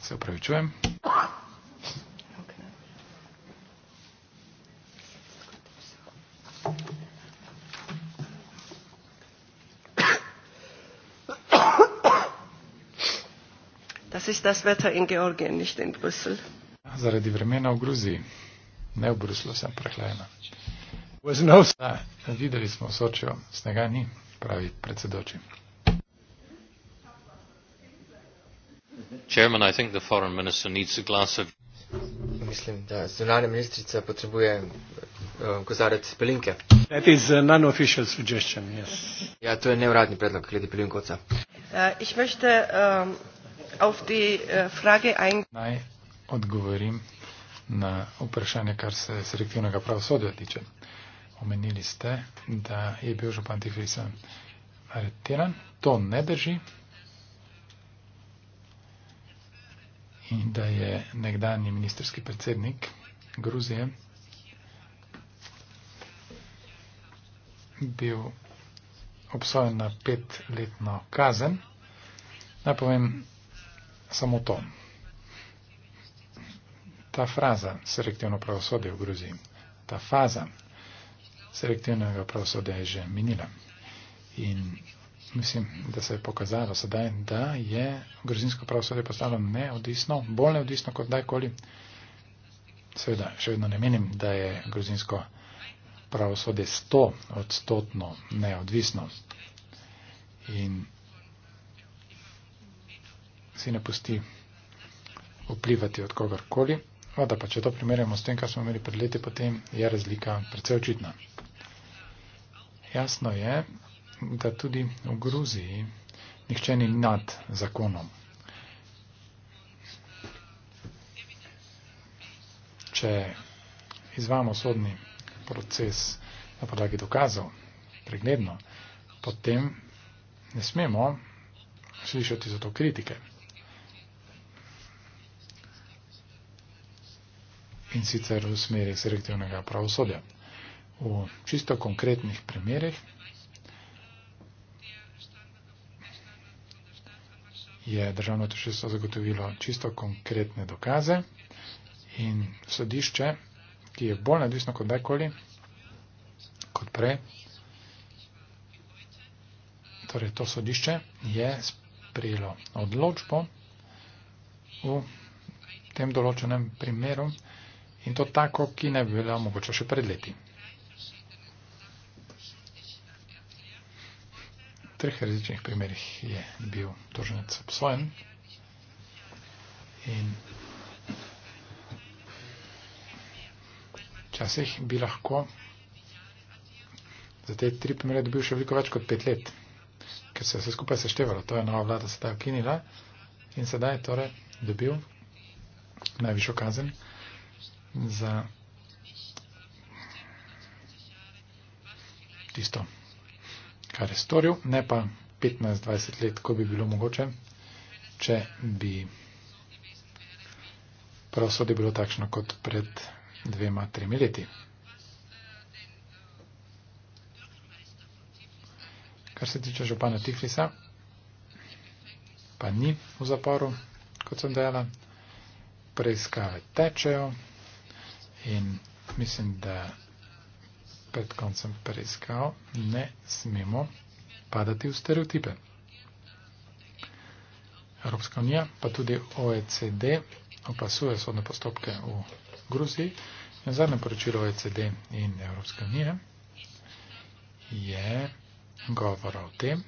se upravičujem. Das ist das Wetter in Georgien, nicht in Brüssel. Zaradi vremena v Gruziji, ne v Bruslu, sem prehlajena. Da, videli smo Sočijo, snega ni, pravi predsedoči. Chairman, I think the foreign minister needs a glass of... Mislim, da zunanja ministrica potrebuje uh, kozarec pelinke. That is a non-official suggestion, yes. Ja, to je neuradni predlog, glede pelinkovca. Uh, eh, ich möchte, um, auf die äh, Frage eingehen. Nein, odgovorim na vprašanje, kar se selektivnega pravosodja tiče. Omenili ste, da je bil župan Tiflisa aretiran. To ne drži. In da je nekdani ministerski predsednik Gruzije bil obsojen na petletno kazen. Naj povem, Samo to. Ta fraza selektivno pravosodje v Gruziji, ta faza selektivnega pravosodja je že minila. In mislim, da se je pokazalo sedaj, da je gruzinsko pravosodje postalo neodvisno, bolj neodvisno kot dajkoli. Seveda, še vedno ne menim, da je gruzinsko pravosodje sto odstotno neodvisno. In si ne pusti vplivati od kogarkoli. Voda no, pa, če to primerjamo s tem, kar smo imeli pred leti, potem je razlika precej očitna. Jasno je, da tudi v Gruziji nihče ni nad zakonom. Če izvamo sodni proces na podlagi dokazov, pregledno, potem ne smemo slišati za to kritike. in sicer v smeri selektivnega pravosodja. V čisto konkretnih primerjih je državno tešilstvo zagotovilo čisto konkretne dokaze in sodišče, ki je bolj nadvisno kot dajkoli, kot prej, torej to sodišče je sprejelo odločbo v tem določenem primeru, in to tako, ki ne bi bila mogoče še pred leti. V treh različnih primerih je bil tožnec obsojen in včasih bi lahko za te tri primere dobil še veliko več kot pet let, ker se je vse skupaj seštevalo. To je nova vlada sedaj ukinila in sedaj je torej dobil najvišjo kazen za tisto, kar je storil, ne pa 15-20 let, ko bi bilo mogoče, če bi pravosodje bilo takšno kot pred dvema, tremi leti. Kar se tiče župana Tiflisa, pa ni v zaporu, kot sem dejala. Preiskave tečejo. In mislim, da pred koncem preiskav ne smemo padati v stereotipe. Evropska unija, pa tudi OECD, opasuje sodne postopke v Gruziji. In zadnje poročilo OECD in Evropske unije je govora o tem,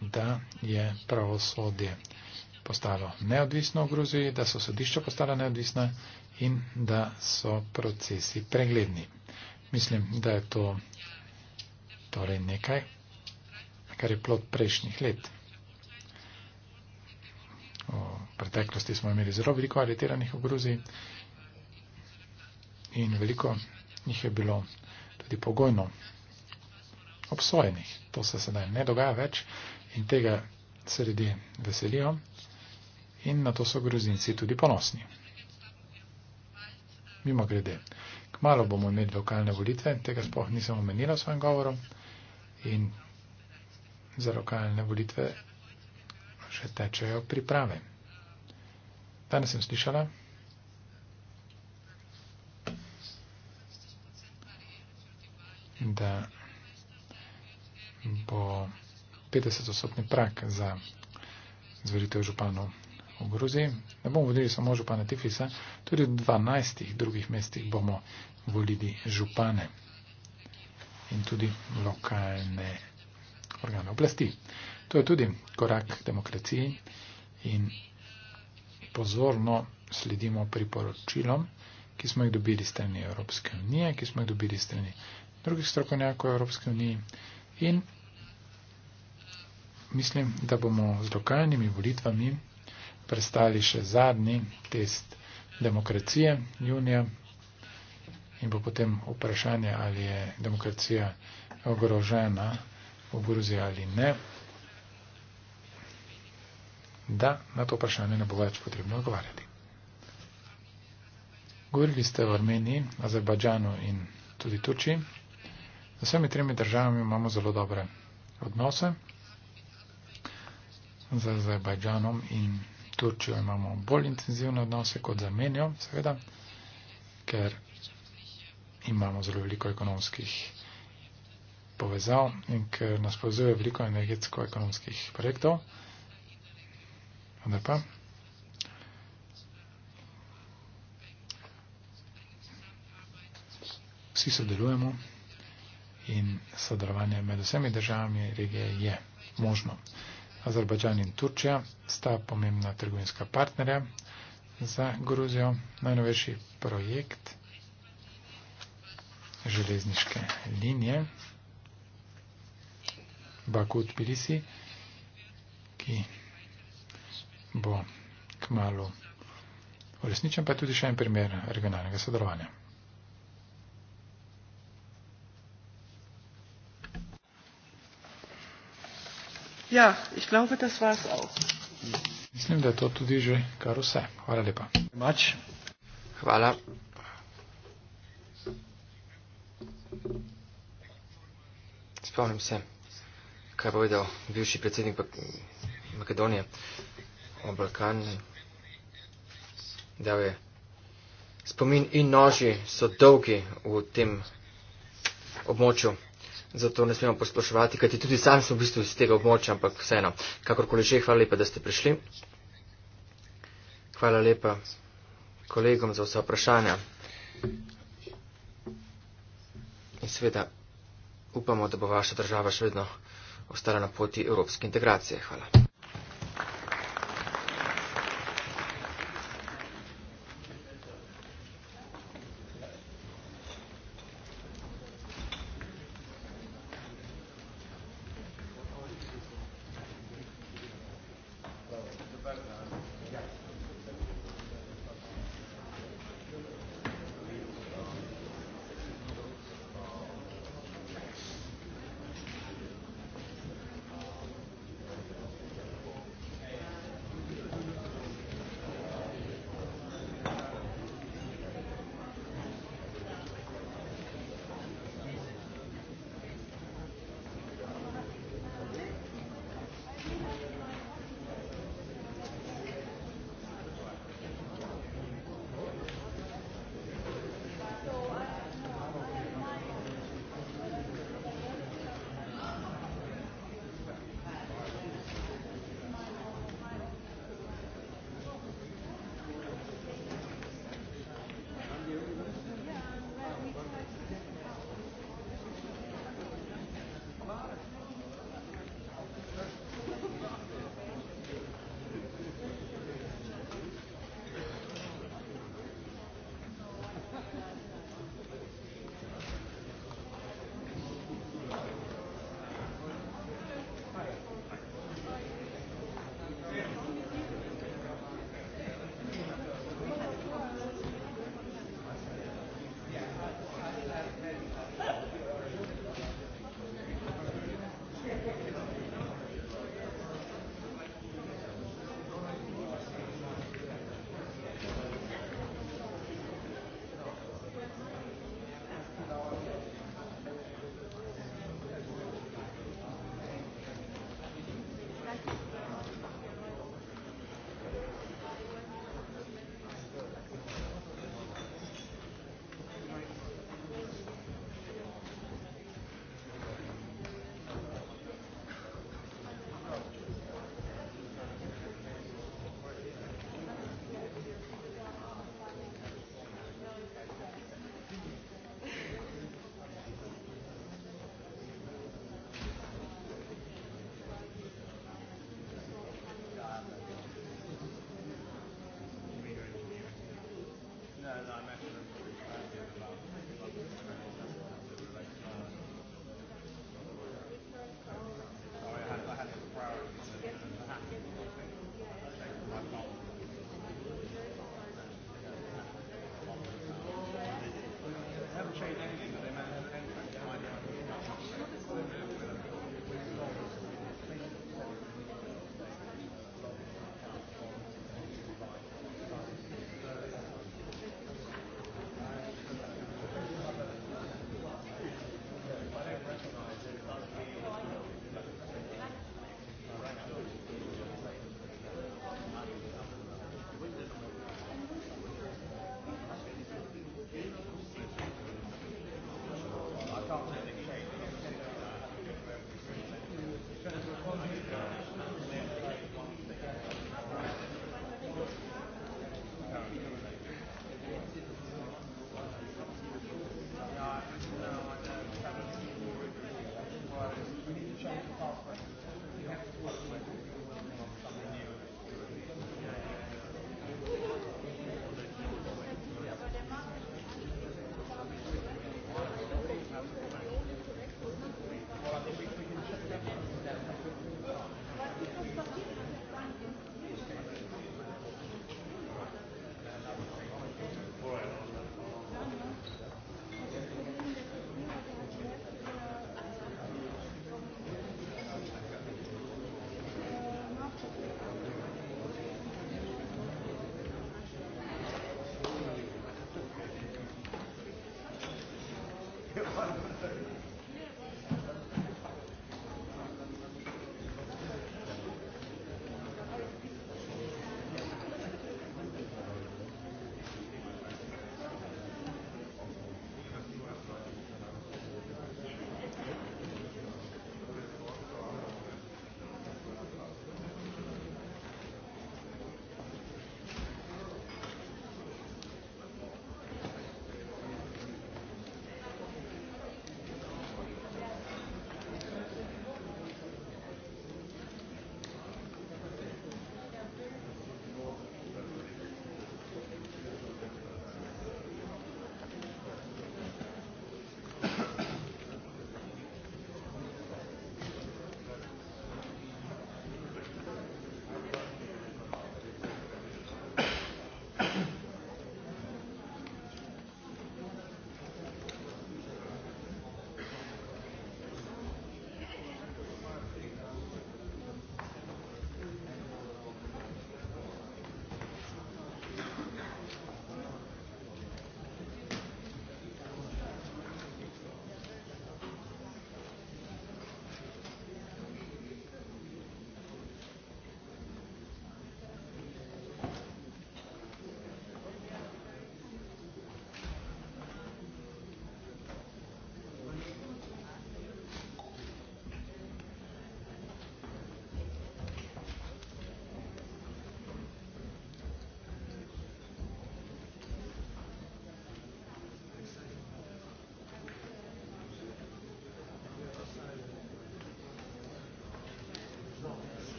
da je pravosodje postalo neodvisno v Gruziji, da so sodišča postala neodvisna in da so procesi pregledni. Mislim, da je to torej nekaj, kar je plod prejšnjih let. V preteklosti smo imeli zelo veliko aretiranih v Gruziji in veliko njih je bilo tudi pogojno obsojenih. To se sedaj ne dogaja več in tega se ljudje veselijo in na to so gruzinci tudi ponosni mimo grede. Kmalo bomo imeli lokalne volitve, tega spoh nisem omenila v svojem govoru in za lokalne volitve še tečejo priprave. Danes sem slišala, da bo 50-odstotni prak za zveritev županov v Gruziji, ne bomo vodili samo župana Tifisa, tudi v 12 drugih mestih bomo volili župane in tudi lokalne organe oblasti. To je tudi korak k demokraciji in pozorno sledimo priporočilom, ki smo jih dobili strani Evropske unije, ki smo jih dobili strani drugih strokovnjakov Evropske unije in mislim, da bomo z lokalnimi volitvami prestali še zadnji test demokracije junija in bo potem vprašanje, ali je demokracija ogrožena v Gruziji ali ne. Da, na to vprašanje ne bo več potrebno odgovarjati. Govorili ste o Armeniji, Azerbajdžanu in tudi Turčiji. Z vsemi tremi državami imamo zelo dobre odnose. Z Azerbajdžanom in Turčijo imamo bolj intenzivne odnose kot z Armenijo, seveda, ker imamo zelo veliko ekonomskih povezav in ker nas povezuje veliko energetsko-ekonomskih projektov. Vendar pa. Vsi sodelujemo in sodelovanje med vsemi državami regije je možno. Azerbajdžan in Turčija sta pomembna trgovinska partnerja za Gruzijo. Najnovejši projekt železniške linije Bakut-Pirisi, ki bo kmalo uresničen, pa je tudi še en primer regionalnega sodelovanja. Ja, ich glaube, das war's auch. Mislim, da je to tudi že kar vse. Hvala lepa. Mač. Hvala. Spomnim se, kaj je povedal bivši predsednik Makedonije, o Balkanu. Dal je spomin in noži so dolgi v tem območju zato ne smemo posploševati, kajti tudi sam smo v bistvu iz tega območja, ampak vseeno. Kakorkoli že, hvala lepa, da ste prišli. Hvala lepa kolegom za vse vprašanja. In seveda upamo, da bo vaša država še vedno ostala na poti evropske integracije. Hvala.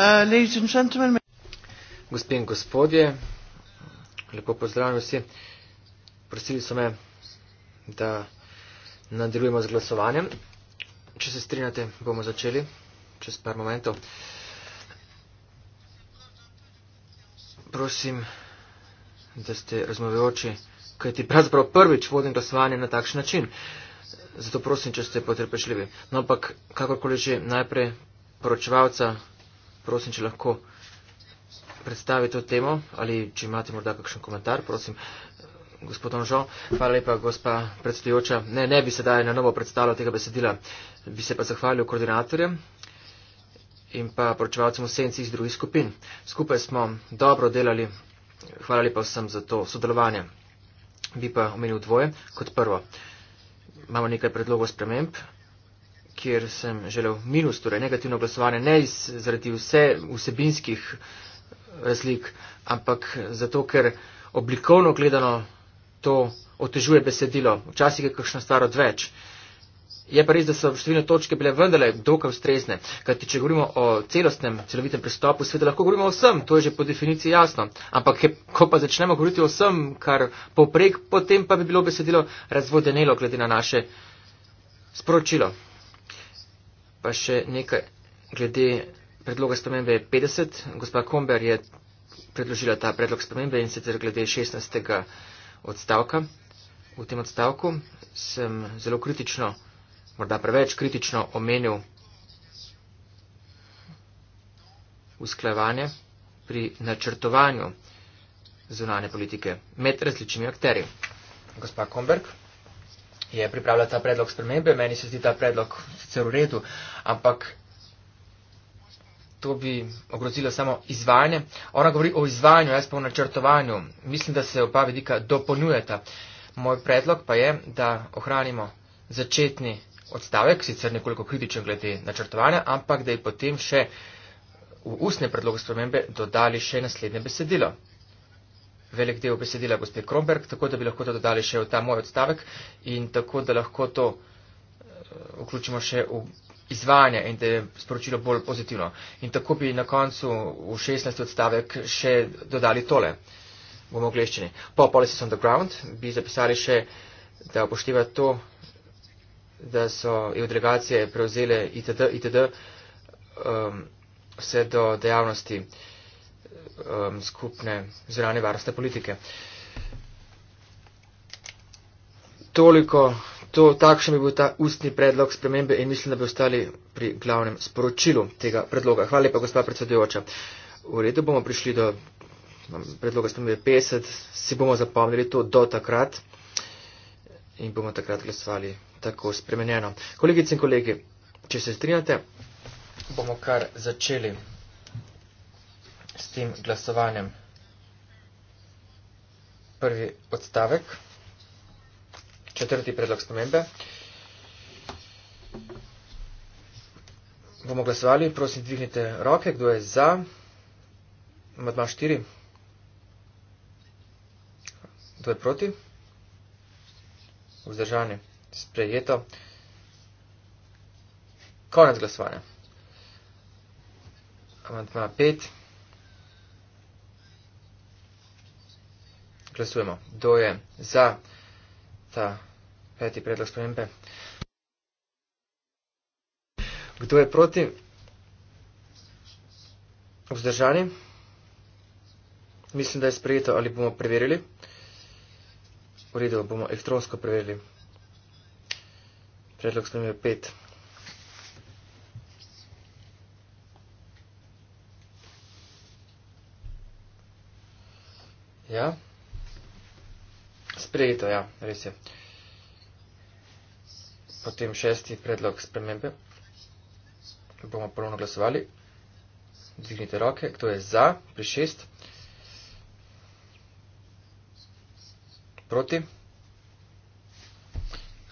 Uh, Gospe in gospodje, lepo pozdravljam vsi. Prosili so me, da nadaljujemo z glasovanjem. Če se strinjate, bomo začeli čez par momentov. Prosim, da ste razmovejoči, kajti pravzaprav prvič vodim glasovanje na takšen način. Zato prosim, če ste potrpešljivi. No, ampak kakorkoli že najprej poročevalca prosim, če lahko predstavi to temo ali če imate morda kakšen komentar, prosim. Gospod Anžo, hvala lepa, gospa predsedujoča. Ne, ne bi se daj na novo predstavljal tega besedila, bi se pa zahvalil koordinatorjem in pa poročevalcem vsencih iz drugih skupin. Skupaj smo dobro delali, hvala lepa vsem za to sodelovanje. Bi pa omenil dvoje, kot prvo. Imamo nekaj predlogov sprememb, kjer sem želel minus, torej negativno glasovanje, ne iz, zaradi vse vsebinskih razlik, ampak zato, ker oblikovno gledano to otežuje besedilo. Včasih je kakšna stvar odveč. Je pa res, da so številne točke bile vendarle dokaj ustrezne, kajti če govorimo o celostnem, celovitem pristopu, seveda lahko govorimo o vsem, to je že po definiciji jasno. Ampak je, ko pa začnemo govoriti o vsem, kar poprek, potem pa bi bilo besedilo razvodenelo glede na naše sporočilo. Pa še nekaj glede predloga spremembe 50. Gospa Komber je predložila ta predlog spremembe in sicer glede 16. odstavka. V tem odstavku sem zelo kritično, morda preveč kritično omenil usklajevanje pri načrtovanju zunanje politike med različnimi akteri. Gospa Komberg je pripravila ta predlog spremembe. Meni se zdi ta predlog sicer v redu, ampak to bi ogrozilo samo izvajanje. Ona govori o izvajanju, jaz pa o načrtovanju. Mislim, da se oba vidika dopolnjujeta. Moj predlog pa je, da ohranimo začetni odstavek, sicer nekoliko kritičen glede načrtovanja, ampak da je potem še v ustne predloge spremembe dodali še naslednje besedilo velik del besedila gospe Kromberg, tako da bi lahko to dodali še v ta moj odstavek in tako da lahko to eh, vključimo še v izvajanje in da je sporočilo bolj pozitivno. In tako bi na koncu v 16. odstavek še dodali tole v mogleščini. Po Policies on the Ground bi zapisali še, da upošteva to, da so EU delegacije prevzele itd. itd. Um, ehm, vse do dejavnosti uh, um, skupne zrane varnostne politike. Toliko, to, takšen bi bil ta ustni predlog spremembe in mislim, da bi ostali pri glavnem sporočilu tega predloga. Hvala lepa, gospa predsedujoča. V redu bomo prišli do predloga spremembe 50, si bomo zapomnili to do takrat in bomo takrat glasovali tako spremenjeno. Kolegice in kolegi, če se strinjate, bomo kar začeli s tem glasovanjem. Prvi odstavek, četrti predlog spomembe. Bomo glasovali, prosim, dvignite roke, kdo je za, matma štiri, kdo je proti, vzdržani, sprejeto, konec glasovanja. Amantma 5. glasujemo. Kdo je za ta peti predlog spremembe? Kdo je proti? Vzdržani? Mislim, da je sprejeto ali bomo preverili. V redu, bomo elektronsko preverili. Predlog spremembe 5. sprejeto, ja, res je. Potem šesti predlog spremembe. Bomo ponovno glasovali. Dvignite roke, kdo je za, pri šest. Proti.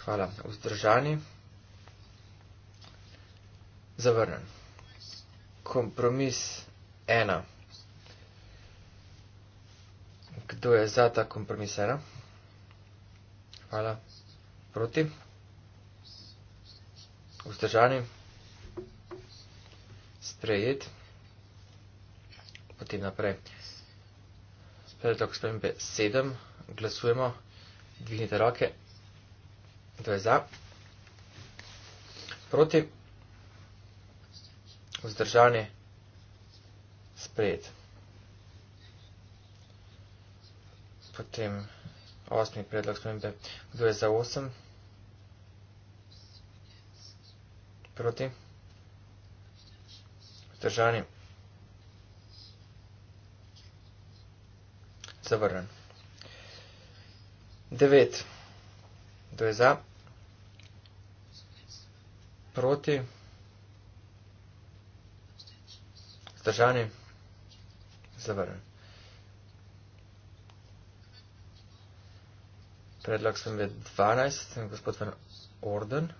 Hvala, vzdržani. Zavrnen. Kompromis ena. Kdo je za ta kompromis ena? Hvala. Proti? Vzdržani? Sprejet? Potem naprej. Predlog spremembe 7. Glasujemo. Dvignite roke. To je za. Proti? Vzdržani? Sprejet? Potem naprej osmi predlog spremembe. Kdo je za 8? Proti? Zdržani? Zavrnen. 9. Kdo je za? Proti? Zdržani? Zavrnen. predlog sem je 12, sem gospod Van Orden.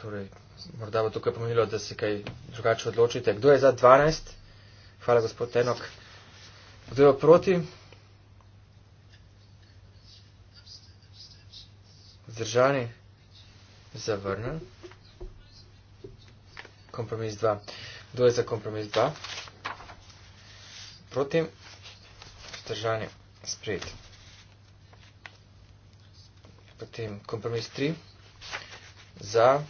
Torej, morda bo tukaj pomenilo, da se kaj drugače odločite. Kdo je za 12? Hvala, gospod Tenok. Kdo je proti? Zdržani? Zavrnen. Kompromis 2. Kdo je za kompromis 2? Proti? zdržanje sprejeti. Potem kompromis 3 za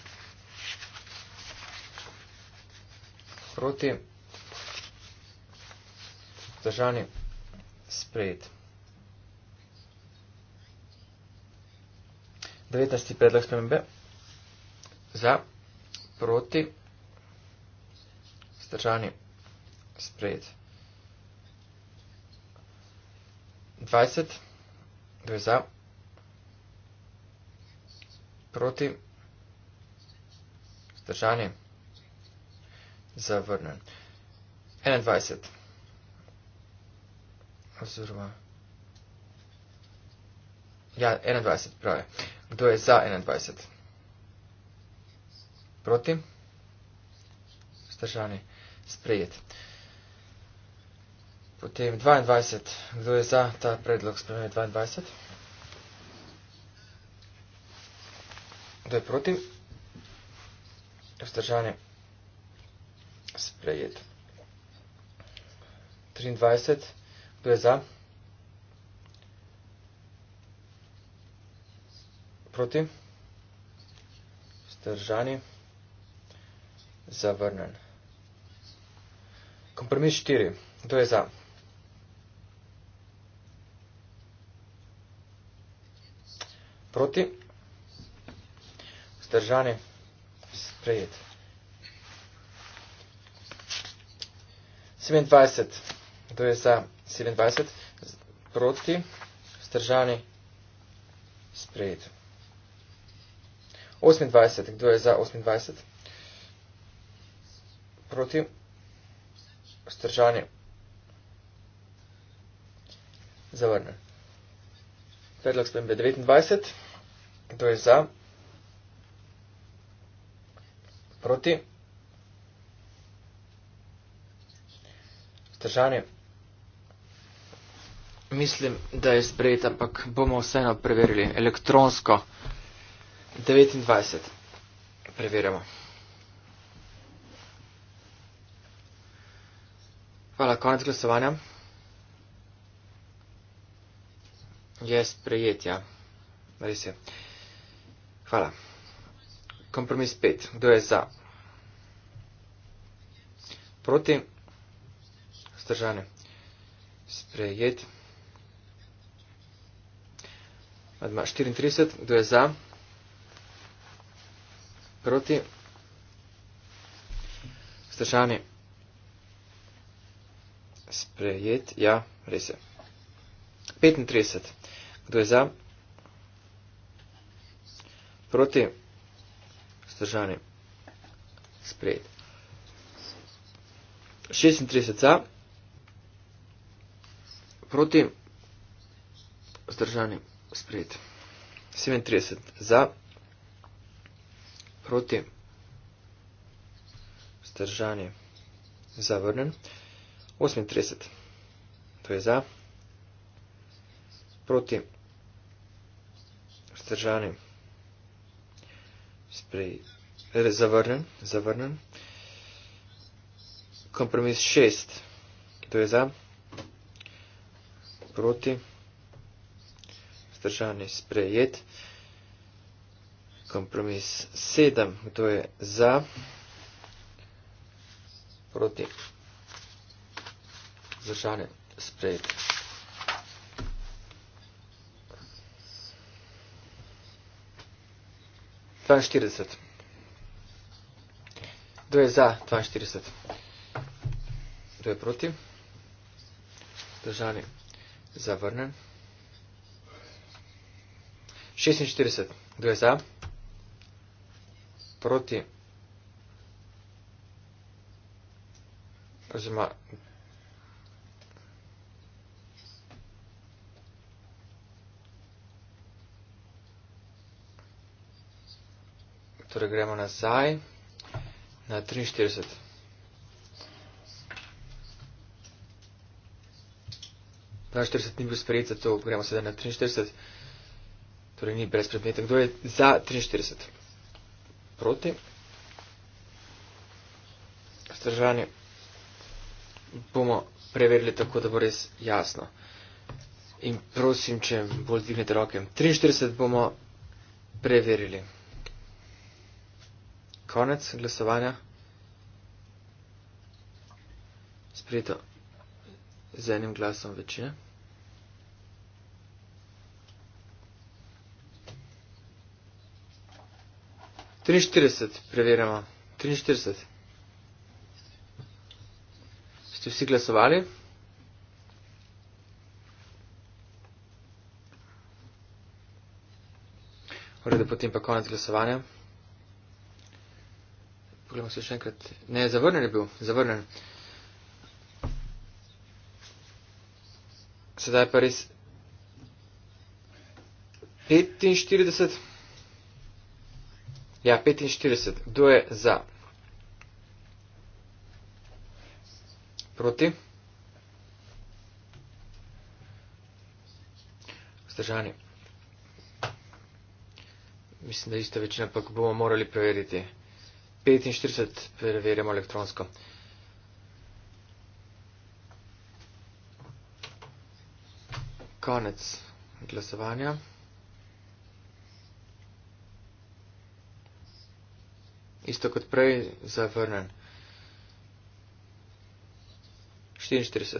proti zdržanje sprejeti. 19. predlog spremembe za proti zdržanje sprejeti. 20, 2 za, proti, zdržani, zavrnen. 21, oziroma, ja, 21, pravi. Kdo je za 21? Proti, zdržani, sprejeti. Potem 22. Kdo je za ta predlog spremenje 22? Kdo je proti? Vzdržanje sprejet. 23. Kdo je za? Proti? Vzdržanje zavrnen. Kompromis 4. Kdo je za? proti, vzdržani, sprejet. 27, to je za 27, proti, vzdržani, sprejet. 28, kdo je za 28, proti, vzdržanje, zavrnem predlog spremembe 29. Kdo je za? Proti? Stržanje? Mislim, da je sprejet, ampak bomo vseeno preverili elektronsko. 29. Preverjamo. Hvala, konec glasovanja. je sprejetja. Res je. Hvala. Kompromis pet. Kdo je za? Proti. Zdržane. Sprejet. Adma 34. Kdo je za? Proti. Zdržane. Sprejet. Ja, res je. 35 gre za proti stržani sprejet. 36 za proti stržani sprejet. 37 za proti stržani zavrnen. 38 to je za proti stržani vzdržani. Sprej, zavrnen, zavrnen. Kompromis šest, kdo je za, proti, vzdržani, sprejet. Kompromis sedem, kdo je za, proti, vzdržani, sprejet. 42. 2 je za, 42. Kdo je proti? Zdržani. Zavrnen. 46. Kdo je za? Proti. Oziroma, Torej gremo nazaj na 43. Na 40 ni bil sprejet, zato gremo sedaj na 43. Torej ni brez predmeta. Kdo je za 43? Proti. Stržanje bomo preverili tako, da bo res jasno. In prosim, če bolj dvignete roke. 43 bomo preverili. Konec glasovanja. Sprejeto z enim glasom večine. Trinštirdeset, preverjamo. Trinštirdeset. Ste vsi glasovali? Vrede potem pa konec glasovanja. Poglejmo se še enkrat. Ne, zavrnen je bil. Zavrnen. Sedaj pa res 45. Ja, 45. Kdo je za? Proti? Zdržani. Mislim, da je isto večina, ampak bomo morali preveriti. 45 preverjamo elektronsko. Konec glasovanja. Isto kot prej, zavrnen. 44.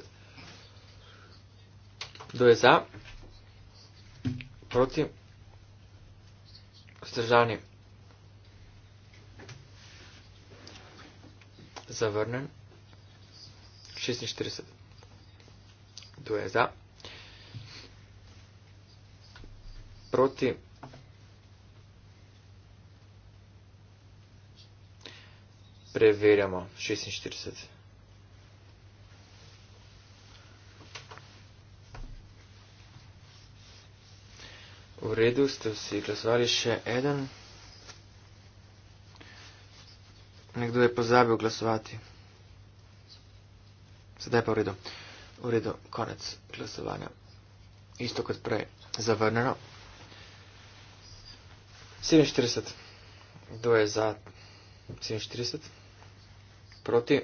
Kdo je za? Proti? Zdržanim. zavrnjen. 46. Kdo je za? Proti. Preverjamo. 46. V redu ste vsi glasovali še eden. Nekdo je pozabil glasovati. Sedaj pa v redu. V redu, konec glasovanja. Isto kot prej, zavrnjeno. 47. Kdo je za 47? Proti.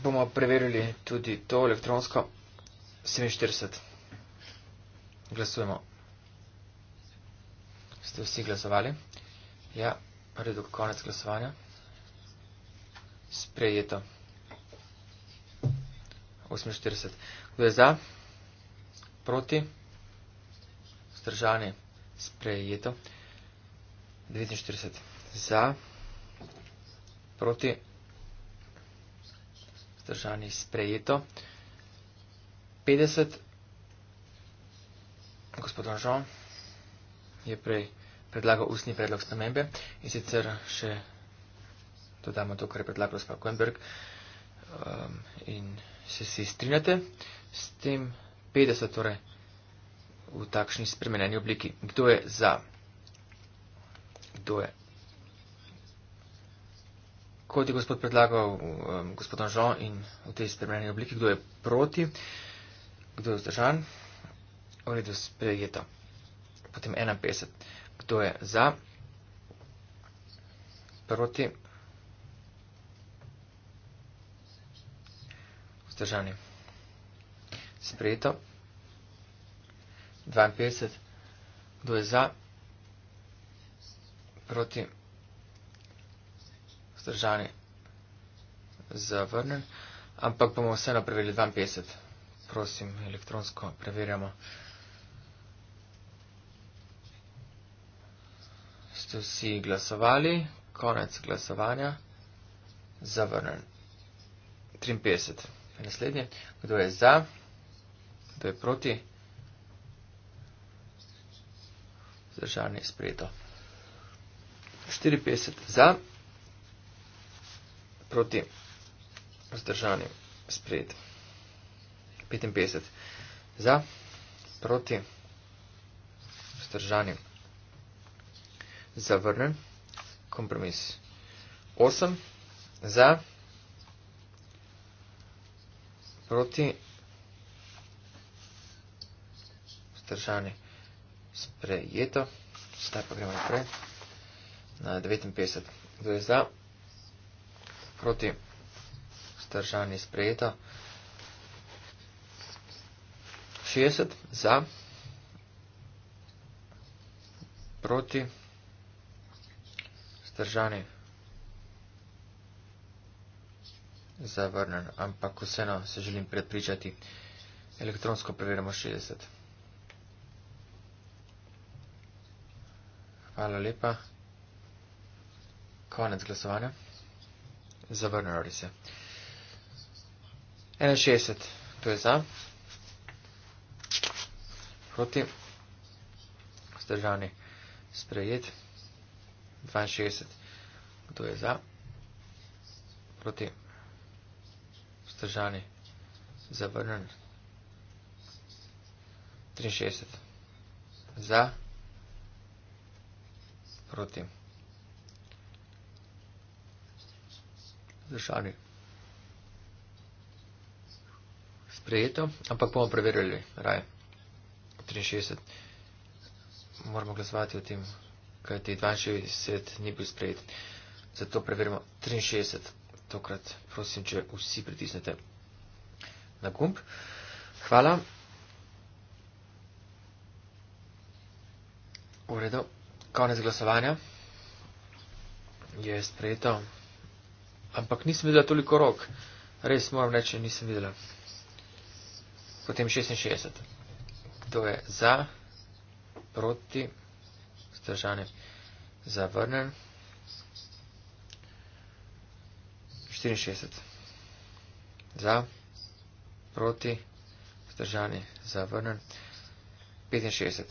Bomo preverili tudi to elektronsko. 47. Glasujemo ste vsi glasovali. Ja, redu konec glasovanja. Sprejeto. 48. Kdo je za? Proti? Zdržani? Sprejeto. 49. Za? Proti? Zdržani? Sprejeto. 50. Gospod Anžon? je prej predlagal ustni predlog spremembe in sicer še dodamo to, kar je predlagal gospod Kuenberg um, in se si strinjate s tem 50 torej v takšni spremenjeni obliki. Kdo je za? Kdo je? Kot je gospod predlagal um, gospodom Žon in v tej spremenjeni obliki, kdo je proti? Kdo je vzdržan? Oni to sprejeto potem 51. Kdo je za? Proti? Vzdržani. Sprejeto. 52. Kdo je za? Proti? Vzdržani. Zavrnen. Ampak bomo vseeno preverili 52. Prosim, elektronsko preverjamo. ste vsi glasovali, konec glasovanja, zavrnen. 53. Naslednje, kdo je za, kdo je proti, zdržani sprejeto. 54 za, proti, zdržani sprejet. 55 za, proti, zdržani sprejet zavrnem. Kompromis. 8 za, proti, vzdržani, sprejeto. Zdaj pa gremo naprej. Na 59. Kdo je za, proti, vzdržani, sprejeto. 60 za, proti, vzdržani, sprejeto zdržani, zavrnen, ampak vseeno se želim predpričati, elektronsko preverimo 60. Hvala lepa. Konec glasovanja. Zavrnjeno res je. 61, to je za. Proti. Zdržani. Sprejeti. 62. Kdo je za? Proti. Vzdržani. Zavrnen. 63. Za. Proti. Zdržani. Sprejeto, ampak bomo preverili raje. 63. Moramo glasovati o tem kajti 62 ni bil sprejet. Zato preverimo 63, tokrat prosim, če vsi pritisnete na gumb. Hvala. V redu, konec glasovanja je sprejeto, ampak nisem videla toliko rok, res moram reči, nisem videla. Potem 66. Kdo je za? Proti? vzdržanje zavrnem. 64. Za, proti, vzdržanje zavrnem. 65.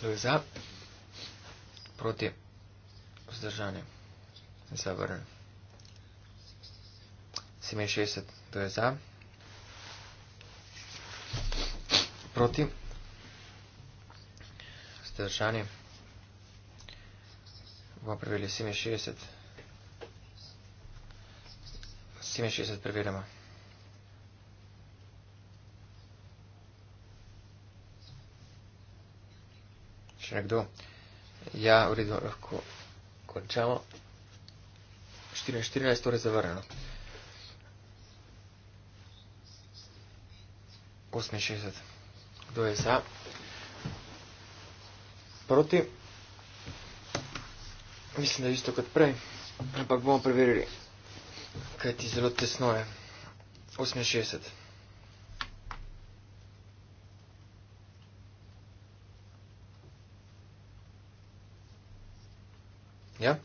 Torej za, proti, vzdržanje zavrnem. 67. To je za, proti, vzdržanje zavrnem zadržanje. Bomo preverili 67. 67 preverjamo. Še nekdo? Ja, v redu, lahko končamo. 44, torej zavrnjeno. 68. Kdo je za? proti. Mislim, da je isto kot prej, ampak bomo preverili, kaj ti zelo tesno je. 68. Ja,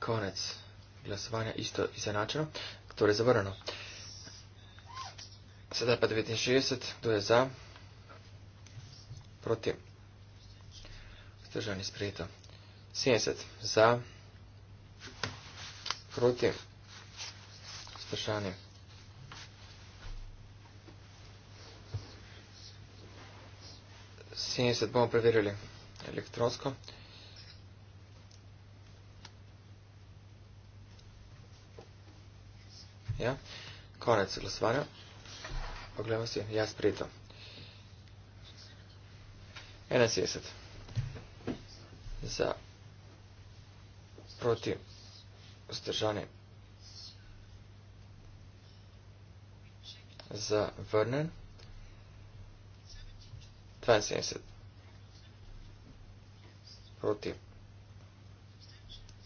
konec glasovanja, isto izenačeno, torej zavrano. Sedaj pa 69, kdo je za, proti. Vzdržanje sprejeto. 70 za, proti, vzdržanje. Sinjeset bomo preverili elektronsko. Ja, konec glasovanja. Poglejmo si, ja, sprejeto. 71 za proti vzdržanje za vrnen 72 proti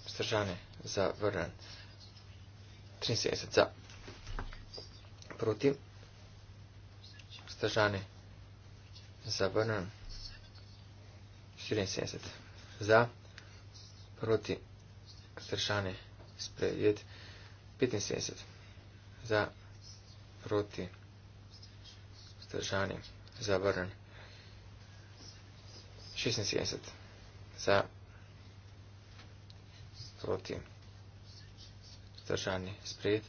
vzdržanje za vrnen 73 za proti vzdržanje za vrnen 74 za, proti, stršane, sprejet, 75, za, proti, stršane, zavrnen, 76, za, proti, stršane, sprejet,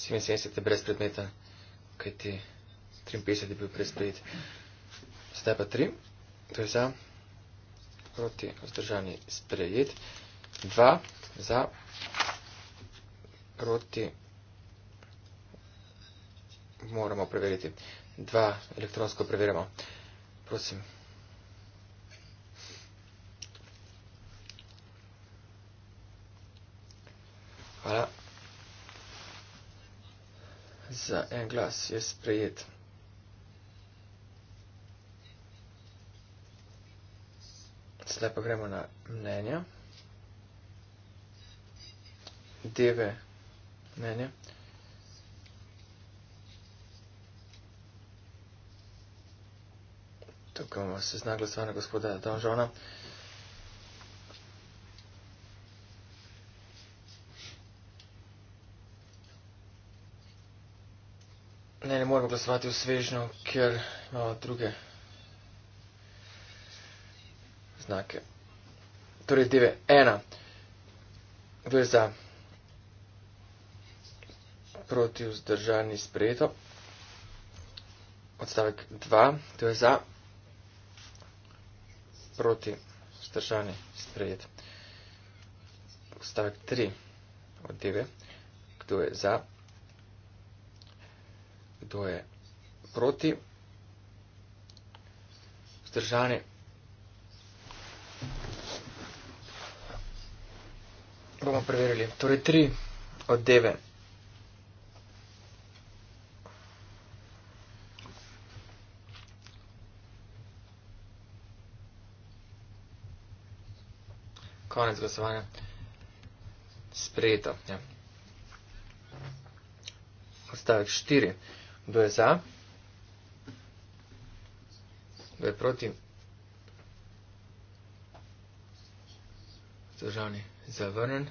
77 je brez predmeta, kaj ti je. 53 je bil prezprejet. Zdaj pa 3, to je za, proti vzdržanje sprejet. 2, za, proti, moramo preveriti. 2, elektronsko preverjamo. Prosim. Hvala. Za en glas je sprejet. Sedaj pa gremo na mnenja. Deve mnenja. Tukaj imamo se zna glasovanja gospoda Donžona. Ne, ne moramo glasovati v svežnju, ker imamo druge mnenja znake. Torej, deve ena, kdo je za proti vzdržani sprejeto, odstavek dva, kdo je za proti vzdržani sprejeto, odstavek tri od deve, kdo je za, kdo je proti vzdržani sprejeto. bomo preverili. Torej, tri odeve. Konec glasovanja. Sprejeto. Ja. Ostavek štiri. Kdo je za? Kdo je proti? Zdržavni zavrnjen,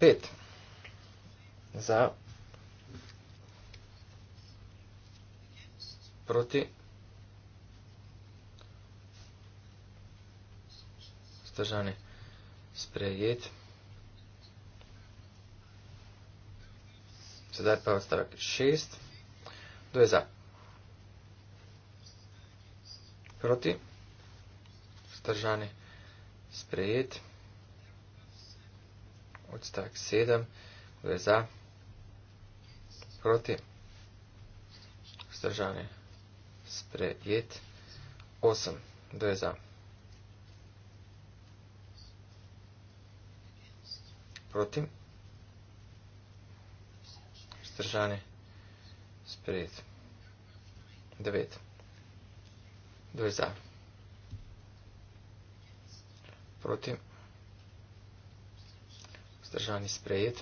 5 za, proti, stržani, sprejet, sedaj pa odstavek 6, kdo je za, proti, stržani, sprejet, sprejet, odstavek 7, gre za proti vzdržanje sprejet 8, kdo je za. Proti vzdržanje sprejet 9, kdo je za. Proti vzdržanje sprejet 9, kdo je za zdržani sprejet.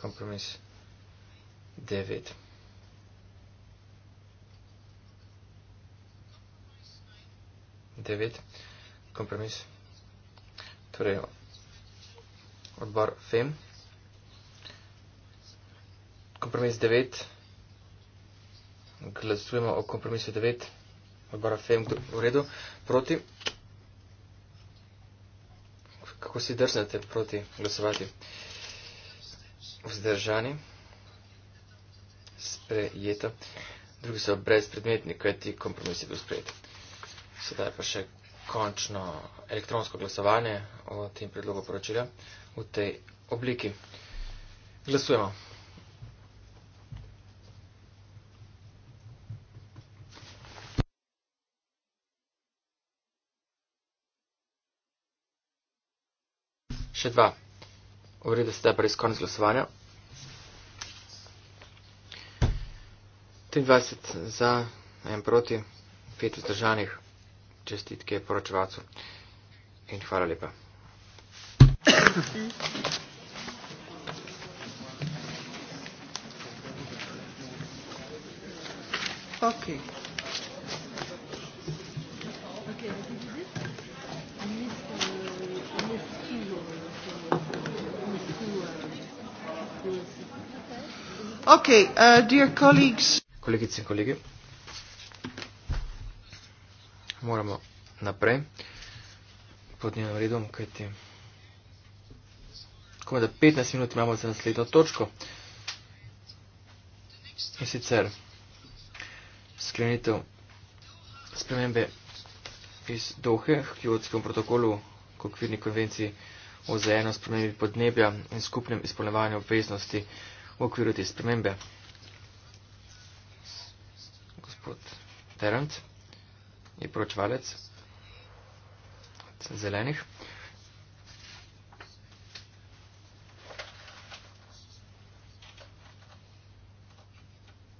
Kompromis 9. devet kompromis torej odbor fem kompromis devet glasujemo o kompromisu devet Barbara Fem, v redu, proti. Kako si drznete proti glasovati? Vzdržani. Sprejeta. Drugi so brez predmetni, kaj ti kompromisi bil sprejet. Sedaj pa še končno elektronsko glasovanje o tem predlogu poročila v tej obliki. Glasujemo. še dva. V redu ste pa res konec glasovanja. 23 za, en proti, pet vzdržanih, čestitke poročevalcu in hvala lepa. Okay. Okay, uh, dear colleagues. Kolegice in kolegi, moramo naprej pod njenim redom, kajti komaj da 15 minut imamo za naslednjo točko. In sicer sklenitev spremembe iz Dohe k kjotskemu protokolu, k okvirni konvenciji o zajednosti spremembi podnebja in skupnem izpolnjevanju obveznosti v okviru te spremembe. Gospod Terent je pročvalec zelenih.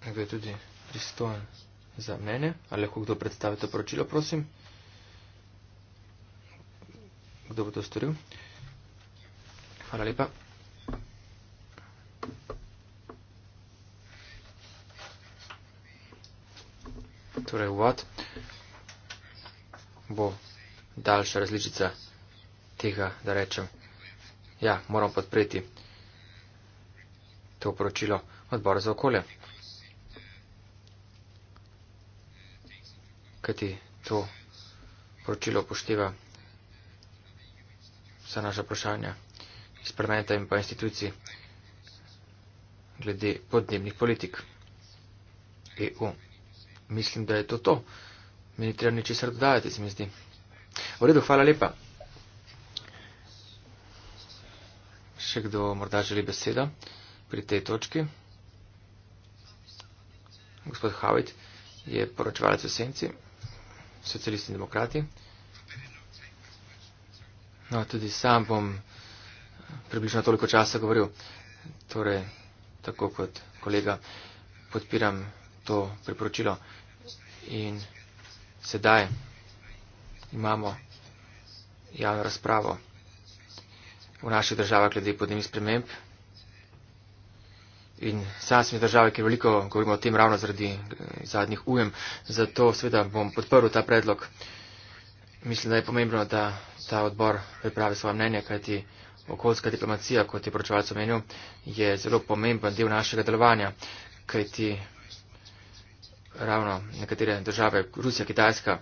Nekdo je tudi pristojen za mnenje. Ali lahko kdo predstavi to poročilo, prosim? Kdo bo to storil? Hvala lepa. torej uvod, bo daljša različica tega, da rečem, ja, moram podpreti to poročilo odbora za okolje. Kajti to poročilo upošteva vsa naša vprašanja iz parlamenta in pa institucij glede podnebnih politik EU mislim, da je to to. Mi ni treba ničesar dodajati, se mi zdi. V redu, hvala lepa. Še kdo morda želi besedo pri tej točki? Gospod Havit je poročevalec v senci, socialisti in demokrati. No, tudi sam bom približno toliko časa govoril, torej tako kot kolega podpiram to priporočilo. In sedaj imamo javno razpravo v naši državi glede podnebnih sprememb. In sam sem iz države, ki veliko govorimo o tem ravno zaradi eh, zadnjih ujem, zato seveda bom podprl ta predlog. Mislim, da je pomembno, da ta odbor pripravi svoje mnenje, kajti okoljska diplomacija, kot je poročevalce omenil, je zelo pomemben del našega delovanja, kajti ravno nekatere države, Rusija, Kitajska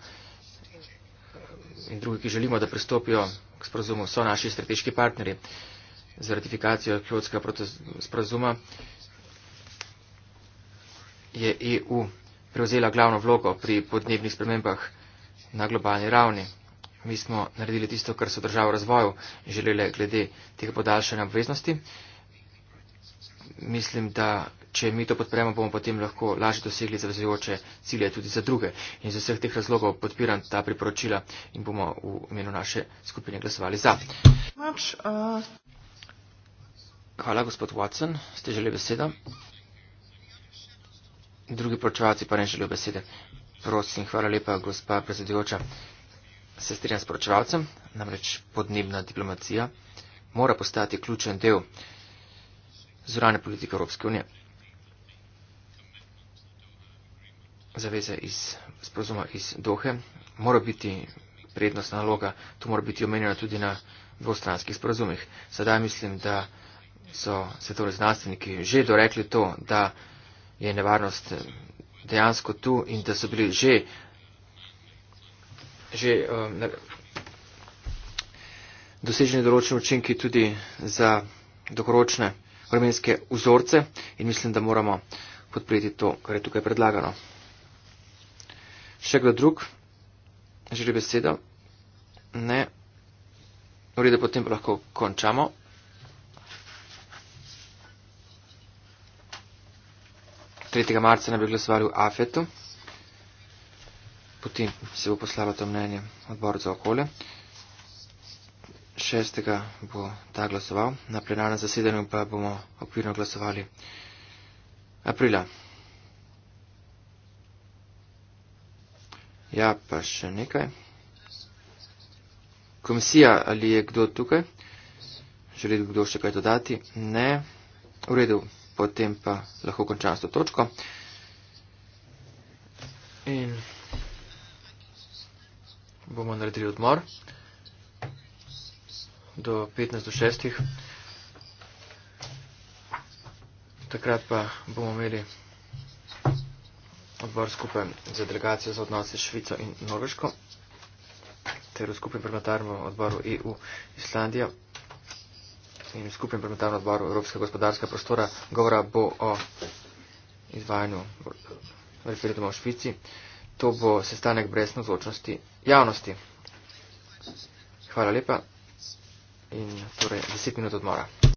in drugi, ki želimo, da pristopijo k sporazumu, so naši strateški partnerji za ratifikacijo kljodskega sporazuma je EU prevzela glavno vlogo pri podnebnih spremembah na globalni ravni. Mi smo naredili tisto, kar so države v razvoju želele glede tega podaljšanja obveznosti mislim, da če mi to podpremo, bomo potem lahko lažje dosegli zavezujoče cilje tudi za druge. In iz vseh teh razlogov podpiram ta priporočila in bomo v imenu naše skupine glasovali za. Hvala, gospod Watson. Ste želeli besedo? Drugi poročevalci pa ne želijo besede. Prosim, hvala lepa, gospa predsedujoča. Se strinjam s poročevalcem, namreč podnebna diplomacija mora postati ključen del zunanje politike Evropske unije. Zaveze iz sporozuma iz Dohe mora biti prednostna naloga, to mora biti omenjeno tudi na dvostranskih sporozumih. Sedaj mislim, da so svetovni torej znanstveniki že dorekli to, da je nevarnost dejansko tu in da so bili že, že um, doseženi določeni učinki tudi za dokoročne vremenske vzorce in mislim, da moramo podpreti to, kar je tukaj predlagano. Še kdo drug želi besedo? Ne. V redu, potem pa lahko končamo. Tretjega marca naj bi glasovali v Afetu, potem se bo poslalo to mnenje odboru za okolje. 6. bo ta glasoval, na plenarnem zasedanju pa bomo okvirno glasovali aprila. Ja, pa še nekaj. Komisija, ali je kdo tukaj? Želi kdo še kaj dodati? Ne. V redu, potem pa lahko končam s to točko. In bomo naredili odmor do 15 do 6. Takrat pa bomo imeli odbor skupaj za delegacijo za odnose s Švico in Norveško ter v skupnem parlamentarnem odboru EU Islandija in v skupnem parlamentarnem odboru Evropskega gospodarskega prostora govora bo o izvajanju referenduma v Švici. To bo sestanek brez navzočnosti javnosti. Hvala lepa in torej 10 minut odmora.